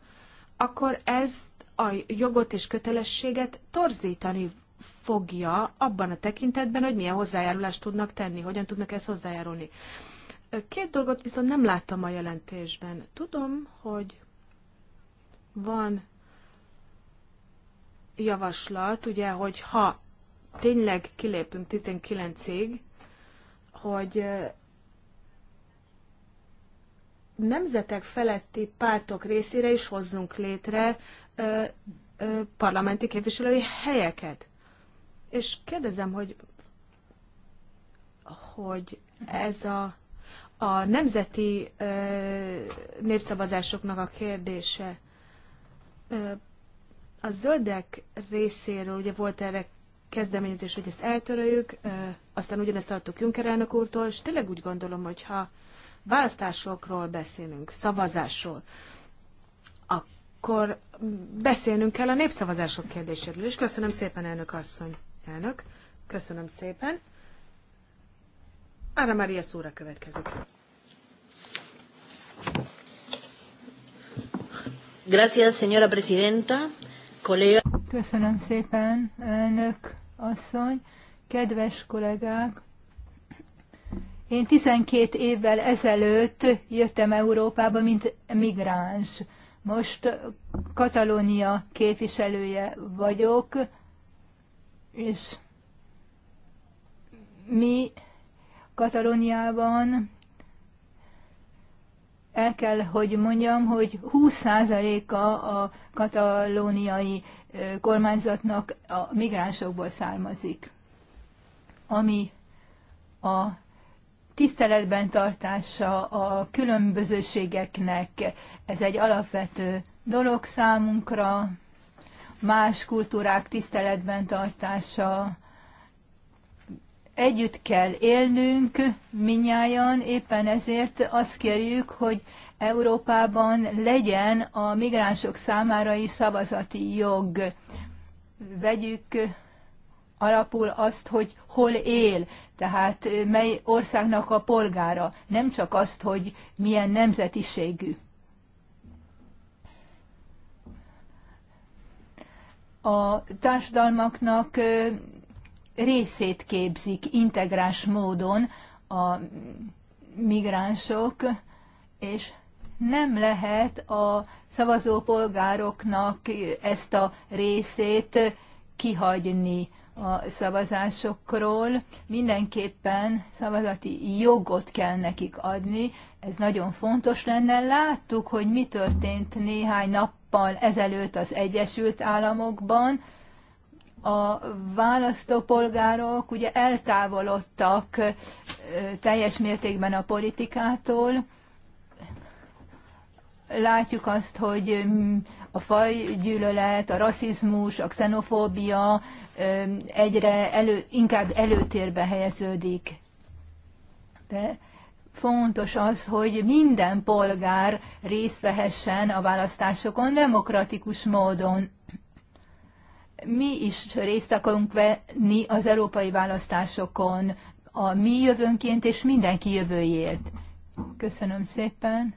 akkor ezt a jogot és kötelességet torzítani fogja abban a tekintetben, hogy milyen hozzájárulást tudnak tenni, hogyan tudnak ezt hozzájárulni. Két dolgot viszont nem láttam a jelentésben. Tudom, hogy van javaslat, ugye, hogy ha tényleg kilépünk 19-ig, hogy nemzetek feletti pártok részére is hozzunk létre ö, ö, parlamenti képviselői helyeket. És kérdezem, hogy, hogy ez a, a nemzeti ö, népszavazásoknak a kérdése, a zöldek részéről ugye volt erre kezdeményezés, hogy ezt eltöröljük, aztán ugyanezt adtuk Juncker elnök úrtól, és tényleg úgy gondolom, hogy ha választásokról beszélünk, szavazásról, akkor beszélnünk kell a népszavazások kérdéséről is. Köszönöm szépen, elnök asszony. Elnök, köszönöm szépen. Ára Maria szóra következik. Gracias, señora presidenta. Köszönöm szépen, elnök asszony. Kedves kollégák, én 12 évvel ezelőtt jöttem Európába, mint migráns. Most Katalónia képviselője vagyok, és mi Katalóniában el kell, hogy mondjam, hogy 20%-a a katalóniai kormányzatnak a migránsokból származik, ami a tiszteletben tartása a különbözőségeknek, ez egy alapvető dolog számunkra, más kultúrák tiszteletben tartása, együtt kell élnünk minnyáján, éppen ezért azt kérjük, hogy Európában legyen a migránsok számára is szavazati jog. Vegyük alapul azt, hogy hol él, tehát mely országnak a polgára, nem csak azt, hogy milyen nemzetiségű. A társadalmaknak részét képzik integrás módon a migránsok, és nem lehet a szavazópolgároknak ezt a részét kihagyni a szavazásokról. Mindenképpen szavazati jogot kell nekik adni, ez nagyon fontos lenne. Láttuk, hogy mi történt néhány nappal ezelőtt az Egyesült Államokban, a választópolgárok ugye eltávolodtak teljes mértékben a politikától. Látjuk azt, hogy mm, a fajgyűlölet, a rasszizmus, a xenofóbia egyre elő, inkább előtérbe helyeződik. De fontos az, hogy minden polgár részt vehessen a választásokon demokratikus módon mi is részt akarunk venni az európai választásokon, a mi jövőnként és mindenki jövőjért. Köszönöm szépen.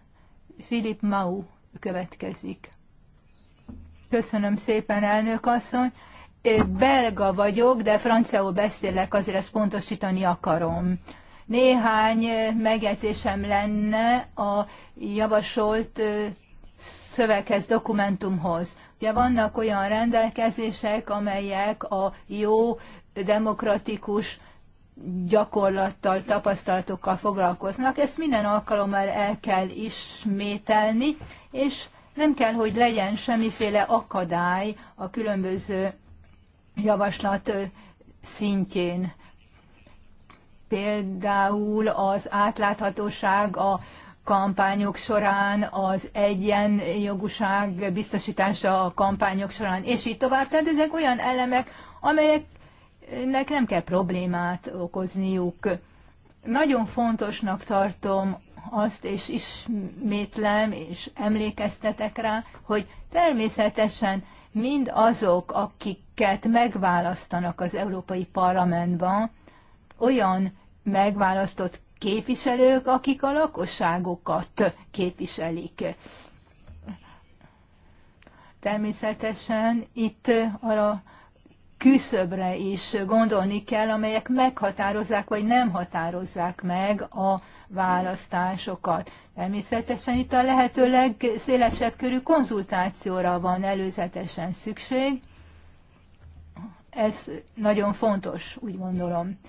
Filip Mau következik. Köszönöm szépen, elnök asszony. Belga vagyok, de franciául beszélek, azért ezt pontosítani akarom. Néhány megjegyzésem lenne a javasolt szöveghez, dokumentumhoz. Ugye vannak olyan rendelkezések, amelyek a jó demokratikus gyakorlattal, tapasztalatokkal foglalkoznak. Ezt minden alkalommal el kell ismételni, és nem kell, hogy legyen semmiféle akadály a különböző javaslat szintjén. Például az átláthatóság, a kampányok során, az egyenjogúság biztosítása a kampányok során, és így tovább. Tehát ezek olyan elemek, amelyeknek nem kell problémát okozniuk. Nagyon fontosnak tartom azt, és ismétlem, és emlékeztetek rá, hogy természetesen mind azok, akiket megválasztanak az Európai Parlamentban, olyan megválasztott képviselők, akik a lakosságokat képviselik. Természetesen itt arra küszöbre is gondolni kell, amelyek meghatározzák vagy nem határozzák meg a választásokat. Természetesen itt a lehető legszélesebb körű konzultációra van előzetesen szükség. Ez nagyon fontos, úgy gondolom.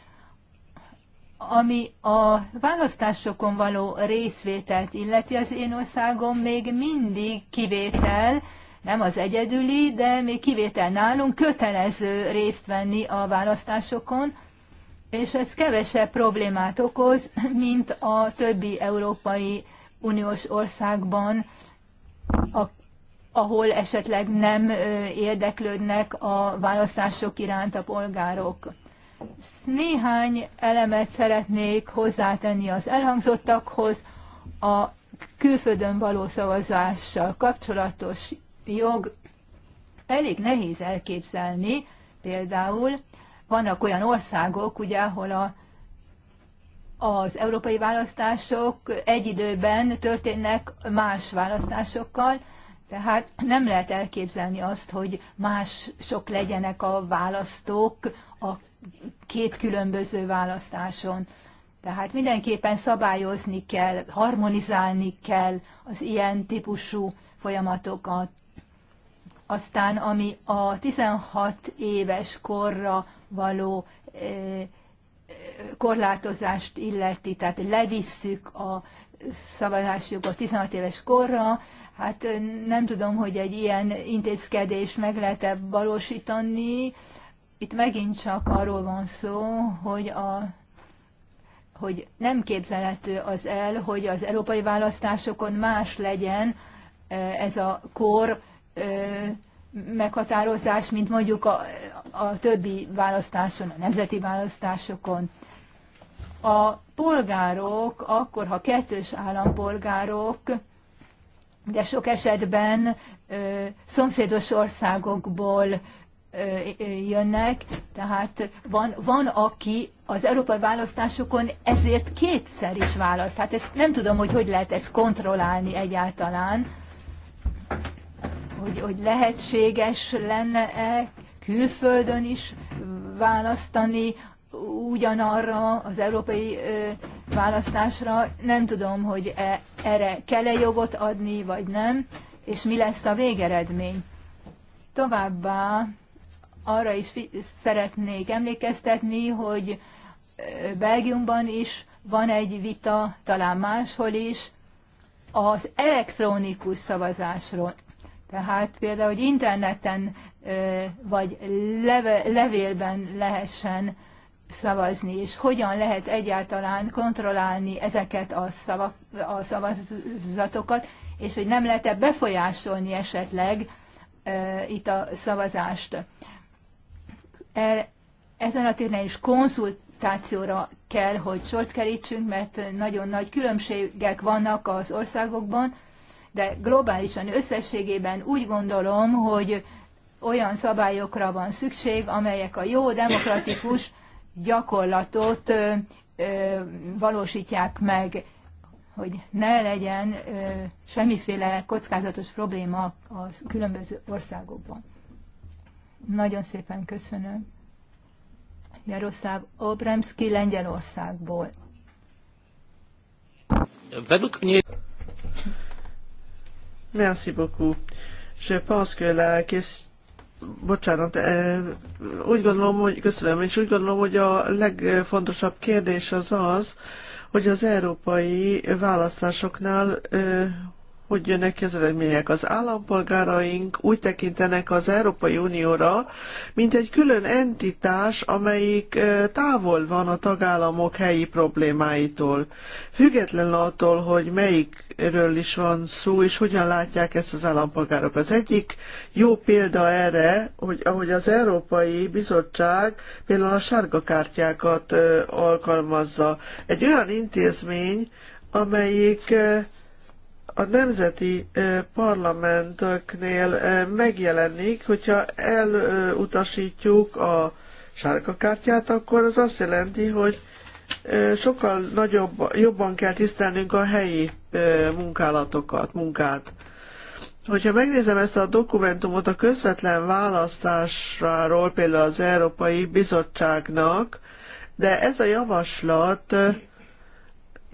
Ami a választásokon való részvételt illeti, az én országom még mindig kivétel, nem az egyedüli, de még kivétel nálunk kötelező részt venni a választásokon, és ez kevesebb problémát okoz, mint a többi Európai Uniós országban, a, ahol esetleg nem érdeklődnek a választások iránt a polgárok. Néhány elemet szeretnék hozzátenni az elhangzottakhoz a külföldön való szavazással kapcsolatos jog elég nehéz elképzelni, például vannak olyan országok, ugye, ahol a, az európai választások egy időben történnek más választásokkal, tehát nem lehet elképzelni azt, hogy mások legyenek a választók a két különböző választáson. Tehát mindenképpen szabályozni kell, harmonizálni kell az ilyen típusú folyamatokat. Aztán, ami a 16 éves korra való eh, korlátozást illeti, tehát levisszük a szavazásjogot 16 éves korra, hát eh, nem tudom, hogy egy ilyen intézkedés meg lehet-e valósítani, itt megint csak arról van szó, hogy a hogy nem képzelhető az el, hogy az európai választásokon más legyen ez a kor meghatározás, mint mondjuk a, a többi választáson, a nemzeti választásokon. A polgárok, akkor ha kettős állampolgárok, de sok esetben ö, szomszédos országokból jönnek, tehát van, van, aki az európai választásokon ezért kétszer is választ. Hát ezt nem tudom, hogy hogy lehet ezt kontrollálni egyáltalán, hogy, hogy lehetséges lenne-e külföldön is választani ugyanarra az európai ö, választásra. Nem tudom, hogy e, erre kell-e jogot adni, vagy nem, és mi lesz a végeredmény. Továbbá arra is szeretnék emlékeztetni, hogy Belgiumban is van egy vita, talán máshol is, az elektronikus szavazásról. Tehát például, hogy interneten vagy leve, levélben lehessen szavazni, és hogyan lehet egyáltalán kontrollálni ezeket a, szava, a szavazatokat, és hogy nem lehet-e befolyásolni esetleg e, itt a szavazást el, ezen a téren is konzultációra kell, hogy sort kerítsünk, mert nagyon nagy különbségek vannak az országokban, de globálisan összességében úgy gondolom, hogy olyan szabályokra van szükség, amelyek a jó demokratikus gyakorlatot ö, ö, valósítják meg, hogy ne legyen ö, semmiféle kockázatos probléma a különböző országokban. Nagyon szépen köszönöm. Jaroszláv Obremski Lengyelországból. Według mnie... Merci beaucoup. Je pense que la question Bocsánat, eh, úgy gondolom, hogy köszönöm, és úgy gondolom, hogy a legfontosabb kérdés az az, hogy az európai választásoknál eh, hogy jönnek ki az eredmények. Az állampolgáraink úgy tekintenek az Európai Unióra, mint egy külön entitás, amelyik távol van a tagállamok helyi problémáitól. Független attól, hogy melyikről is van szó, és hogyan látják ezt az állampolgárok. Az egyik jó példa erre, hogy ahogy az Európai Bizottság például a sárga kártyákat alkalmazza. Egy olyan intézmény, amelyik a nemzeti parlamentöknél megjelenik, hogyha elutasítjuk a sárga kártyát, akkor az azt jelenti, hogy sokkal nagyobb, jobban kell tisztelnünk a helyi munkálatokat, munkát. Hogyha megnézem ezt a dokumentumot a közvetlen választásról, például az Európai Bizottságnak, de ez a javaslat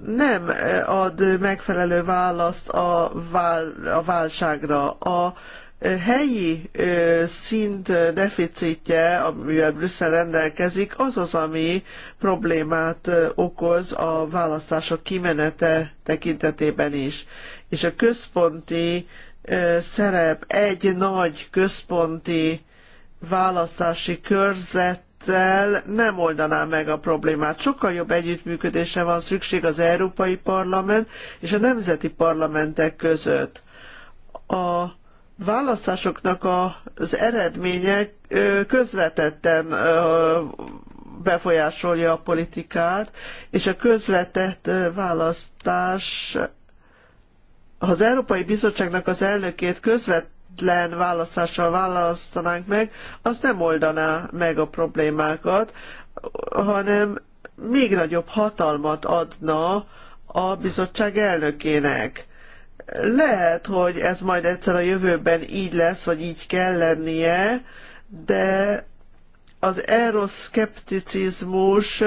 nem eh, ad megfelelő választ a, vál, a válságra. A eh, helyi eh, szint deficitje, amivel Brüsszel rendelkezik, az az, ami problémát okoz a választások kimenete tekintetében is. És a központi szerep egy nagy központi választási körzet ezzel nem oldaná meg a problémát. Sokkal jobb együttműködésre van szükség az Európai Parlament és a nemzeti parlamentek között. A választásoknak az eredménye közvetetten befolyásolja a politikát, és a közvetett választás az Európai Bizottságnak az elnökét közvet, egyetlen választással választanánk meg, az nem oldaná meg a problémákat, hanem még nagyobb hatalmat adna a bizottság elnökének. Lehet, hogy ez majd egyszer a jövőben így lesz, vagy így kell lennie, de az eroszkepticizmus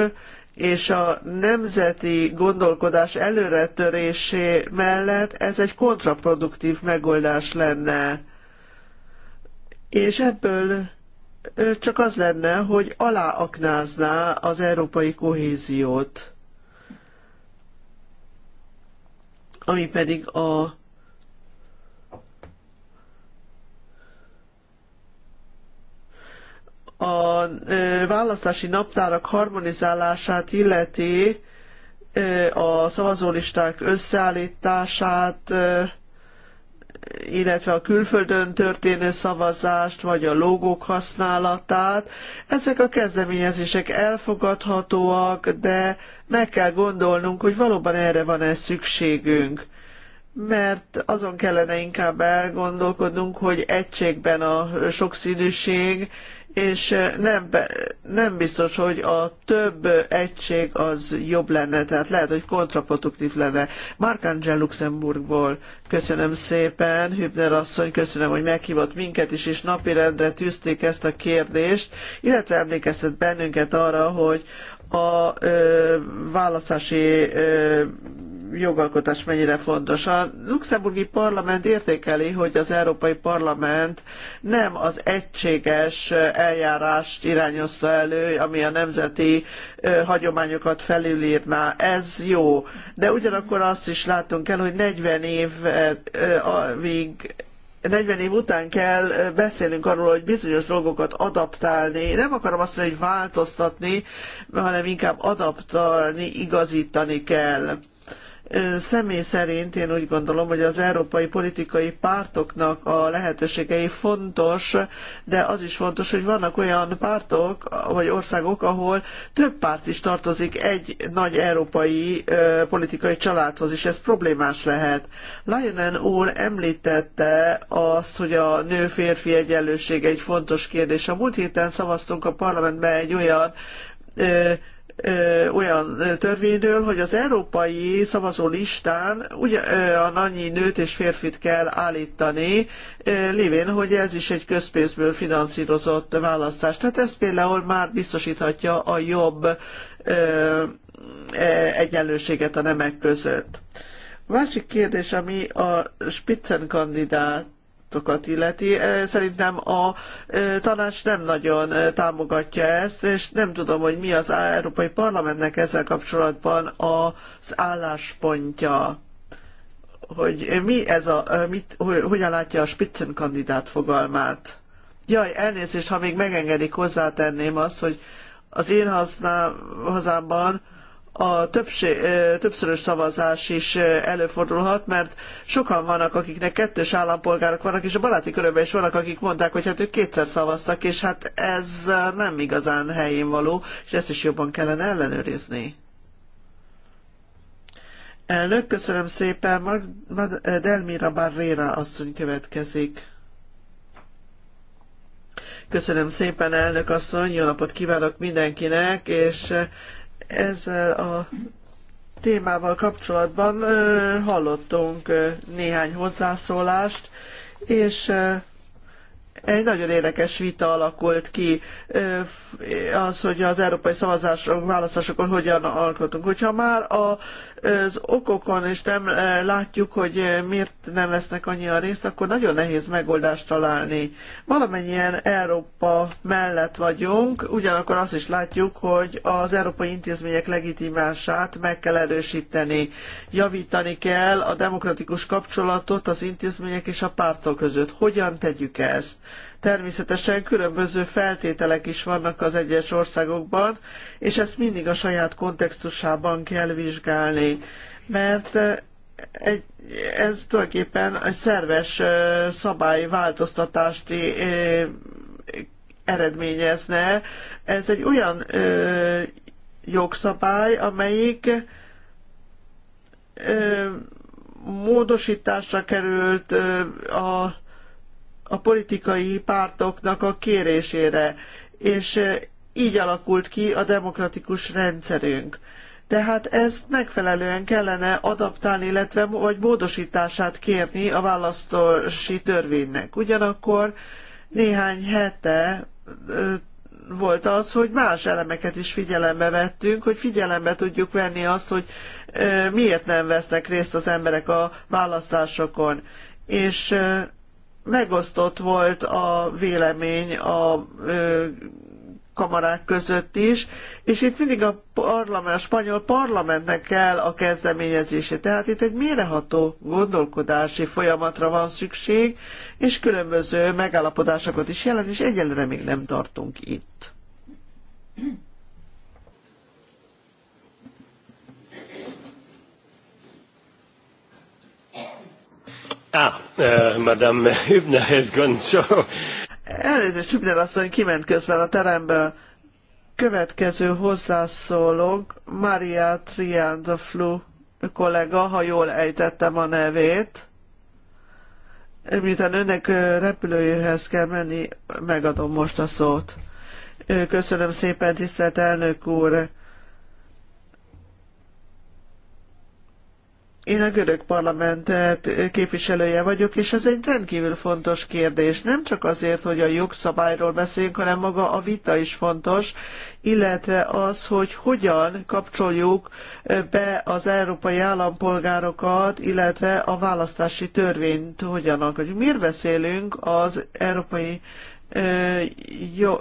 és a nemzeti gondolkodás előretörésé mellett ez egy kontraproduktív megoldás lenne és ebből csak az lenne, hogy aláaknázná az európai kohéziót, ami pedig a a választási naptárak harmonizálását illeti, a szavazólisták összeállítását, illetve a külföldön történő szavazást, vagy a logók használatát. Ezek a kezdeményezések elfogadhatóak, de meg kell gondolnunk, hogy valóban erre van-e szükségünk mert azon kellene inkább elgondolkodnunk, hogy egységben a sokszínűség, és eh, nem, nem biztos, hogy a több egység az jobb lenne, tehát lehet, hogy kontraproduktív lenne. Markangel Luxemburgból köszönöm szépen, Hübner asszony, köszönöm, hogy meghívott minket is, és napirendre tűzték ezt a kérdést, illetve emlékeztet bennünket arra, hogy a ö, választási ö, jogalkotás mennyire fontos. A luxemburgi parlament értékeli, hogy az Európai Parlament nem az egységes eljárást irányozta elő, ami a nemzeti hagyományokat felülírná. Ez jó, de ugyanakkor azt is látunk el, hogy 40 évig 40 év után kell beszélnünk arról, hogy bizonyos dolgokat adaptálni. Nem akarom azt mondani, hogy változtatni, hanem inkább adaptálni, igazítani kell. Személy szerint én úgy gondolom, hogy az európai politikai pártoknak a lehetőségei fontos, de az is fontos, hogy vannak olyan pártok vagy országok, ahol több párt is tartozik egy nagy európai politikai családhoz, és ez problémás lehet. Lionen úr említette azt, hogy a nő-férfi egyenlőség egy fontos kérdés. A múlt héten szavaztunk a parlamentben egy olyan olyan törvényről, hogy az európai szavazó listán ugyan annyi nőt és férfit kell állítani, lévén, hogy ez is egy közpénzből finanszírozott választás. Tehát ez például már biztosíthatja a jobb e, egyenlőséget a nemek között. A másik kérdés, ami a Spitzenkandidát pártokat illeti. Szerintem a tanács nem nagyon támogatja ezt, és nem tudom, hogy mi az Európai Parlamentnek ezzel kapcsolatban az álláspontja hogy mi ez a, mit, hogyan látja a spitzenkandidát fogalmát. Jaj, elnézést, ha még megengedik, hozzátenném azt, hogy az én hasznám, hazámban a többség, többszörös szavazás is előfordulhat, mert sokan vannak, akiknek kettős állampolgárok vannak, és a baráti körömben is vannak, akik mondták, hogy hát ők kétszer szavaztak, és hát ez nem igazán helyén való, és ezt is jobban kellene ellenőrizni. Elnök, köszönöm szépen. Mag Mag Delmira Barrera asszony következik. Köszönöm szépen, elnök asszony, jó napot kívánok mindenkinek, és ezzel a témával kapcsolatban hallottunk néhány hozzászólást, és egy nagyon érdekes vita alakult ki az, hogy az európai szavazások, választásokon hogyan alkotunk. Hogyha már a az okokon, és nem eh, látjuk, hogy eh, miért nem vesznek annyian részt, akkor nagyon nehéz megoldást találni. Valamennyien Európa mellett vagyunk, ugyanakkor azt is látjuk, hogy az európai intézmények legitimását meg kell erősíteni. Javítani kell a demokratikus kapcsolatot az intézmények és a pártok között. Hogyan tegyük ezt? Természetesen különböző feltételek is vannak az egyes országokban, és ezt mindig a saját kontextusában kell vizsgálni, mert eh, egy, ez tulajdonképpen egy szerves eh, szabályváltoztatást eh, eredményezne. Ez egy olyan ö, jogszabály, amelyik ö, módosításra került ö, a a politikai pártoknak a kérésére, és eh, így alakult ki a demokratikus rendszerünk. Tehát ezt megfelelően kellene adaptálni, illetve vagy módosítását kérni a választási törvénynek. Ugyanakkor néhány hete volt az, hogy más elemeket is figyelembe vettünk, hogy figyelembe tudjuk venni azt, hogy miért nem vesznek részt az emberek a választásokon. És megosztott volt a vélemény a ö, kamarák között is, és itt mindig a, parlament, a spanyol parlamentnek kell a kezdeményezése. Tehát itt egy méreható gondolkodási folyamatra van szükség, és különböző megállapodásokat is jelent, és egyelőre még nem tartunk itt. Ah, uh, Madame Hübner has gone, so... Elnézést, Hübner asszony kiment közben a teremből. Következő hozzászólók: Maria Triandaflu kollega, ha jól ejtettem a nevét. Miután önnek repülőjéhez kell menni, megadom most a szót. Köszönöm szépen, tisztelt elnök úr! Én a görög parlamentet képviselője vagyok, és ez egy rendkívül fontos kérdés. Nem csak azért, hogy a jogszabályról beszéljünk, hanem maga a vita is fontos, illetve az, hogy hogyan kapcsoljuk be az európai állampolgárokat, illetve a választási törvényt hogyan alkotjuk. Miért beszélünk az európai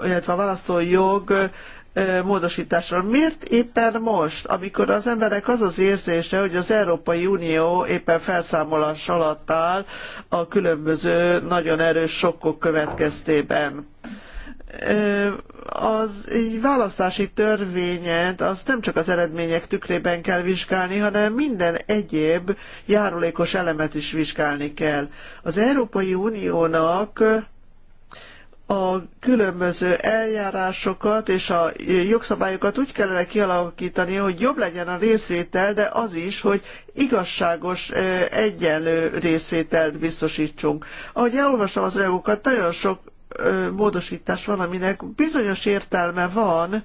illetve a választói jog módosításról. Miért éppen most, amikor az emberek az az érzése, hogy az Európai Unió éppen felszámolás alatt áll a különböző nagyon erős sokkok következtében? az választási törvényet, azt nem csak az eredmények tükrében kell vizsgálni, hanem minden egyéb járulékos elemet is vizsgálni kell. Az Európai Uniónak a különböző eljárásokat és a jogszabályokat úgy kellene kialakítani, hogy jobb legyen a részvétel, de az is, hogy igazságos, egyenlő részvételt biztosítsunk. Ahogy elolvastam az anyagokat, nagyon sok módosítás van, aminek bizonyos értelme van,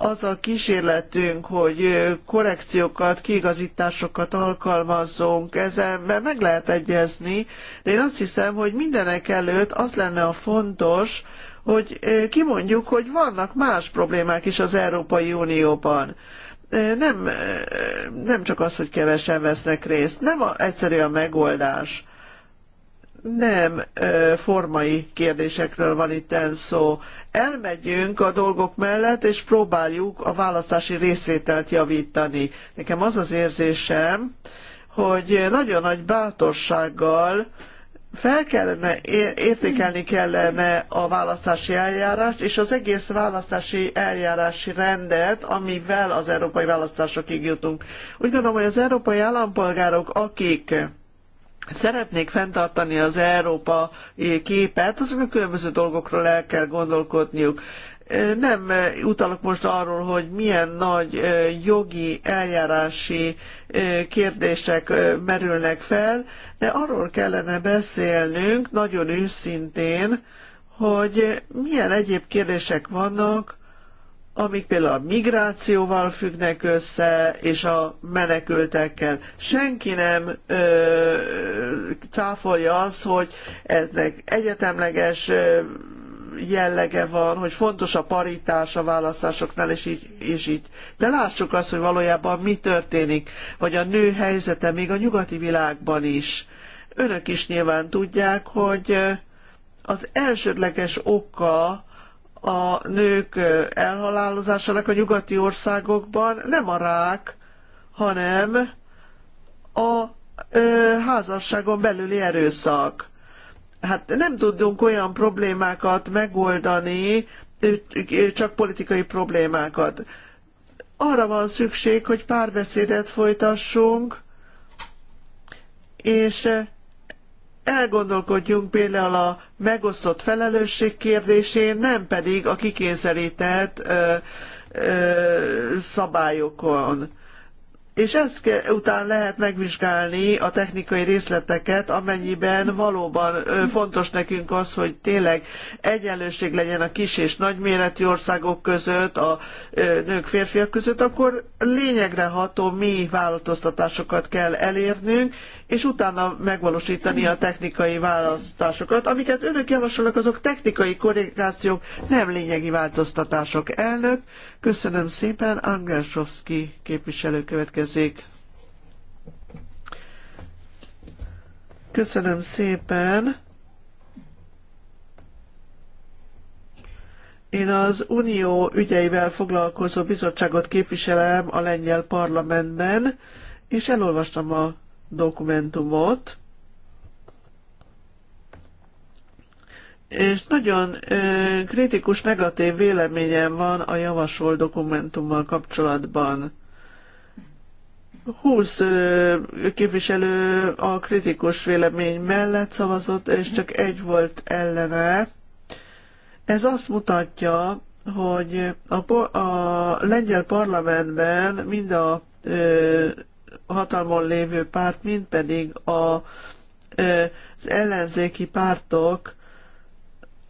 az a kísérletünk, hogy korrekciókat, kiigazításokat alkalmazzunk, ezzel meg lehet egyezni, de én azt hiszem, hogy mindenek előtt az lenne a fontos, hogy kimondjuk, hogy vannak más problémák is az Európai Unióban nem, nem csak az, hogy kevesen vesznek részt, nem a, egyszerű a megoldás nem formai kérdésekről van itt szó. Elmegyünk a dolgok mellett, és próbáljuk a választási részvételt javítani. Nekem az az érzésem, hogy nagyon nagy bátorsággal fel kellene, értékelni kellene a választási eljárást, és az egész választási eljárási rendet, amivel az európai választásokig jutunk. Úgy gondolom, hogy az európai állampolgárok, akik szeretnék fenntartani az Európa eh, képet, azoknak különböző dolgokról el kell gondolkodniuk. Eh, nem eh, utalok most arról, hogy milyen nagy jogi, eljárási kérdések merülnek fel, de arról kellene beszélnünk nagyon őszintén, hogy milyen egyéb kérdések vannak, amik például a migrációval függnek össze, és a menekültekkel. Senki nem ö, cáfolja azt, hogy ennek egyetemleges ö, jellege van, hogy fontos a paritás a választásoknál, és így, és így. De lássuk azt, hogy valójában mi történik, vagy a nő helyzete még a nyugati világban is. Önök is nyilván tudják, hogy az elsődleges oka a nők elhalálozásának a nyugati országokban nem a rák, hanem a ö, házasságon belüli erőszak. Hát nem tudunk olyan problémákat megoldani, csak politikai problémákat. Arra van szükség, hogy párbeszédet folytassunk, és elgondolkodjunk például a megosztott felelősség kérdésén, nem pedig a kikényszerített ö, ö, szabályokon. És ezt ke, után lehet megvizsgálni a technikai részleteket, amennyiben valóban ö, fontos nekünk az, hogy tényleg egyenlőség legyen a kis és nagyméretű országok között, a ö, nők férfiak között, akkor lényegre ható mi változtatásokat kell elérnünk, és utána megvalósítani a technikai választásokat. Amiket önök javasolnak, azok technikai korrekciók, nem lényegi változtatások. Elnök, köszönöm szépen, Angelsovski képviselő következik. Köszönöm szépen. Én az Unió ügyeivel foglalkozó bizottságot képviselem a lengyel parlamentben, és elolvastam a dokumentumot, és nagyon ö, kritikus, negatív véleményem van a javasolt dokumentummal kapcsolatban. Húsz képviselő a kritikus vélemény mellett szavazott, és csak egy volt ellene. Ez azt mutatja, hogy a, a lengyel parlamentben mind a ö, hatalmon lévő párt, mind pedig a, az ellenzéki pártok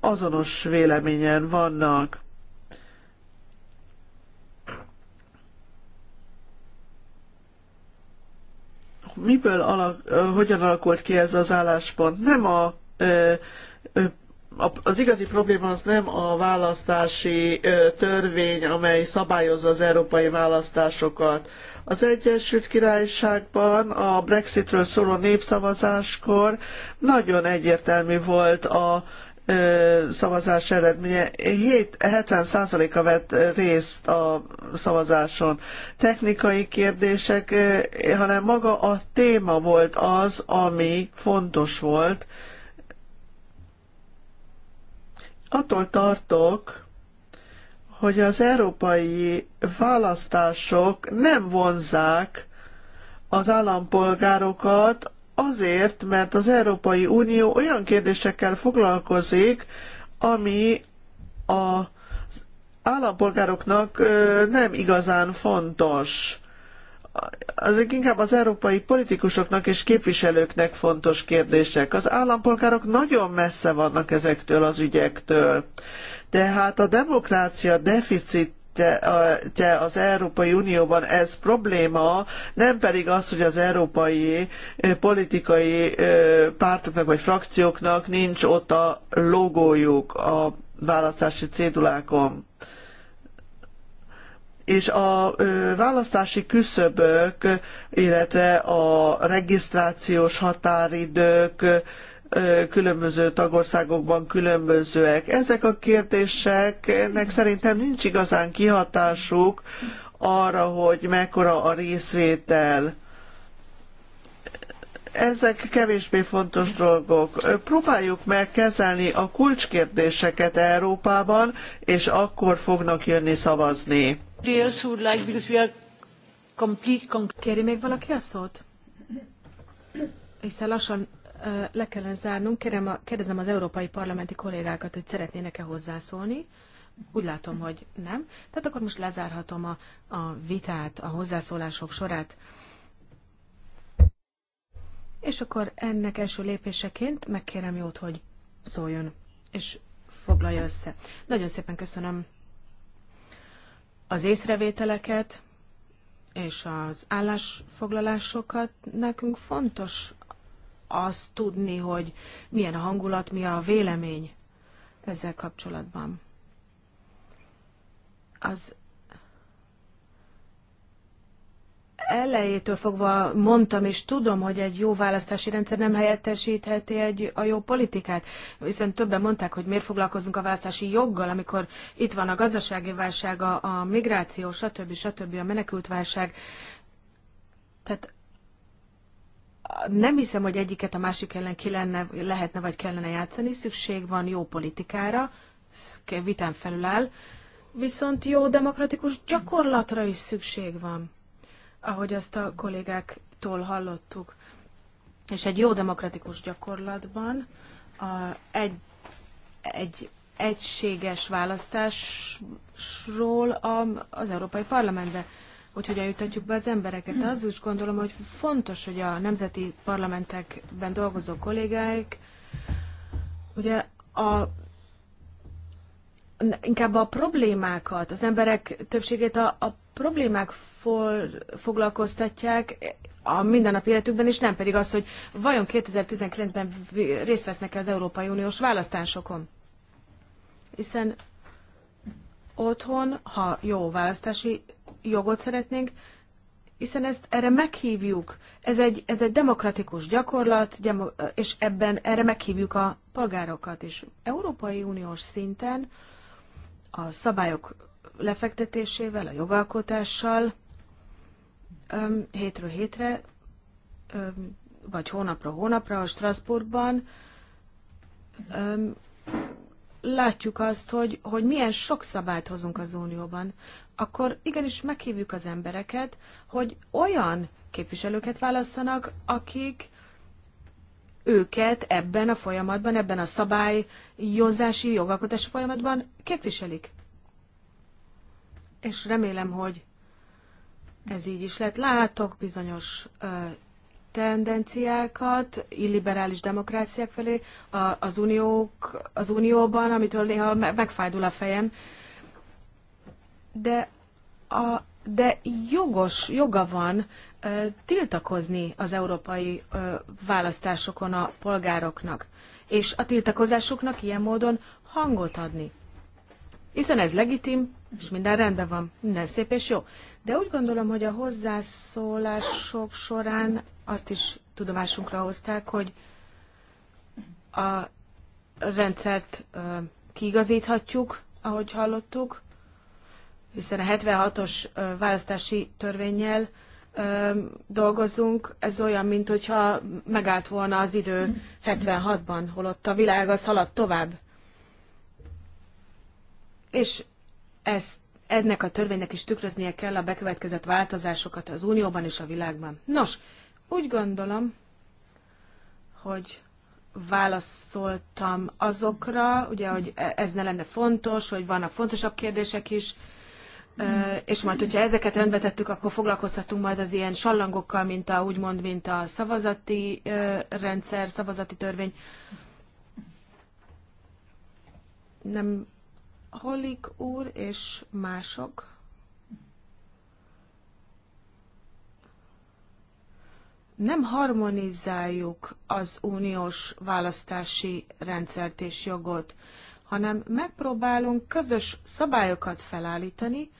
azonos véleményen vannak. Miből alak, hogyan alakult ki ez az álláspont? Nem a az igazi probléma az nem a választási törvény, amely szabályozza az európai választásokat. Az Egyesült Királyságban a Brexitről szóló népszavazáskor nagyon egyértelmű volt a szavazás eredménye. 70%-a vett részt a szavazáson. Technikai kérdések, hanem maga a téma volt az, ami fontos volt, attól tartok, hogy az európai választások nem vonzák az állampolgárokat azért, mert az Európai Unió olyan kérdésekkel foglalkozik, ami az állampolgároknak nem igazán fontos azok inkább az európai politikusoknak és képviselőknek fontos kérdések. Az állampolgárok nagyon messze vannak ezektől az ügyektől. Tehát a demokrácia deficit az Európai Unióban, ez probléma, nem pedig az, hogy az európai politikai pártoknak vagy frakcióknak nincs ott a logójuk a választási cédulákon és a választási küszöbök, illetve a regisztrációs határidők különböző tagországokban különbözőek. Ezek a kérdéseknek szerintem nincs igazán kihatásuk arra, hogy mekkora a részvétel ezek kevésbé fontos dolgok. Próbáljuk meg kezelni a kulcskérdéseket Európában, és akkor fognak jönni szavazni. Kéri még valaki a szót? Hiszen lassan le kellene zárnunk. Kérem a, kérdezem az európai parlamenti kollégákat, hogy szeretnének-e hozzászólni. Úgy látom, hogy nem. Tehát akkor most lezárhatom a, a vitát, a hozzászólások sorát. És akkor ennek első lépéseként megkérem jót, hogy szóljon és foglalja össze. Nagyon szépen köszönöm az észrevételeket és az állásfoglalásokat. Nekünk fontos azt tudni, hogy milyen a hangulat, mi a vélemény ezzel kapcsolatban. Az elejétől fogva mondtam, és tudom, hogy egy jó választási rendszer nem helyettesítheti egy, a jó politikát, Viszont többen mondták, hogy miért foglalkozunk a választási joggal, amikor itt van a gazdasági válság, a, a migráció, stb. stb. a menekült válság. Tehát nem hiszem, hogy egyiket a másik ellen ki lenne, lehetne vagy kellene játszani, szükség van jó politikára, vitán felül áll, viszont jó demokratikus gyakorlatra is szükség van ahogy azt a kollégáktól hallottuk. És egy jó demokratikus gyakorlatban a, egy, egy egységes választásról a, az Európai Parlamentbe, hogy hogyan jutatjuk be az embereket. Az úgy gondolom, hogy fontos, hogy a nemzeti parlamentekben dolgozó kollégáik ugye a inkább a problémákat, az emberek többségét a, a problémák for, foglalkoztatják a mindennapi életükben, és nem pedig az, hogy vajon 2019-ben részt vesznek-e az Európai Uniós választásokon. Hiszen otthon, ha jó választási jogot szeretnénk, hiszen ezt erre meghívjuk. Ez egy, ez egy demokratikus gyakorlat, és ebben erre meghívjuk a polgárokat is. Európai Uniós szinten a szabályok lefektetésével, a jogalkotással hétről hétre, vagy hónapra hónapra a Strasbourgban látjuk azt, hogy, hogy milyen sok szabályt hozunk az Unióban, akkor igenis meghívjuk az embereket, hogy olyan képviselőket válasszanak, akik őket ebben a folyamatban, ebben a szabályozási, jogalkotási folyamatban képviselik és remélem, hogy ez így is lett. Látok bizonyos ö, tendenciákat illiberális demokráciák felé a, az, uniók, az unióban, amitől néha megfájdul a fejem. De, a, de jogos, joga van ö, tiltakozni az európai ö, választásokon a polgároknak, és a tiltakozásuknak ilyen módon hangot adni. Hiszen ez legitim, és minden rendben van, minden szép és jó. De úgy gondolom, hogy a hozzászólások során azt is tudomásunkra hozták, hogy a rendszert kiigazíthatjuk, ahogy hallottuk, hiszen a 76-os választási törvényel dolgozunk, ez olyan, mint hogyha megállt volna az idő 76-ban, holott a világ az haladt tovább. És ezt ennek a törvénynek is tükröznie kell a bekövetkezett változásokat az Unióban és a világban. Nos, úgy gondolom, hogy válaszoltam azokra, ugye, hogy e, ez ne lenne fontos, hogy vannak fontosabb kérdések is, e, és majd, hogyha ezeket rendbe tettük, akkor foglalkozhatunk majd az ilyen sallangokkal, mint a, úgymond, mint a szavazati e, rendszer, szavazati törvény. Nem Holik úr és mások. Nem harmonizáljuk az uniós választási rendszert és jogot, hanem megpróbálunk közös szabályokat felállítani,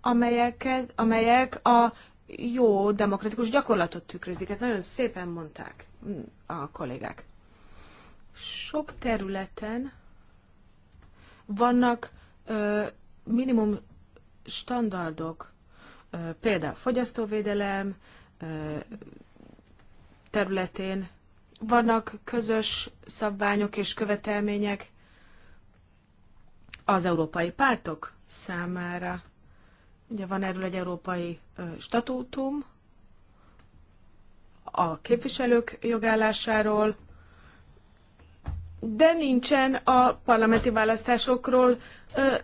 amelyeket, amelyek a jó demokratikus gyakorlatot tükrözik. Ezt nagyon szépen mondták a kollégák. Sok területen vannak ö, minimum standardok, ö, például fogyasztóvédelem ö, területén, vannak közös szabványok és követelmények az európai pártok számára. Ugye van erről egy európai ö, statútum, a képviselők jogállásáról, de nincsen a parlamenti választásokról ö,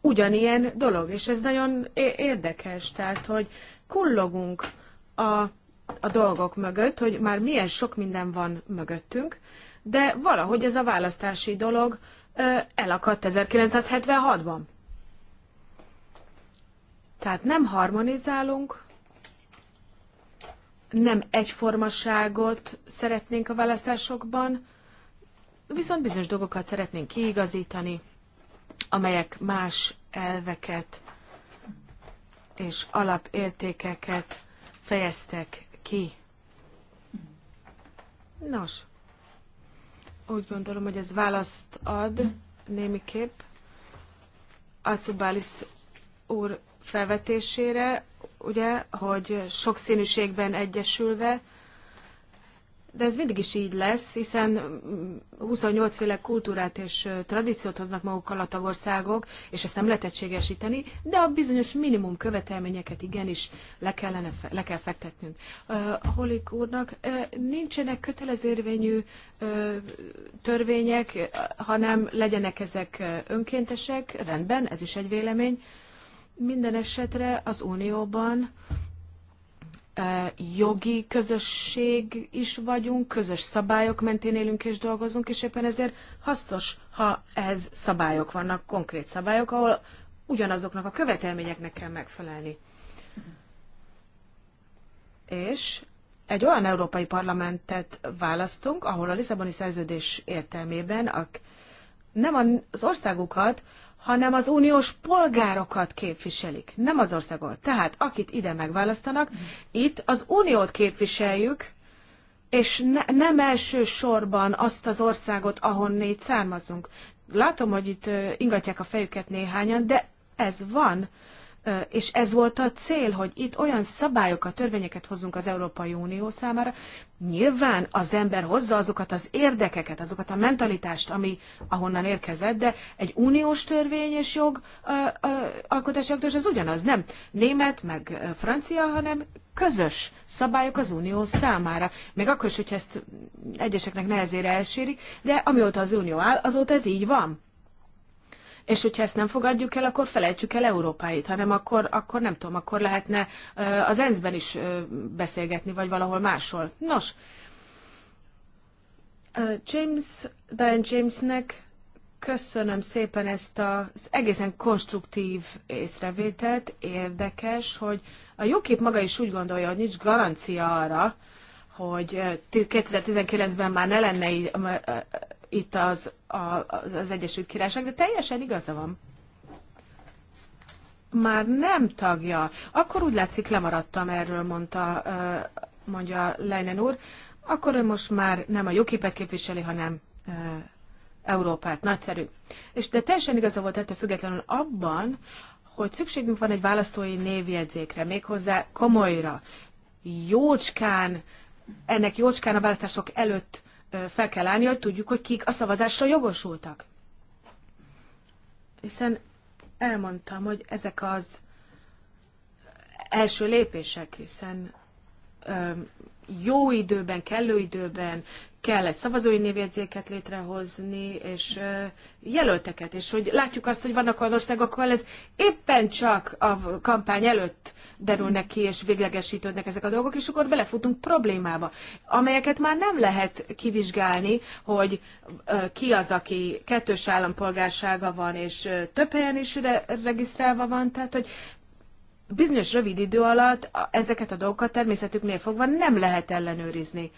ugyanilyen dolog, és ez nagyon érdekes, tehát, hogy kullogunk a, a dolgok mögött, hogy már milyen sok minden van mögöttünk, de valahogy ez a választási dolog ö, elakadt 1976-ban. Tehát nem harmonizálunk, nem egyformaságot szeretnénk a választásokban, Viszont bizonyos dolgokat szeretnénk kiigazítani, amelyek más elveket és alapértékeket fejeztek ki. Nos, úgy gondolom, hogy ez választ ad némiképp Acubális úr felvetésére, ugye, hogy sokszínűségben egyesülve, de ez mindig is így lesz, hiszen 28 mm, féle kultúrát és tradíciót hoznak magukkal a tagországok, és ezt nem lehet egységesíteni, de a bizonyos minimum követelményeket igenis le, kellene, le kell fektetnünk. A Holik úrnak nincsenek kötelező érvényű törvények, hanem legyenek ezek önkéntesek, rendben, ez is egy vélemény. Minden esetre az Unióban jogi közösség is vagyunk, közös szabályok mentén élünk és dolgozunk, és éppen ezért hasznos, ha ez szabályok vannak, konkrét szabályok, ahol ugyanazoknak a követelményeknek kell megfelelni. És egy olyan európai parlamentet választunk, ahol a Lisszaboni szerződés értelmében a, nem az országokat, hanem az uniós polgárokat képviselik, nem az országot. Tehát akit ide megválasztanak, itt az uniót képviseljük, és ne, nem elsősorban azt az országot, ahonnét származunk. Látom, hogy itt ingatják a fejüket néhányan, de ez van és ez volt a cél, hogy itt olyan szabályokat, törvényeket hozzunk az Európai Unió számára. Nyilván az ember hozza azokat az érdekeket, azokat a mentalitást, ami ahonnan érkezett, de egy uniós törvény és jog, alkotási aktus az ugyanaz, nem német, meg francia, hanem közös szabályok az unió számára. Még akkor is, hogyha ezt egyeseknek nehezére elsérik, de amióta az unió áll, azóta ez így van. És hogyha ezt nem fogadjuk el, akkor felejtsük el Európáit, hanem akkor, akkor nem tudom, akkor lehetne az ENSZ-ben is beszélgetni, vagy valahol máshol. Nos, James, Diane Jamesnek köszönöm szépen ezt az egészen konstruktív észrevételt. Érdekes, hogy a jókép maga is úgy gondolja, hogy nincs garancia arra, hogy 2019-ben eh, már ne lenne eh, itt az, az Egyesült Királyság, de teljesen igaza van már nem tagja. Akkor úgy látszik, lemaradtam erről, mondta, eh, mondja Leinen úr. Akkor ő most már nem a UKIP-et képviseli, hanem Európát. Nagyszerű. És de teljesen igaza volt ettől függetlenül abban, hogy szükségünk van egy választói névjegyzékre, méghozzá komolyra, jócskán ennek jócskán a választások előtt fel kell állni, hogy tudjuk, hogy kik a szavazásra jogosultak. Hiszen elmondtam, hogy ezek az első lépések, hiszen jó időben, kellő időben kell egy szavazói névjegyzéket létrehozni, és jelölteket, és hogy látjuk azt, hogy vannak olyan országok, ahol ez éppen csak a kampány előtt derülnek ki, és véglegesítődnek ezek a dolgok, és akkor belefutunk problémába, amelyeket már nem lehet kivizsgálni, hogy ki az, aki kettős állampolgársága van, és több helyen is re- regisztrálva van, tehát hogy bizonyos rövid idő alatt ezeket a dolgokat természetüknél fogva nem lehet ellenőrizni.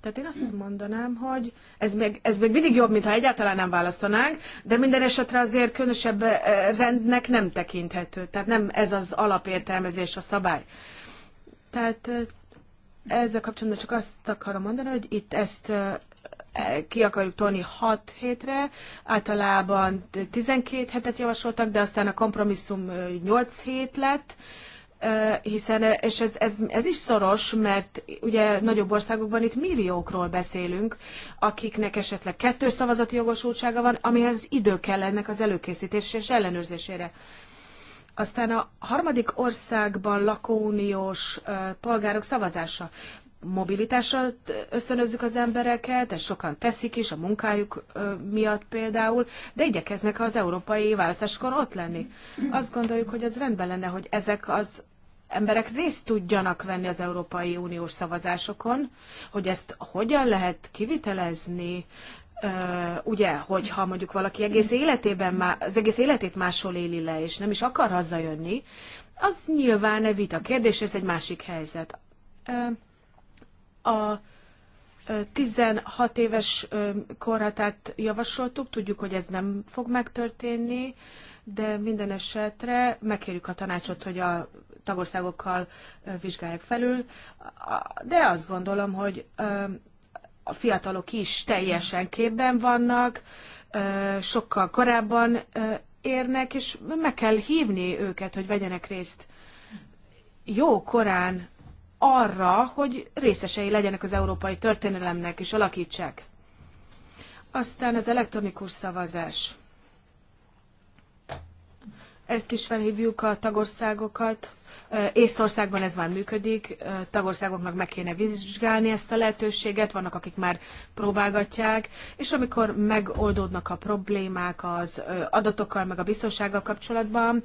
Tehát én azt mondanám, hogy ez még, ez még mindig jobb, mintha egyáltalán nem választanánk, de minden esetre azért különösebb eh, rendnek nem tekinthető. Tehát nem ez az alapértelmezés a szabály. Tehát eh, ezzel kapcsolatban csak azt akarom mondani, hogy itt ezt eh, ki akarjuk tolni 6 hétre, általában 12 hetet javasoltak, de aztán a kompromisszum 8 hét lett, hiszen és ez, ez, ez is szoros, mert ugye nagyobb országokban itt milliókról beszélünk, akiknek esetleg kettős szavazati jogosultsága van, amihez idő kell ennek az előkészítésére és ellenőrzésére. Aztán a harmadik országban lakóuniós polgárok szavazása mobilitással ösztönözzük az embereket, ezt sokan teszik is a munkájuk miatt például, de igyekeznek az európai választásokon ott lenni. Azt gondoljuk, hogy az rendben lenne, hogy ezek az emberek részt tudjanak venni az Európai Uniós szavazásokon, hogy ezt hogyan lehet kivitelezni, ugye, hogyha mondjuk valaki egész életében má, az egész életét máshol éli le, és nem is akar hazajönni, az nyilván egy vita kérdés, ez egy másik helyzet. A 16 éves korhatát javasoltuk, tudjuk, hogy ez nem fog megtörténni, de minden esetre megkérjük a tanácsot, hogy a tagországokkal vizsgálják felül, de azt gondolom, hogy a fiatalok is teljesen képben vannak, sokkal korábban érnek, és meg kell hívni őket, hogy vegyenek részt jó korán arra, hogy részesei legyenek az európai történelemnek és alakítsák. Aztán az elektronikus szavazás. Ezt is felhívjuk a tagországokat. Észtországban ez már működik, tagországoknak meg kéne vizsgálni ezt a lehetőséget, vannak, akik már próbálgatják, és amikor megoldódnak a problémák az adatokkal, meg a biztonsággal kapcsolatban,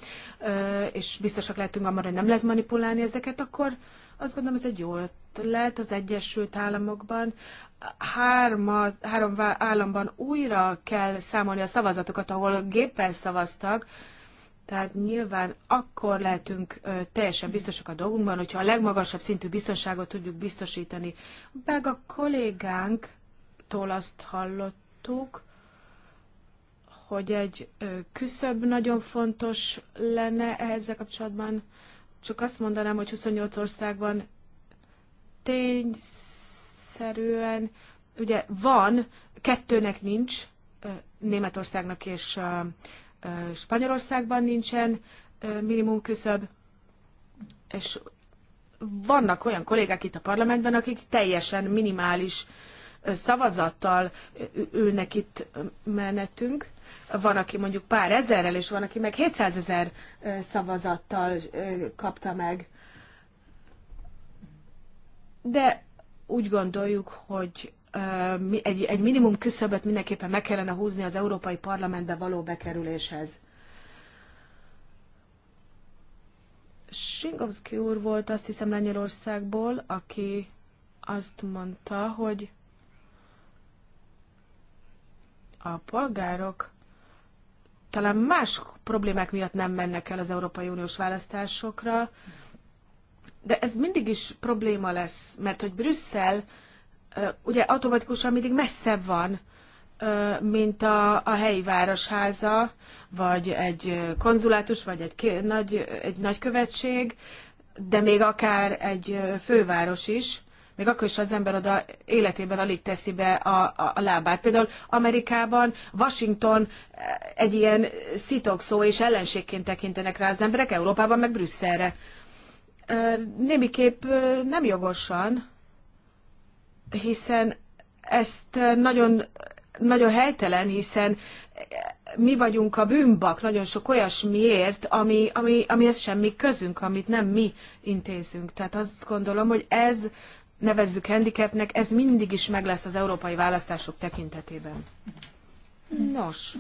és biztosak lehetünk abban, hogy nem lehet manipulálni ezeket, akkor azt gondolom, ez egy jó ötlet az Egyesült Államokban. Hárma, három államban újra kell számolni a szavazatokat, ahol géppel szavaztak, tehát nyilván akkor lehetünk teljesen biztosak a dolgunkban, hogyha a legmagasabb szintű biztonságot tudjuk biztosítani. A kollégánktól azt hallottuk, hogy egy küszöb nagyon fontos lenne ezzel kapcsolatban csak azt mondanám, hogy 28 országban tényszerűen, ugye van, kettőnek nincs, Németországnak és Spanyolországban nincsen minimum küszöb, és vannak olyan kollégák itt a parlamentben, akik teljesen minimális szavazattal ülnek itt menetünk. Van, aki mondjuk pár ezerrel, és van, aki meg 700 ezer szavazattal kapta meg. De úgy gondoljuk, hogy egy, egy minimum küszöbet mindenképpen meg kellene húzni az Európai Parlamentbe való bekerüléshez. Singovszki úr volt, azt hiszem, Lengyelországból, aki azt mondta, hogy a polgárok talán más problémák miatt nem mennek el az Európai Uniós választásokra, de ez mindig is probléma lesz, mert hogy Brüsszel ugye automatikusan mindig messzebb van, mint a, a helyi városháza, vagy egy konzulátus, vagy egy nagy, egy nagykövetség, de még akár egy főváros is, még akkor is az ember oda életében alig teszi be a, a, a lábát. Például Amerikában Washington eh, egy ilyen szitokszó és ellenségként tekintenek rá az emberek, Európában meg Brüsszelre. Eh, Némiképp eh, nem jogosan, hiszen ezt nagyon, nagyon helytelen, hiszen mi vagyunk a bűnbak nagyon sok olyasmiért, ami, ami, ami ez semmi közünk, amit nem mi intézünk. Tehát azt gondolom, hogy ez nevezzük handicapnek, ez mindig is meg lesz az európai választások tekintetében. Nos,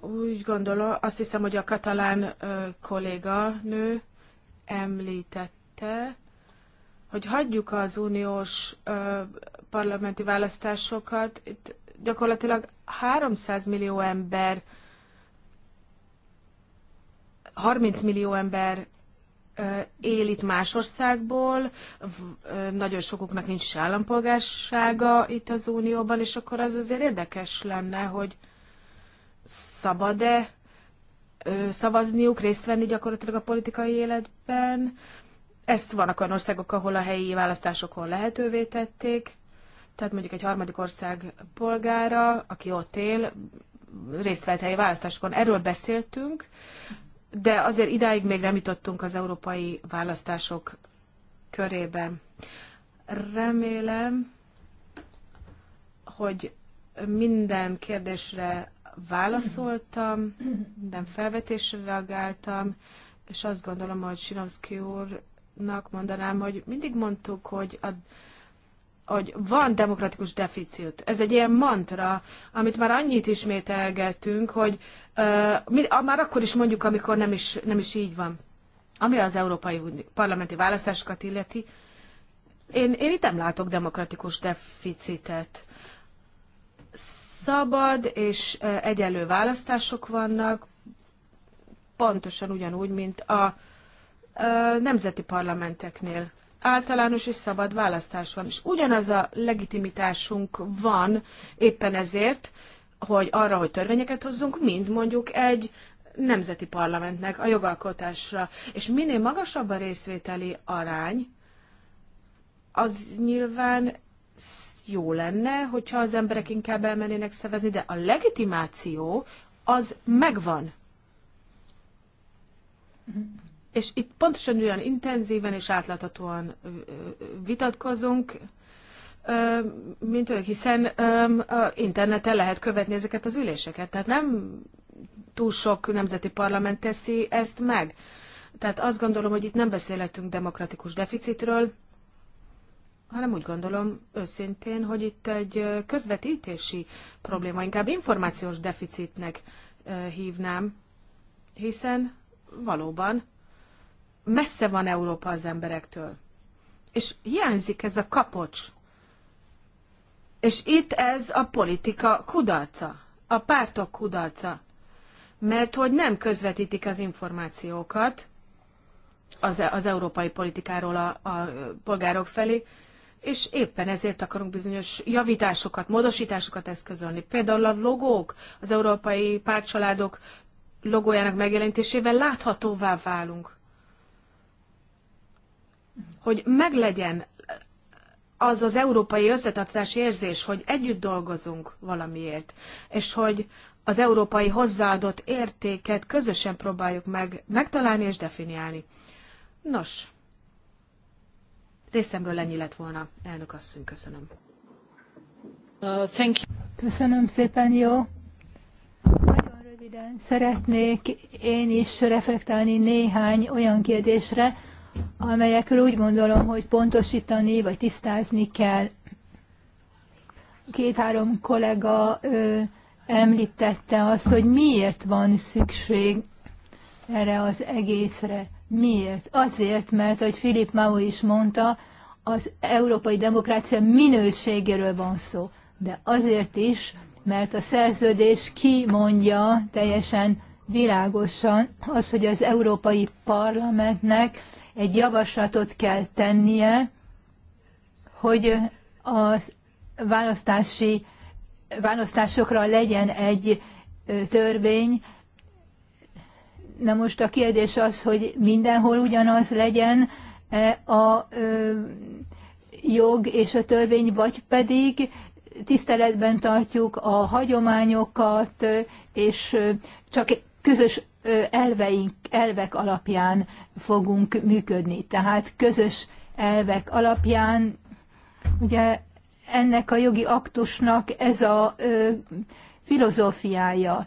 úgy gondolom, azt hiszem, hogy a katalán ö, kolléga nő említette, hogy hagyjuk az uniós ö, parlamenti választásokat, itt gyakorlatilag 300 millió ember, 30 millió ember él itt más országból, nagyon sokuknak nincs is állampolgársága itt az Unióban, és akkor az azért érdekes lenne, hogy szabad-e szavazniuk, részt venni gyakorlatilag a politikai életben. Ezt vannak olyan országok, ahol a helyi választásokon lehetővé tették, tehát mondjuk egy harmadik ország polgára, aki ott él, részt vett helyi választásokon. Erről beszéltünk, de azért idáig még nem jutottunk az európai választások körében. Remélem, hogy minden kérdésre válaszoltam, minden felvetésre reagáltam, és azt gondolom, hogy Sinovszki úrnak mondanám, hogy mindig mondtuk, hogy a hogy van demokratikus deficit. Ez egy ilyen mantra, amit már annyit ismételgettünk, hogy uh, mi, a, már akkor is mondjuk, amikor nem is, nem is így van. Ami az európai parlamenti választásokat illeti, én, én itt nem látok demokratikus deficitet. Szabad és uh, egyenlő választások vannak, pontosan ugyanúgy, mint a uh, nemzeti parlamenteknél általános és szabad választás van. És ugyanaz a legitimitásunk van éppen ezért, hogy arra, hogy törvényeket hozzunk, mint mondjuk egy nemzeti parlamentnek a jogalkotásra. És minél magasabb a részvételi arány, az nyilván jó lenne, hogyha az emberek inkább elmennének szavazni, de a legitimáció az megvan. Mhm. És itt pontosan olyan intenzíven és átláthatóan vitatkozunk, mint ők, hiszen interneten lehet követni ezeket az üléseket. Tehát nem túl sok nemzeti parlament teszi ezt meg. Tehát azt gondolom, hogy itt nem beszélhetünk demokratikus deficitről, hanem úgy gondolom őszintén, hogy itt egy közvetítési probléma, inkább információs deficitnek hívnám, hiszen valóban messze van Európa az emberektől. És hiányzik ez a kapocs. És itt ez a politika kudarca, a pártok kudarca. Mert hogy nem közvetítik az információkat az, az európai politikáról a, a polgárok felé, és éppen ezért akarunk bizonyos javításokat, módosításokat eszközölni. Például a logók, az európai pártcsaládok logójának megjelentésével láthatóvá válunk hogy meglegyen az az európai összetartás érzés, hogy együtt dolgozunk valamiért, és hogy az európai hozzáadott értéket közösen próbáljuk meg megtalálni és definiálni. Nos, részemről ennyi lett volna. Elnök asszony, köszönöm. Uh, thank you. Köszönöm szépen, jó. Nagyon röviden szeretnék én is reflektálni néhány olyan kérdésre, amelyekről úgy gondolom, hogy pontosítani vagy tisztázni kell. Két-három kollega ö, említette azt, hogy miért van szükség erre az egészre. Miért? Azért, mert, ahogy Filip Mao is mondta, az európai demokrácia minőségéről van szó, de azért is, mert a szerződés kimondja teljesen világosan az, hogy az Európai Parlamentnek egy javaslatot kell tennie, hogy a választási, választásokra legyen egy törvény. Na most a kérdés az, hogy mindenhol ugyanaz legyen a jog és a törvény, vagy pedig tiszteletben tartjuk a hagyományokat, és csak közös elveink, elvek alapján fogunk működni. Tehát közös elvek alapján, ugye ennek a jogi aktusnak ez a ö, filozófiája.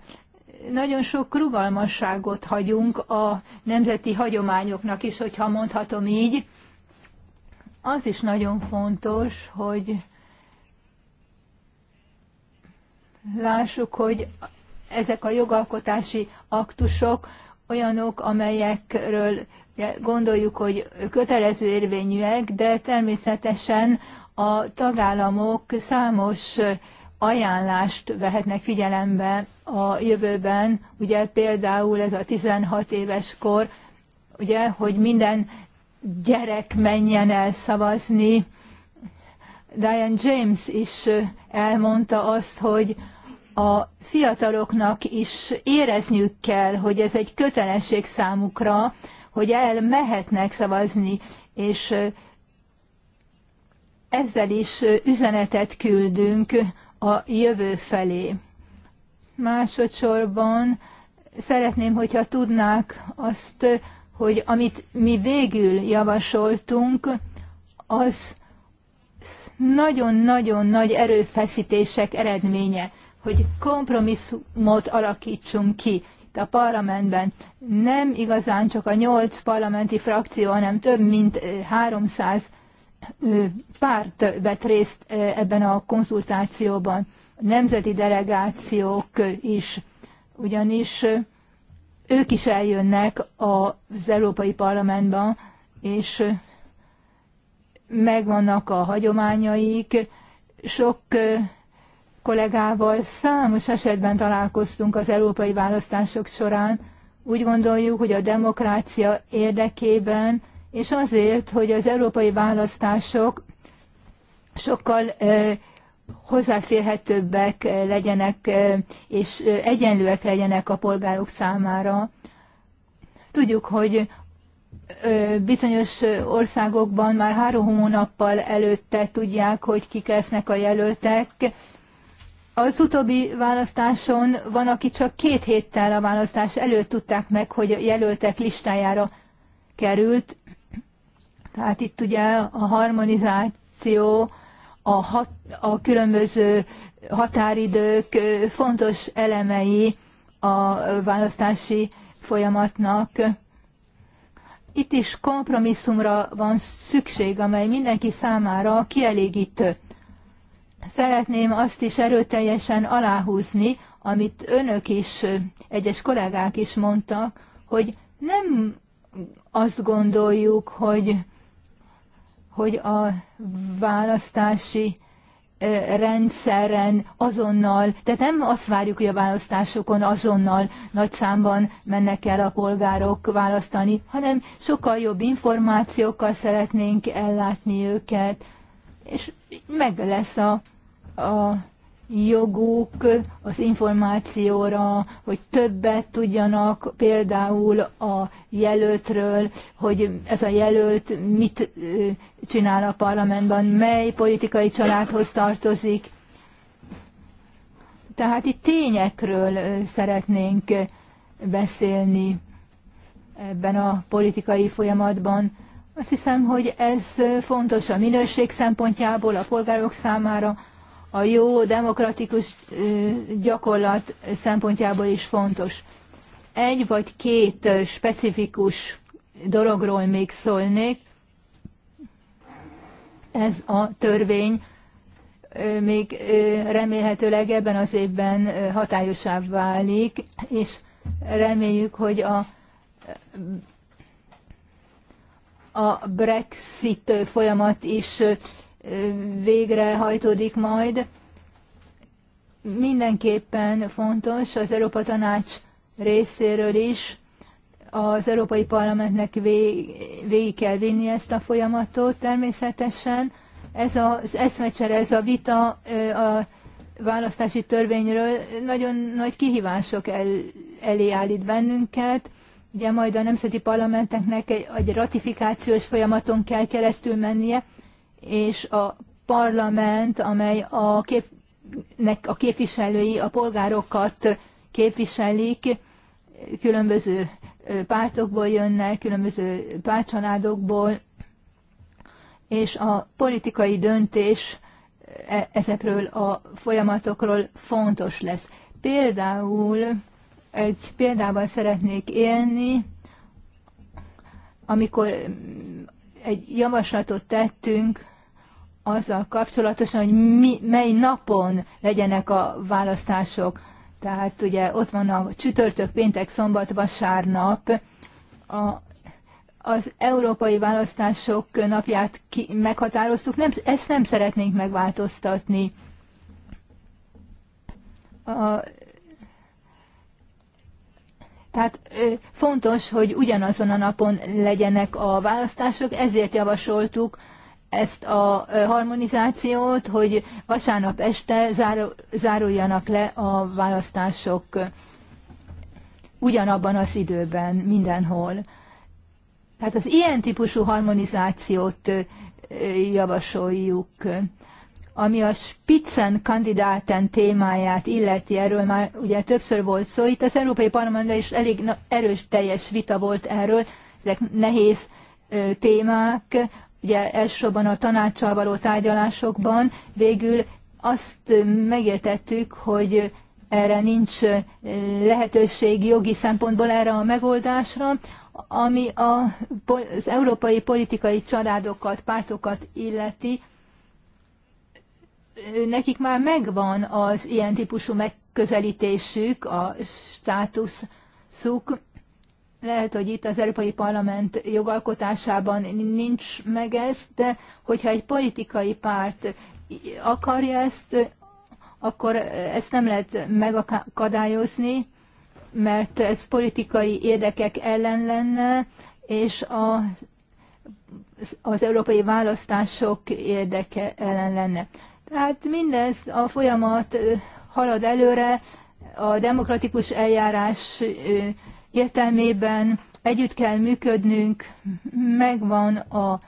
Nagyon sok rugalmasságot hagyunk a nemzeti hagyományoknak is, hogyha mondhatom így. Az is nagyon fontos, hogy lássuk, hogy ezek a jogalkotási aktusok olyanok, amelyekről gondoljuk, hogy kötelező érvényűek, de természetesen a tagállamok számos ajánlást vehetnek figyelembe a jövőben, ugye például ez a 16 éves kor, ugye, hogy minden gyerek menjen el szavazni. Diane James is elmondta azt, hogy a fiataloknak is érezniük kell, hogy ez egy kötelesség számukra, hogy elmehetnek szavazni, és ezzel is üzenetet küldünk a jövő felé. Másodszorban szeretném, hogyha tudnák azt, hogy amit mi végül javasoltunk, az nagyon-nagyon nagy erőfeszítések eredménye hogy kompromisszumot alakítsunk ki itt a parlamentben. Nem igazán csak a nyolc parlamenti frakció, hanem több mint 300 párt vett részt ebben a konzultációban. A nemzeti delegációk is, ugyanis ők is eljönnek az Európai Parlamentben, és megvannak a hagyományaik, sok kollégával számos esetben találkoztunk az európai választások során. Úgy gondoljuk, hogy a demokrácia érdekében és azért, hogy az európai választások sokkal hozzáférhetőbbek legyenek, és egyenlőek legyenek a polgárok számára. Tudjuk, hogy bizonyos országokban már három hónappal előtte tudják, hogy kik lesznek a jelöltek, az utóbbi választáson van, aki csak két héttel a választás előtt tudták meg, hogy jelöltek listájára került. Tehát itt ugye a harmonizáció, a, hat, a különböző határidők fontos elemei a választási folyamatnak. Itt is kompromisszumra van szükség, amely mindenki számára kielégítő. Szeretném azt is erőteljesen aláhúzni, amit önök is, egyes kollégák is mondtak, hogy nem azt gondoljuk, hogy, hogy a választási rendszeren azonnal, tehát nem azt várjuk, hogy a választásokon azonnal nagy számban mennek el a polgárok választani, hanem sokkal jobb információkkal szeretnénk ellátni őket, és meg lesz a, a joguk az információra, hogy többet tudjanak például a jelöltről, hogy ez a jelölt mit csinál a parlamentben, mely politikai családhoz tartozik. Tehát itt tényekről szeretnénk beszélni ebben a politikai folyamatban. Azt hiszem, hogy ez fontos a minőség szempontjából, a polgárok számára, a jó demokratikus gyakorlat szempontjából is fontos. Egy vagy két specifikus dologról még szólnék. Ez a törvény még remélhetőleg ebben az évben hatályosabb válik, és reméljük, hogy a a Brexit folyamat is végrehajtódik majd. Mindenképpen fontos az Európa Tanács részéről is, az Európai Parlamentnek vég, végig kell vinni ezt a folyamatot természetesen. Ez az eszmecsere, ez a vita a választási törvényről nagyon nagy kihívások el, elé állít bennünket. Ugye majd a nemzeti parlamenteknek egy, egy ratifikációs folyamaton kell keresztül mennie, és a parlament, amely a, kép, nek a képviselői a polgárokat képviselik, különböző pártokból jönnek, különböző pártcsaládokból, és a politikai döntés e, ezekről a folyamatokról fontos lesz. Például egy példával szeretnék élni, amikor egy javaslatot tettünk azzal kapcsolatosan, hogy mi, mely napon legyenek a választások. Tehát ugye ott van a csütörtök, péntek, szombat, vasárnap. A, az európai választások napját ki, meghatároztuk, nem, ezt nem szeretnénk megváltoztatni. A tehát fontos, hogy ugyanazon a napon legyenek a választások, ezért javasoltuk ezt a harmonizációt, hogy vasárnap este záruljanak le a választások ugyanabban az időben, mindenhol. Tehát az ilyen típusú harmonizációt javasoljuk. Ami a Spitzen kandidáten témáját illeti, erről már ugye többször volt szó, itt az Európai Parlamentben is elég na, erős teljes vita volt erről, ezek nehéz ö, témák, ugye elsősorban a tanácssal való tárgyalásokban végül azt megértettük, hogy erre nincs lehetőség jogi szempontból erre a megoldásra, ami a, az európai politikai családokat, pártokat illeti, nekik már megvan az ilyen típusú megközelítésük, a státuszuk. Lehet, hogy itt az Európai Parlament jogalkotásában nincs meg ez, de hogyha egy politikai párt akarja ezt, akkor ezt nem lehet megakadályozni, mert ez politikai érdekek ellen lenne, és a, az európai választások érdeke ellen lenne. Tehát mindez a folyamat halad előre, a demokratikus eljárás értelmében együtt kell működnünk, megvan a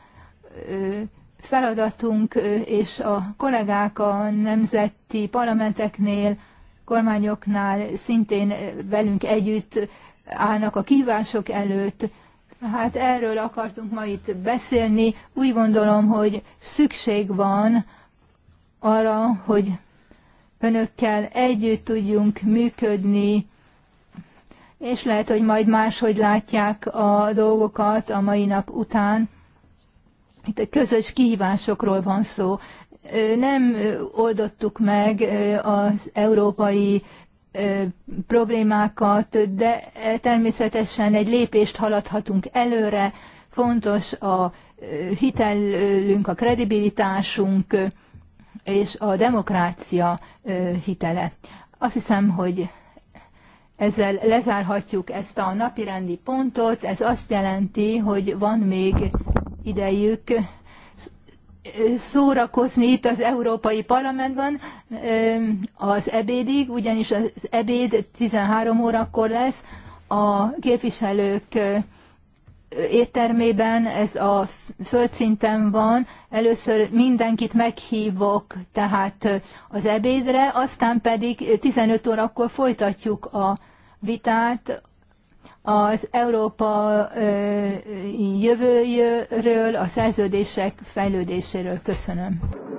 feladatunk és a kollégák a nemzeti parlamenteknél, kormányoknál szintén velünk együtt állnak a kívások előtt. Hát erről akartunk ma itt beszélni. Úgy gondolom, hogy szükség van arra, hogy önökkel együtt tudjunk működni, és lehet, hogy majd máshogy látják a dolgokat a mai nap után. Itt a közös kihívásokról van szó. Nem oldottuk meg az európai problémákat, de természetesen egy lépést haladhatunk előre. Fontos a hitelünk, a kredibilitásunk, és a demokrácia hitele. Azt hiszem, hogy ezzel lezárhatjuk ezt a napirendi pontot. Ez azt jelenti, hogy van még idejük szórakozni itt az Európai Parlamentben az ebédig, ugyanis az ebéd 13 órakor lesz, a képviselők éttermében, ez a földszinten van, először mindenkit meghívok tehát az ebédre, aztán pedig 15 órakor folytatjuk a vitát az Európa jövőjéről, a szerződések fejlődéséről. Köszönöm.